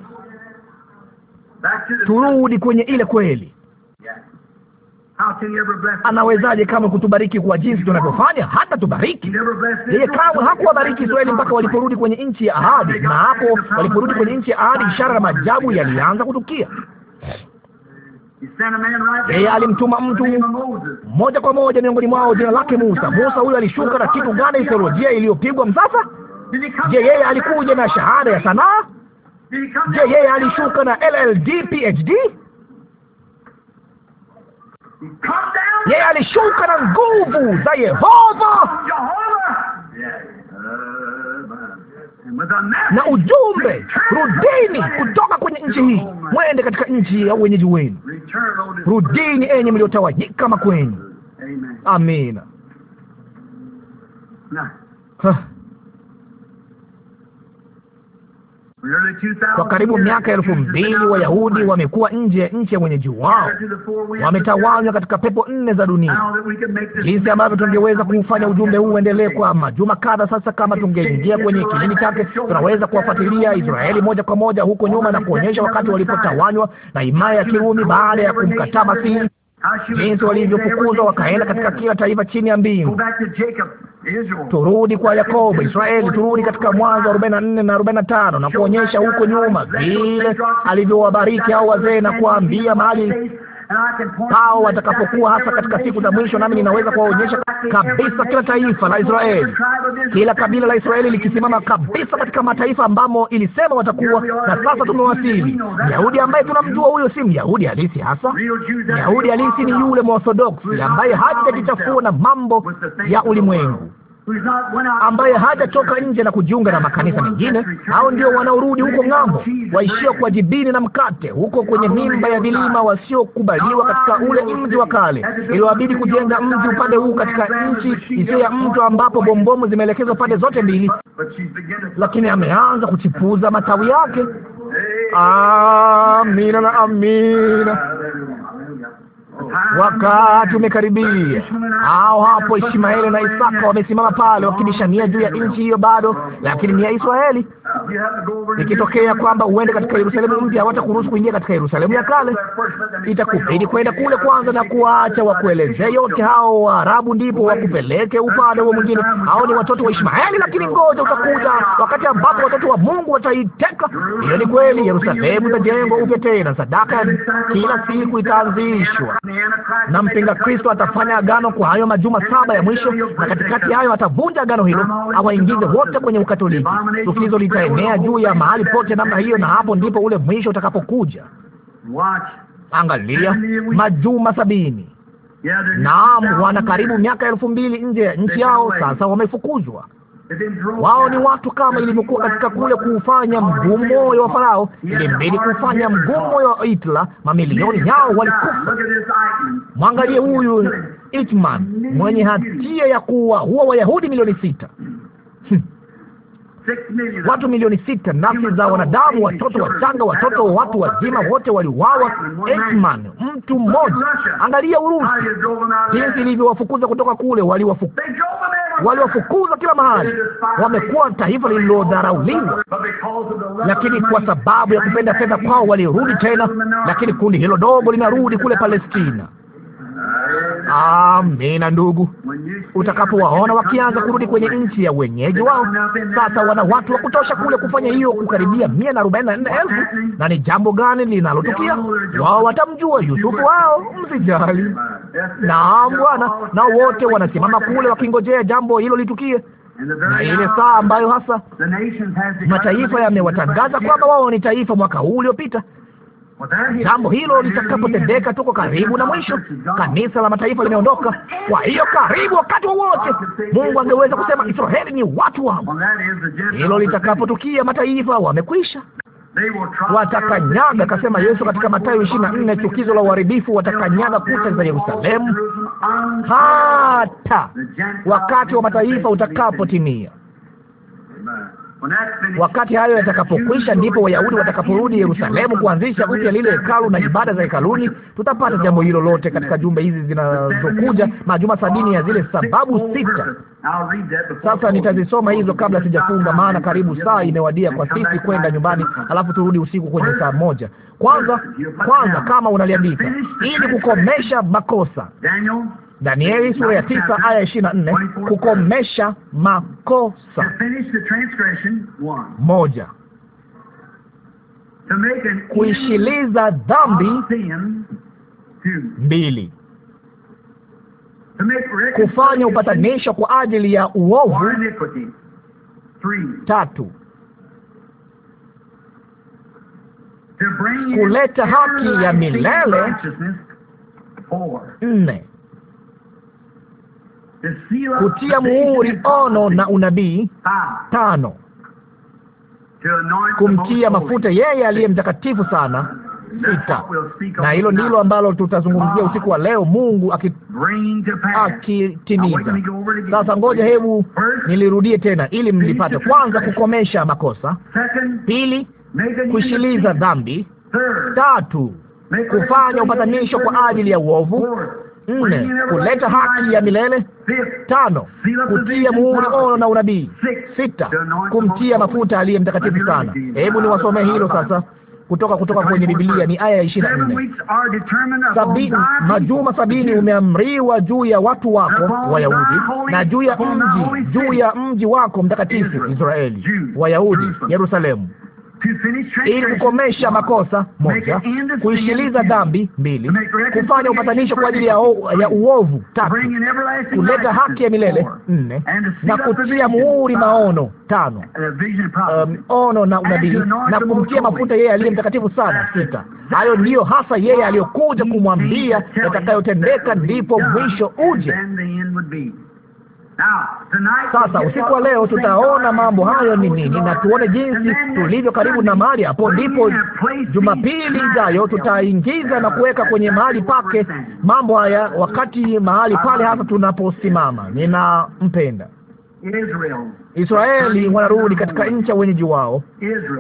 turudi kwenye ile kweli. Anawezaje kama kutubariki kwa jinsi tunavyofanya? Hata tubariki yeye kamwe hakuwabariki Israeli mpaka waliporudi kwenye nchi ya ahadi, na hapo waliporudi kwenye nchi ya ahadi, ishara na majabu yalianza kutukia. Yeye alimtuma mtu moja kwa moja miongoni mwao, jina lake Musa. Musa huyo alishuka na kitu gani? Theolojia iliyopigwa msasa. Je, yeye alikuja na shahada ya sanaa? Je, yeye alishuka na LLD PhD? yeye alishuka na nguvu za Yehova na ujumbe, rudini kutoka kwenye nchi hii, mwende katika nchi ya wenyeji wenu. Rudini enye mliotawanyika makwenu. Amina. Kwa karibu miaka elfu mbili Wayahudi wamekuwa nje ya nchi ya mwenyeji wao, wametawanywa katika pepo nne za dunia. Jinsi ambavyo tungeweza kuufanya ujumbe huu uendelee kwa majuma kadha sasa, kama tungeingia kwenye kilindi chake, tunaweza kuwafuatilia Israeli moja kwa moja huko nyuma na kuonyesha wakati walipotawanywa na himaya ya Kirumi baada ya kumkataa Masihi jinsi walivyofukuzwa wakaenda katika kila taifa chini ya mbingu. Turudi kwa Yakobo, Israeli, turudi katika Mwanzo arobaini na nne na arobaini na tano na kuonyesha huko nyuma vile alivyowabariki hao wazee na kuambia mahali hao watakapokuwa hasa katika siku za mwisho, nami ninaweza kuwaonyesha kabisa kila taifa la Israeli, kila kabila la Israeli likisimama kabisa katika mataifa ambamo ilisema watakuwa. Na sasa tumewasili. Myahudi ambaye tunamjua huyo si Myahudi halisi hasa. Myahudi halisi ni yule Mwaorthodoksi ambaye hajajichafua na mambo ya ulimwengu ambaye hajatoka nje na kujiunga na makanisa mengine. Hao ndio wanaorudi huko ng'ambo, waishia kwa jibini na mkate, huko kwenye mimba ya vilima, wasiokubaliwa katika ule mji wa kale. Iliwabidi kujenga mji upande huu katika nchi isiyo ya mtu, ambapo bombomu zimeelekezwa pande zote mbili, lakini ameanza kuchipuza matawi yake. Amina na amina wakati umekaribia. Hao hapo Ishmaeli na Isaka wamesimama pale wakibishania juu ya nchi hiyo bado, lakini ni ya Israeli. Ikitokea kwamba uende katika Yerusalemu mpya, hawatakuruhusu kuingia katika Yerusalemu ya kale. Itakubidi kwenda kule kwanza na kuwaacha wakuelezee yote hao Waarabu, ndipo wakupeleke upande huo mwingine. Hao ni watoto wa Ishmaeli, lakini ngoja, utakuja wakati ambapo watoto wa Mungu wataiteka. Hiyo ni kweli. Yerusalemu itajengwa upya tena, sadaka kila siku itaanzishwa, na mpinga Kristo atafanya agano kwa hayo majuma saba ya mwisho, na katikati hayo atavunja agano hilo, awaingize wote kwenye Ukatoliki, chukizo utaenea juu ya mahali pote namna hiyo, na hapo ndipo ule mwisho utakapokuja. Angalia yaani majuma sabini. Naam, wana karibu miaka elfu mbili nje ya nchi yao. Sasa wamefukuzwa wao ni watu kama ilivyokuwa katika kule kuufanya mgumu moyo wa Farao, ile mbili kuufanya mgumu moyo wa Itla. Mamilioni yao walikufa. Mwangalie huyu Itman mwenye hatia ya kuwa huwa Wayahudi milioni sita. Hmm. Hmm watu milioni sita, nafsi za wanadamu, watoto wachanga, watoto, watu wazima, wote waliuawa. Ekman, mtu mmoja. Angalia Urusi jinsi ilivyowafukuza kutoka kule, waliwafukuza waliwafukuza kila mahali. Wamekuwa taifa lililodharauliwa, lakini kwa sababu ya kupenda fedha kwao walirudi tena, lakini kundi hilo dogo linarudi kule Palestina. Amina, ndugu, utakapowaona wakianza kurudi kwenye nchi ya wenyeji wao. Sasa wana watu wa kutosha kule kufanya hiyo, kukaribia mia na arobaini na nne elfu. Na ni jambo gani linalotukia? Wao watamjua Yusufu wao, msijali. Naam Bwana, nao wote wanasimama kule wakingojea jambo hilo litukie na ile saa ambayo hasa mataifa yamewatangaza kwamba wao ni taifa mwaka huu uliopita. Jambo hilo litakapotendeka, tuko karibu na mwisho. Kanisa la mataifa limeondoka, kwa hiyo karibu wakati wowote Mungu angeweza kusema Israeli ni watu wangu. Hilo litakapotukia, mataifa wamekwisha watakanyaga kasema Yesu katika Mathayo ishirini na nne chukizo la uharibifu, watakanyaga kuta za Yerusalemu hata wakati wa mataifa utakapotimia. Wakati hayo yatakapokwisha, ndipo Wayahudi watakaporudi Yerusalemu kuanzisha upya lile hekalu na ibada za hekaluni. Tutapata jambo hilo lote katika jumbe hizi zinazokuja, majuma sabini ya zile sababu sita. Sasa nitazisoma hizo kabla sijafunga, maana karibu saa imewadia kwa sisi kwenda nyumbani, alafu turudi usiku kwenye saa moja. Kwanza kwanza, kama unaliandika, ili kukomesha makosa Danieli sura ya tisa aya ishirini na nne kukomesha makosa moja kuishiliza dhambi mbili kufanya upatanisho kwa ajili ya uovu tatu kuleta haki ya milele nne kutia muhuri ono na unabii. Tano, kumtia mafuta yeye aliye mtakatifu sana. Sita, na hilo ndilo ambalo tutazungumzia usiku wa leo, Mungu akitimiza. Sasa ngoja hebu nilirudie tena ili mlipate. Kwanza, kukomesha makosa; pili, kuishiliza dhambi; tatu, kufanya upatanisho kwa ajili ya uovu; nne, kuleta haki ya milele; tano, kutia muhuri ono na unabii; sita, kumtia mafuta aliye mtakatifu sana. Hebu niwasomee hilo sasa kutoka kutoka kwenye Biblia ni aya ya ishirini na nne. Sabini majuma sabini umeamriwa juu ya watu wako Wayahudi na juu ya mji juu ya mji wako mtakatifu Israeli, Wayahudi Yerusalemu ili kukomesha makosa moja, kuishiliza dhambi mbili, kufanya upatanisho kwa ajili ya, ya uovu tatu, kuleta haki ya milele nne, na kutia muhuri maono tano, um, ono na unabii na kumtia mafuta yeye aliye mtakatifu sana sita. Hayo ndiyo hasa yeye aliyokuja kumwambia yatakayotendeka, ndipo mwisho uje. Sasa usiku wa leo tutaona mambo hayo ni nini, na tuone jinsi tulivyo karibu na mahali hapo. Ndipo Jumapili ijayo tutaingiza na kuweka kwenye mahali pake mambo haya, wakati mahali pale hasa tunaposimama. Ninampenda Israeli, wanarudi katika nchi ya wenyeji wao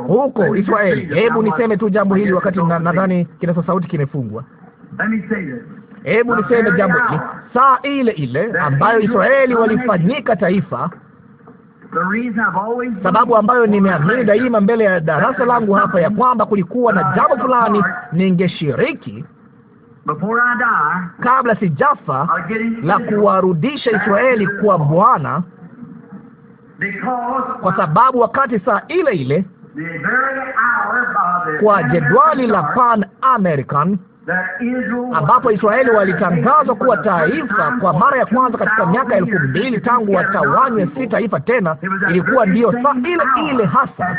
huko Israeli. Hebu niseme tu jambo hili, wakati nadhani kinasa sauti kimefungwa Hebu niseme jambo hili, saa ile ile ambayo Israeli walifanyika taifa sababu ambayo nimeamini daima mbele ya darasa langu hapa ya kwamba kulikuwa na jambo fulani ningeshiriki kabla sijafa, la kuwarudisha Israeli kwa Bwana, kwa sababu wakati saa ile ile kwa jedwali la Pan American ambapo Israeli walitangazwa kuwa taifa kwa mara ya kwanza katika miaka elfu mbili tangu watawanywe, si taifa tena. Ilikuwa ndiyo saa ile ile hasa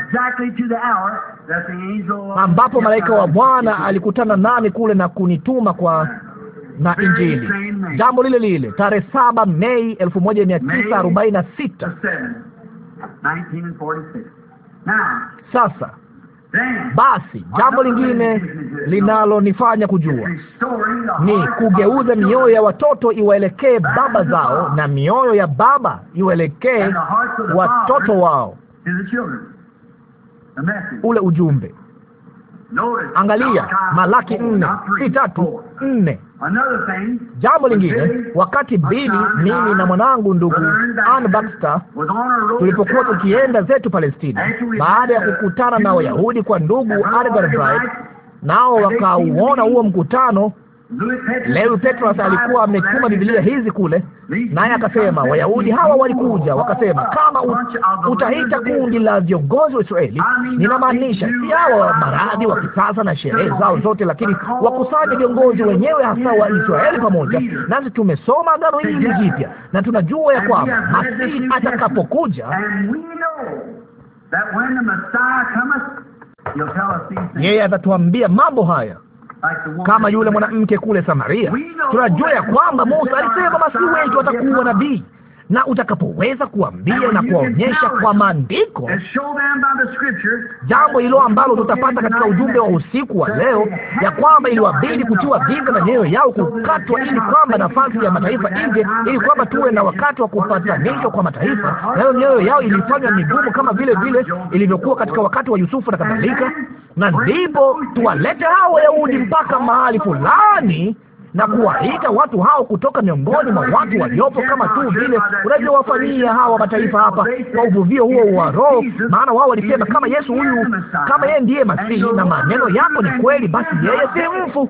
ambapo malaika wa Bwana alikutana nami kule na kunituma kwa na Injili, jambo lile lile, tarehe saba Mei elfu moja mia tisa arobaini na sita. Sasa basi jambo lingine linalonifanya kujua ni kugeuza mioyo ya watoto iwaelekee baba zao na mioyo ya baba iwaelekee watoto wao. Ule ujumbe, angalia Malaki nne si tatu nne Jambo lingine, wakati bibi mimi na mwanangu ndugu Ann Baxter tulipokuwa tukienda zetu Palestina, baada ya kukutana na Wayahudi kwa ndugu Edgar Bright, nao wakauona huo mkutano Leo Petro alikuwa amekuma Biblia hizi kule, naye akasema Wayahudi hawa walikuja wakasema, kama utaita kundi la viongozi wa Israeli, ninamaanisha si hawa maradhi wa kisasa na sherehe zao zote, lakini wakusanye viongozi wenyewe hasa wa Israeli pamoja nasi. Tumesoma Agano hili Jipya na tunajua ya kwamba Masihi atakapokuja yeye atatuambia mambo haya kama yule mwanamke kule Samaria. Tunajua ya kwamba Musa alisema, masihi wengi watakuwa nabii na utakapoweza kuambia na kuwaonyesha kwa maandiko jambo hilo ambalo tutapata katika ujumbe wa usiku wa leo, ya kwamba iliwabidi kutiwa vinga na nyoyo yao kukatwa, ili kwamba nafasi ya mataifa nje, ili kwamba tuwe na wakati wa kupatanishwa kwa mataifa, nayo nyoyo yao ilifanywa migumu kama vile vile ilivyokuwa katika wakati wa Yusufu na kadhalika, na ndipo tuwalete hao Wayahudi mpaka mahali fulani na kuwaita watu hao kutoka miongoni mwa watu waliopo, kama tu vile unavyowafanyia hawa mataifa hapa kwa uvuvio huo wa Roho. Maana wao walisema kama Yesu huyu, kama yeye ndiye Masihi na maneno yako ni kweli, basi yeye si mfu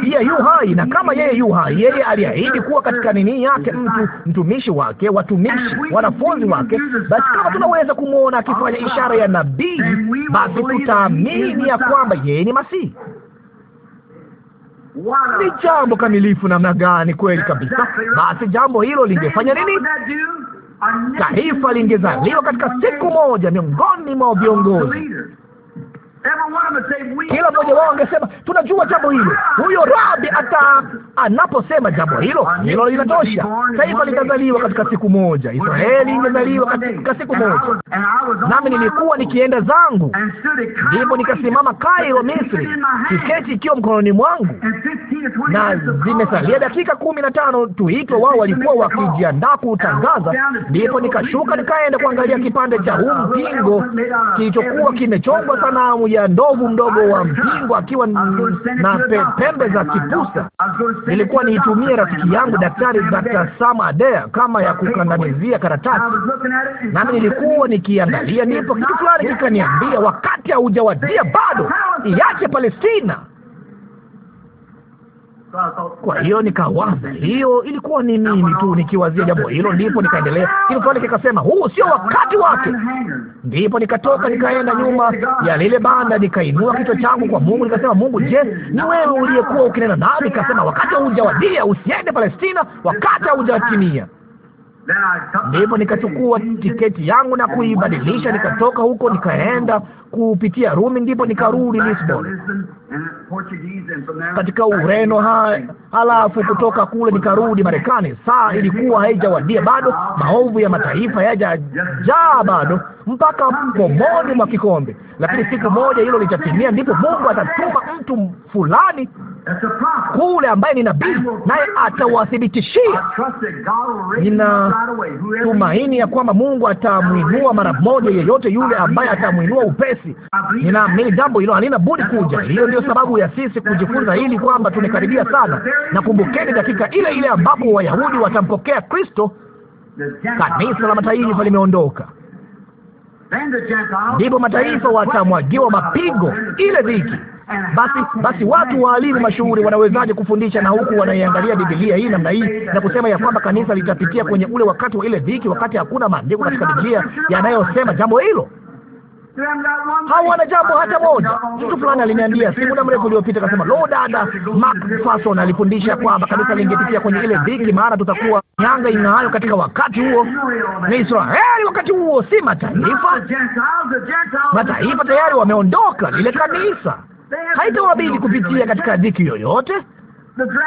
pia yu hai, na kama yeye yu hai, yeye aliahidi kuwa katika nini yake mtu mtumishi wake, watumishi, wanafunzi wake. Basi kama tunaweza kumwona akifanya ishara ya nabii, basi tutaamini ya kwamba yeye ni Masihi. Ni jambo kamilifu namna gani? Kweli kabisa. Basi jambo hilo lingefanya nini? Taifa lingezaliwa katika siku moja miongoni mwa viongozi kila mmoja wao angesema tunajua jambo hilo. Huyo rabi ata anaposema jambo hilo, ah, hilo linatosha. Taifa litazaliwa katika siku moja, Israeli ingezaliwa katika siku moja. Nami nilikuwa nikienda zangu, ndipo nikasimama Kairo, Misri, tiketi ikiwa mkononi mwangu, na zimesalia dakika kumi na tano tuitwe. Wao walikuwa wakijiandaa kutangaza, ndipo nikashuka nikaenda kuangalia kipande cha huu uh, mpingo uh, kilichokuwa kimechongwa uh, sanamu ya ndovu mdogo wa mpingo akiwa na pembe za kipusa. Nilikuwa niitumie rafiki yangu Daktari sama Adea kama ya kukandamizia karatasi, nami nilikuwa nikiangalia, ndipo kitu fulani kikaniambia, wakati haujawadia bado, iache Palestina. Kwa hiyo nikawaza, hiyo ilikuwa ni mimi tu nikiwazia jambo hilo, ndipo nikaendelea. Kile fulani kikasema, huu sio wakati wake. Ndipo nikatoka nikaenda nyuma ya lile banda, nikainua kichwa changu kwa Mungu, nikasema, Mungu, je, ni wewe uliyekuwa ukinena nami? Nikasema, wakati haujawadia usiende Palestina, wakati haujatimia ndipo nikachukua tiketi yangu na kuibadilisha, nikatoka huko nikaenda kupitia Rumi, ndipo nikarudi Lisbon katika Ureno ha, halafu kutoka kule nikarudi Marekani. Saa ilikuwa haijawadia bado, maovu ya mataifa yajajaa bado mpaka pomoni mwa kikombe, lakini siku moja hilo litatimia, ndipo Mungu atatuma mtu fulani kule ambaye ni nabii, naye atawathibitishia. Ninatumaini ya kwamba Mungu atamwinua mara moja yeyote yule ambaye atamwinua upesi. Ninaamini jambo hilo halina budi kuja. Hiyo ndio sababu ya sisi kujifunza hili kwamba tumekaribia sana, na kumbukeni, dakika ile ile ambapo Wayahudi watampokea Kristo, kanisa la mataifa limeondoka ndipo mataifa watamwagiwa mapigo, ile dhiki basi basi watu waalimu mashuhuri wanawezaje kufundisha na huku wanaiangalia Biblia hii namna hii na kusema ya kwamba kanisa litapitia kwenye ule wakati wa ile dhiki, wakati hakuna maandiko katika Biblia yanayosema jambo hilo? Hawana jambo hata moja. Mtu fulani aliniambia si muda mrefu uliopita, akasema lo, dada Fason alifundisha kwamba kanisa lingepitia kwenye ile dhiki, maana tutakuwa nyanga ing'aayo katika wakati huo. Ni Israeli wakati huo, si mataifa. Mataifa tayari wameondoka lile kanisa haitawabidi kupitia katika dhiki yoyote.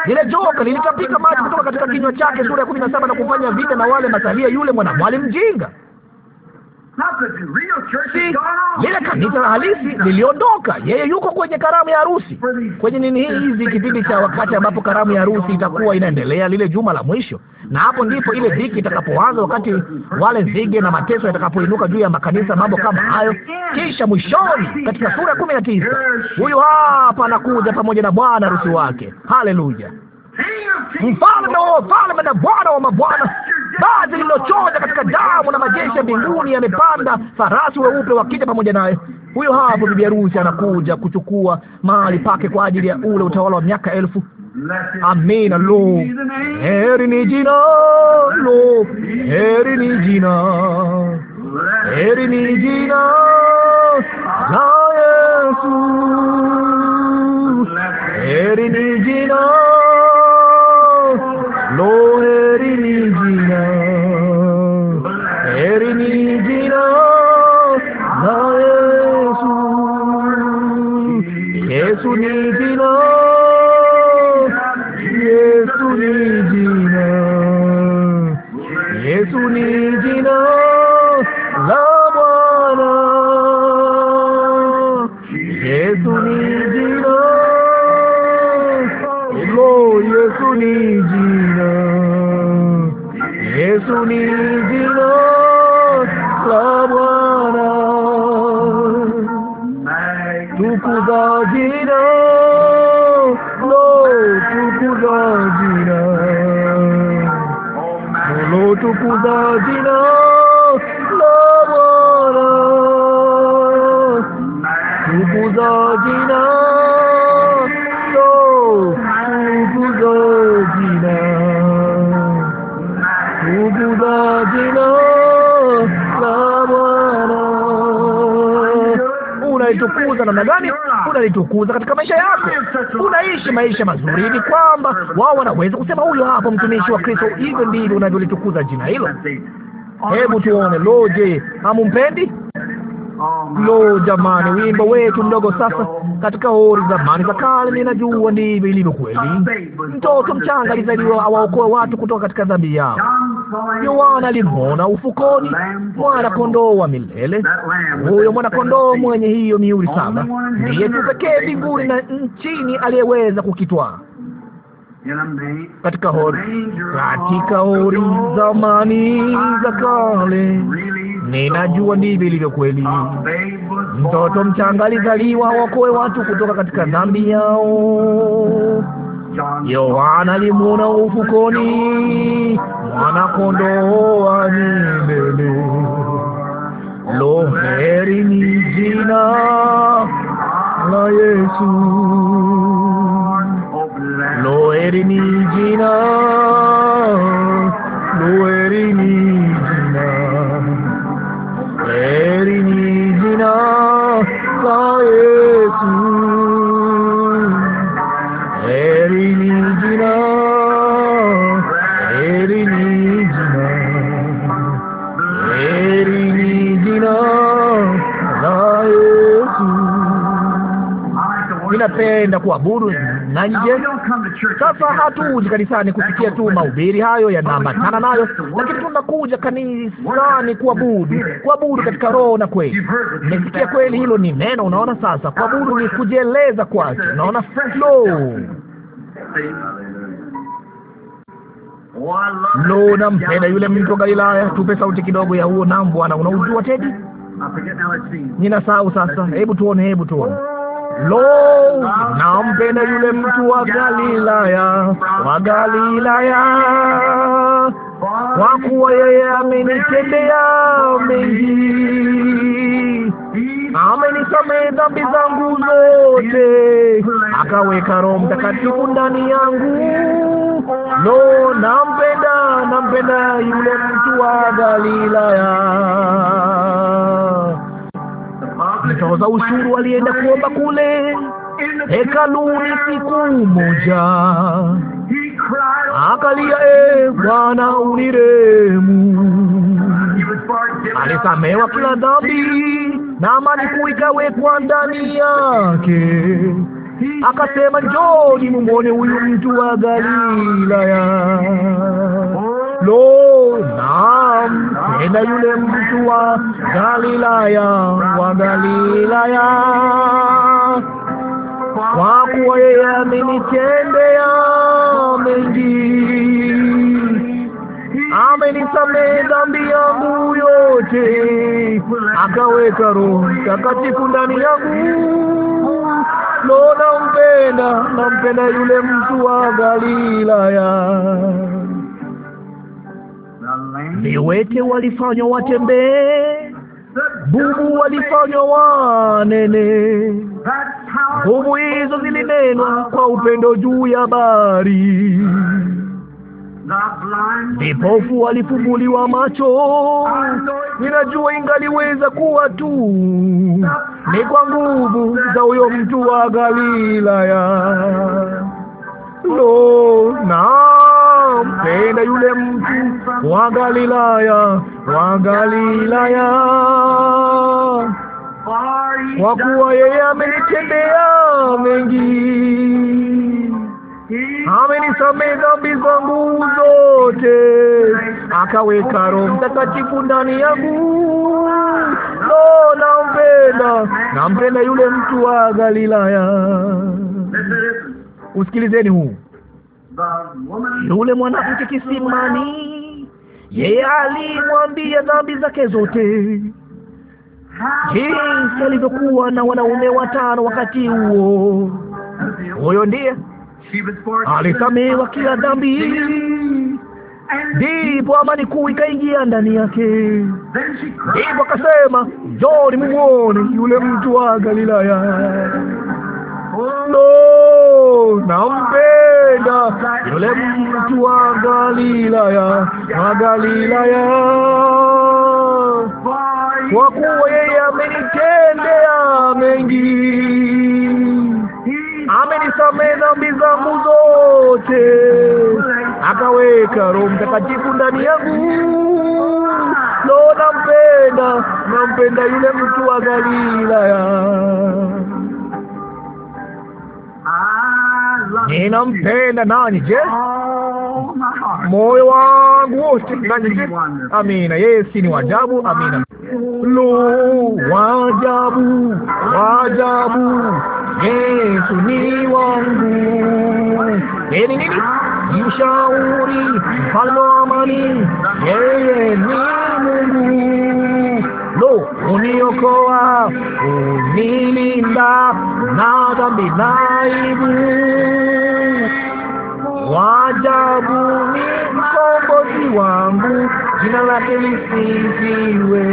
Lile joka lilitapika maji kutoka katika kinywa chake, sura ya kumi na saba, na kufanya vita na wale masalia, yule mwanamwali mjinga si lile kanisa la halisi liliondoka. Yeye yuko kwenye karamu ya harusi, kwenye nini hii, hizi kipindi cha wakati ambapo karamu ya harusi itakuwa inaendelea lile juma la mwisho, na hapo ndipo ile dhiki itakapoanza, wakati wale nzige na mateso yatakapoinuka juu ya makanisa, mambo kama hayo. Kisha mwishoni katika sura ya kumi na tisa huyu hapa anakuja pamoja na bwana harusi wake. Haleluya! mfalme wa wafalme na bwana wa mabwana, baadhi lililochoja katika damu na majeshi ya mbinguni yamepanda farasi weupe wakija pamoja naye. Huyo hapo bibi harusi anakuja kuchukua mahali pake kwa ajili ya ule utawala wa miaka elfu. Amina. Lo, heri ni jina lo, heri ni jina, heri ni jina la Yesu, heri ni jina Lo, heri ni jina, heri ni jina la Yesu. Yesu ni kutukuza jina la Bwana, tukuza jina unalitukuza namna gani? Unalitukuza katika maisha yako, unaishi maisha mazuri hivi kwamba wao wanaweza kusema huyo hapo mtumishi wa Kristo. Hivyo ndivyo unavyolitukuza jina hilo. Hebu tuone, loje amumpendi hamumpendi? Lo, jamani, wimbo wetu mdogo sasa, katika hori zamani za kale. Ninajua ndivyo ilivyo kweli. Mtoto mchanga alizaliwa awaokoe watu kutoka katika dhambi yao. Yohana alimwona ufukoni mwana-kondoo wa milele. Huyo mwana-kondoo mwenye hiyo mihuri saba ndiye tu pekee mbinguni na nchini aliyeweza kukitwaa katika hori katika hori zamani za kale. Ninajua ndivyo ilivyo kweli. Mtoto mchanga alizaliwa wakoe watu kutoka katika dhambi yao. Yohana alimwona ufukoni, Mwanakondoo wa milele, lo, heri ni jina la Yesu, lo, heri ni jina, lo, heri ni jina, heri ni jina la Yesu. Ninapenda kuabudu na nje. Sasa hatuji kanisani kusikia tu mahubiri hayo yanaambatana nayo, lakini tunakuja kanisani kuabudu, kuabudu katika roho na kweli. Nimesikia kweli, hilo ni neno. Unaona, sasa kuabudu ni kujieleza kwake. Unaona, lo lo, nampenda yule mtu wa Galilaya. Tupe sauti kidogo ya huo. Naam Bwana, unaujua Tedi? Ninasahau sasa. Hebu tuone, hebu tuone Lo, nampenda yule mtu wa Galilaya, wa Galilaya, kwa kuwa yeye amenitendea mengi, amenisamehe dhambi zangu zote, akaweka Roho Mtakatifu ndani yangu. Lo, nampenda, nampenda yule mtu wa Galilaya mtoza ushuru alienda kuomba kule hekaluni siku moja, akalia e, Bwana uniremu. Alisamewa kila dhambi na mali kuikawekwa ndani yake akasema, njoni mumwone huyu mtu wa Galilaya. Lo, naam, tena yule mtu wa Galilaya, wa Galilaya, kwa kuwa yeye amenitendea mengi amenisamehe dhambi yangu yote, akaweka Roho Mtakatifu ndani yangu. Lo, nampenda, nampenda yule mtu wa Galilaya. Viwete walifanywa watembee, bubu walifanywa wanene. Nguvu hizo zilinenwa kwa upendo juu ya bahari vipofu walifumbuliwa macho. Ninajua ingaliweza kuwa tu ni kwa nguvu za huyo mtu wa Galilaya. Lo, nampenda yule mtu wa Galilaya, wa Galilaya, kwa kuwa yeye amenitendea mengi amenisamehe dhambi zangu zote, akaweka Roho Mtakatifu ndani yangu. no nampenda, nampenda yule mtu wa Galilaya. Usikilizeni huu, yule mwanamke kisimani yeye alimwambia dhambi zake zote. Jinsi alivyokuwa na wanaume watano wakati huo, huyo ndiye alisamehewa kila dhambi, ndipo amani kuu ikaingia ndani yake. Ndipo akasema, njoni mumwone yule mtu wa Galilaya, lo, nampenda yule mtu wa Galilaya, wa Galilaya, kwa kuwa yeye amenitendea mengi akasamehe dhambi zangu zote, akaweka Roho Mtakatifu ndani yangu. Lo, nampenda, nampenda yule mtu wa Galilaya. ninampenda nani? Je, oh, moyo wangu wote nani? Je, amina. Yeye si ni wajabu? Amina. Lo, wajabu, wajabu, Yesu ni wangu. Yeye ni nini? Mshauri, mfalme wa amani, yeye ni Mungu uniokoa, unilinda na dhambi na aibu. Wajabu ni mkombozi wangu, jina lake lisifiwe.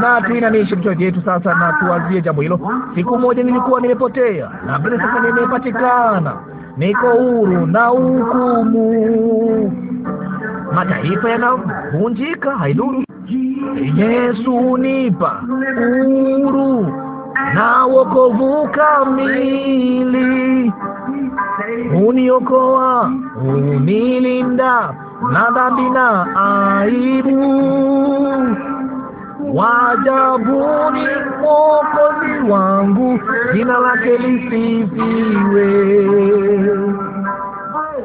Na tuinamishe vichwa vyetu sasa na tuwazie jambo hilo. Siku moja nilikuwa nimepotea, lakini sasa nimepatikana niko huru na hukumu, mataifa yanavunjika, haidhuru. Yesu nipa uhuru na wokovu kamili, uniokoa, unilinda na dhambi na aibu wajabuni Mwokozi wangu, jina lake lisifiwe.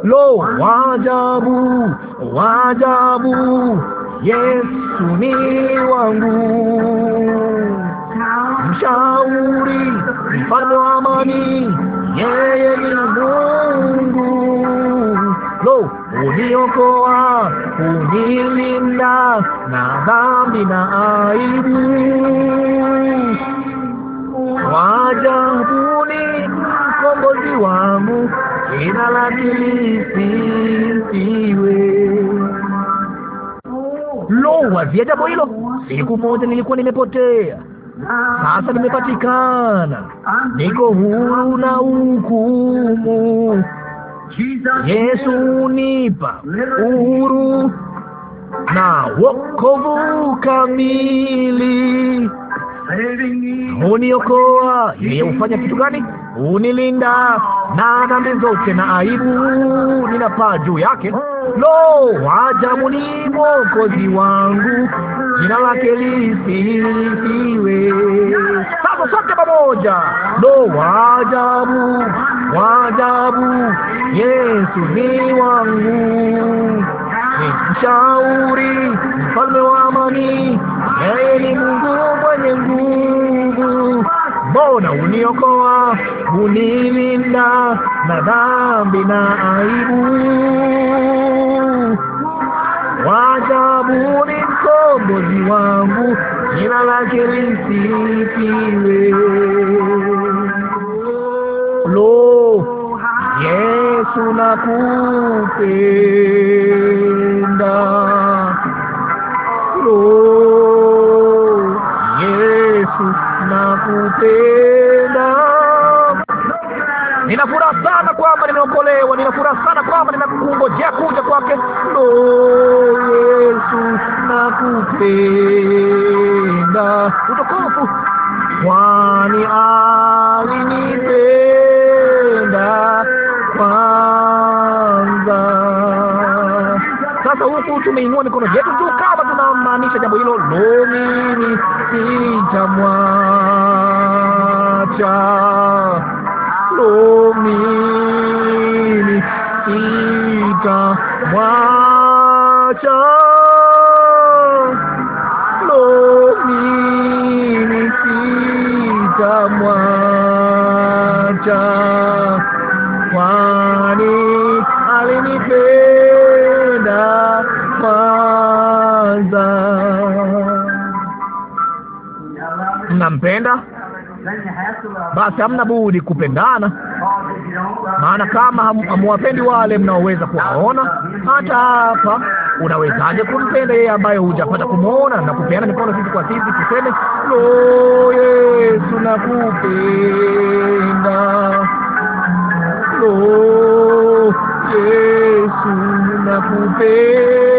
Lo, wajabu, wajabu, Yesu ni wangu mshauri mfano amani, yeye ni Mungu. Lo, uniokoa, unilinda na dhambi na aibu. Wajabuni mkombozi wangu, jina lake lisifiwe. Lo, wazia jambo hilo! Siku moja nilikuwa nimepotea, sasa nimepatikana, niko huru na hukumu Yesu unipa uhuru na wokovu kamili huniokoa. Yeye hufanya kitu gani? unilinda na dhambi zote na aibu ninapaa juu yake. Lo, wajabu ni mwokozi wangu, jina lake lisifiwe. Sasa sote pamoja, lo, wajabu, wajabu, Yesu ni wangu, ni mshauri, mfalme wa amani yeye ni Mungu mwenye nguvu, Bwana uniokoa, unilinda na dhambi na aibu. Wajabu ni mkombozi wangu, jina lake lisifiwe. Lo, Yesu nakupenda. Lo kupenda. Nina furaha sana kwamba nimeokolewa, nina furaha sana kwamba ninakungojea kuja kwake. Lo, Yesu, nakupenda. Utukufu, kwani alinipenda kwanza. Sasa huku tumeinua mikono yetu juu kama tunamaanisha jambo hilo. Lo, mimi sijamwaa Lumini itamwacha, Lumini itamwacha, kwani alinipenda kwanza. Mnampenda? basi hamna budi kupendana, maana kama hamuwapendi wale mnaoweza kuwaona, hata hapa unawezaje kumpenda yeye ambaye hujapata kumwona? Na kupeana mikono sisi kwa sisi tuseme, lo, Yesu nakupenda, lo, Yesu nakupenda.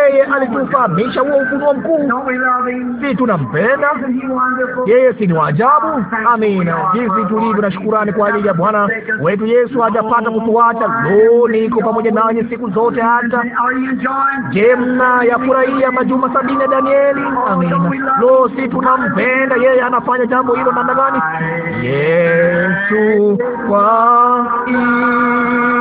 alitufahamisha huo ufunuo mkuu. Si tunampenda yeye, si ni ajabu? Amina. Jinsi tulivyo na shukurani kwa ajili ya Bwana wetu Yesu, hajapata kutuacha. Lo, niko pamoja nanyi siku zote hata. Je, mna yafurahia majuma sabini ya Danieli? Amina. Lo, si tunampenda yeye, anafanya jambo hilo namna gani? Yesu kwa imani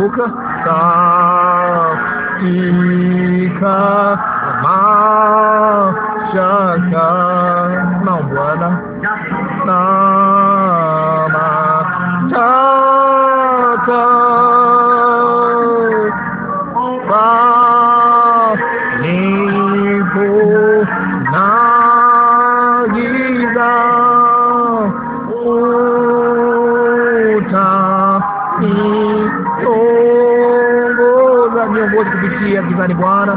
boca. Tá, ica, ma, chaca. Não, buena. Tá, ma, chaca. Pá, limpo, na, guida. Uta, ica. ukombozi kupitia gizani Bwana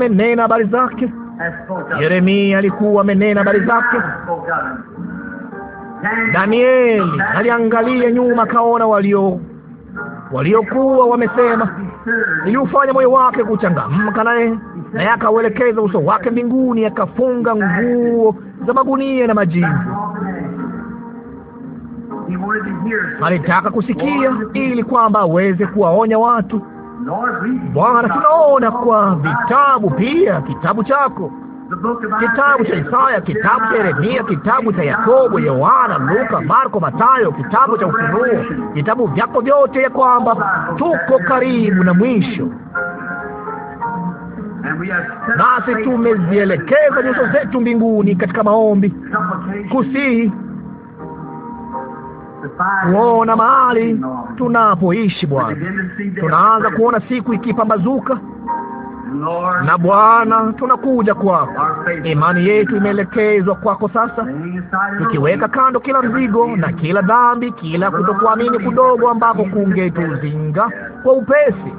amenena habari zake. Yeremia alikuwa amenena habari zake. Danieli aliangalia nyuma, kaona walio waliokuwa wamesema. Iliufanya moyo wake kuchangamka, naye naye akauelekeza uso wake mbinguni, akafunga nguo za magunia na majivu. Alitaka kusikia ili kwamba aweze kuwaonya watu. Bwana, tunaona kwa vitabu pia, kitabu chako, kitabu cha Isaya, kitabu cha Yeremia, kitabu cha Yakobo, Yohana, Luka, Marko, Matayo, kitabu cha Ufunuo, vitabu vyako vyote, ya kwamba tuko karibu na mwisho nasi tumezielekeza nyuso zetu mbinguni katika maombi, kusihi kuona mahali tunapoishi Bwana. Tunaanza kuona siku ikipambazuka, na Bwana, tunakuja kwako. Imani yetu imeelekezwa kwako sasa, tukiweka kando kila mzigo na kila dhambi, kila kutokuamini kudogo ambako kungetuzinga kwa upesi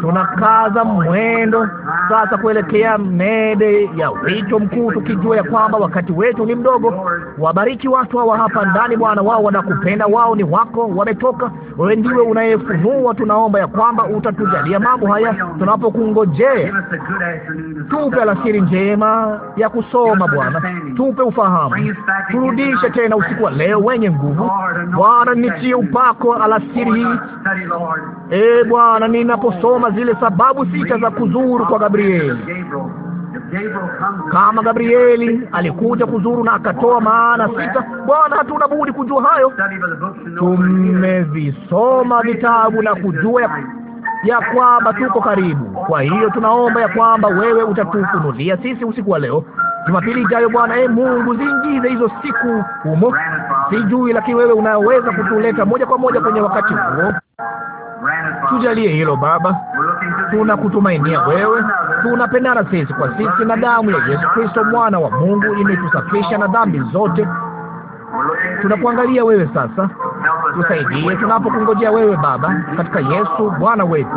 tunakaza mwendo sasa kuelekea mede ya wito mkuu, tukijua ya kwamba wakati wetu ni mdogo. Wabariki watu hawa hapa ndani, Bwana. Wao wanakupenda, wao ni wako, wametoka. Wewe ndiwe unayefunua. Tunaomba ya kwamba utatujalia mambo haya tunapokungojea. Tupe alasiri njema ya kusoma, Bwana. Tupe ufahamu, turudishe tena usiku wa leo wenye nguvu. Bwana, nitie upako alasiri hii, e Bwana maana ninaposoma zile sababu sita za kuzuru kwa Gabrieli, kama Gabrieli alikuja kuzuru na akatoa maana sita, Bwana, hatuna budi kujua hayo. Tumevisoma vitabu na kujua ya kwamba tuko karibu. Kwa hiyo tunaomba ya kwamba wewe utatufunulia sisi usiku wa leo Jumapili ijayo, Bwana e Mungu, ziingize hizo siku humo, sijui, lakini wewe unaweza kutuleta moja kwa moja kwenye wakati huo. Tujalie hilo Baba, tunakutumainia wewe, tunapendana sisi kwa sisi, na damu ya Yesu Kristo mwana wa Mungu imetusafisha na dhambi zote. Tunakuangalia wewe sasa, tusaidie tunapokungojea wewe Baba, katika Yesu Bwana wetu.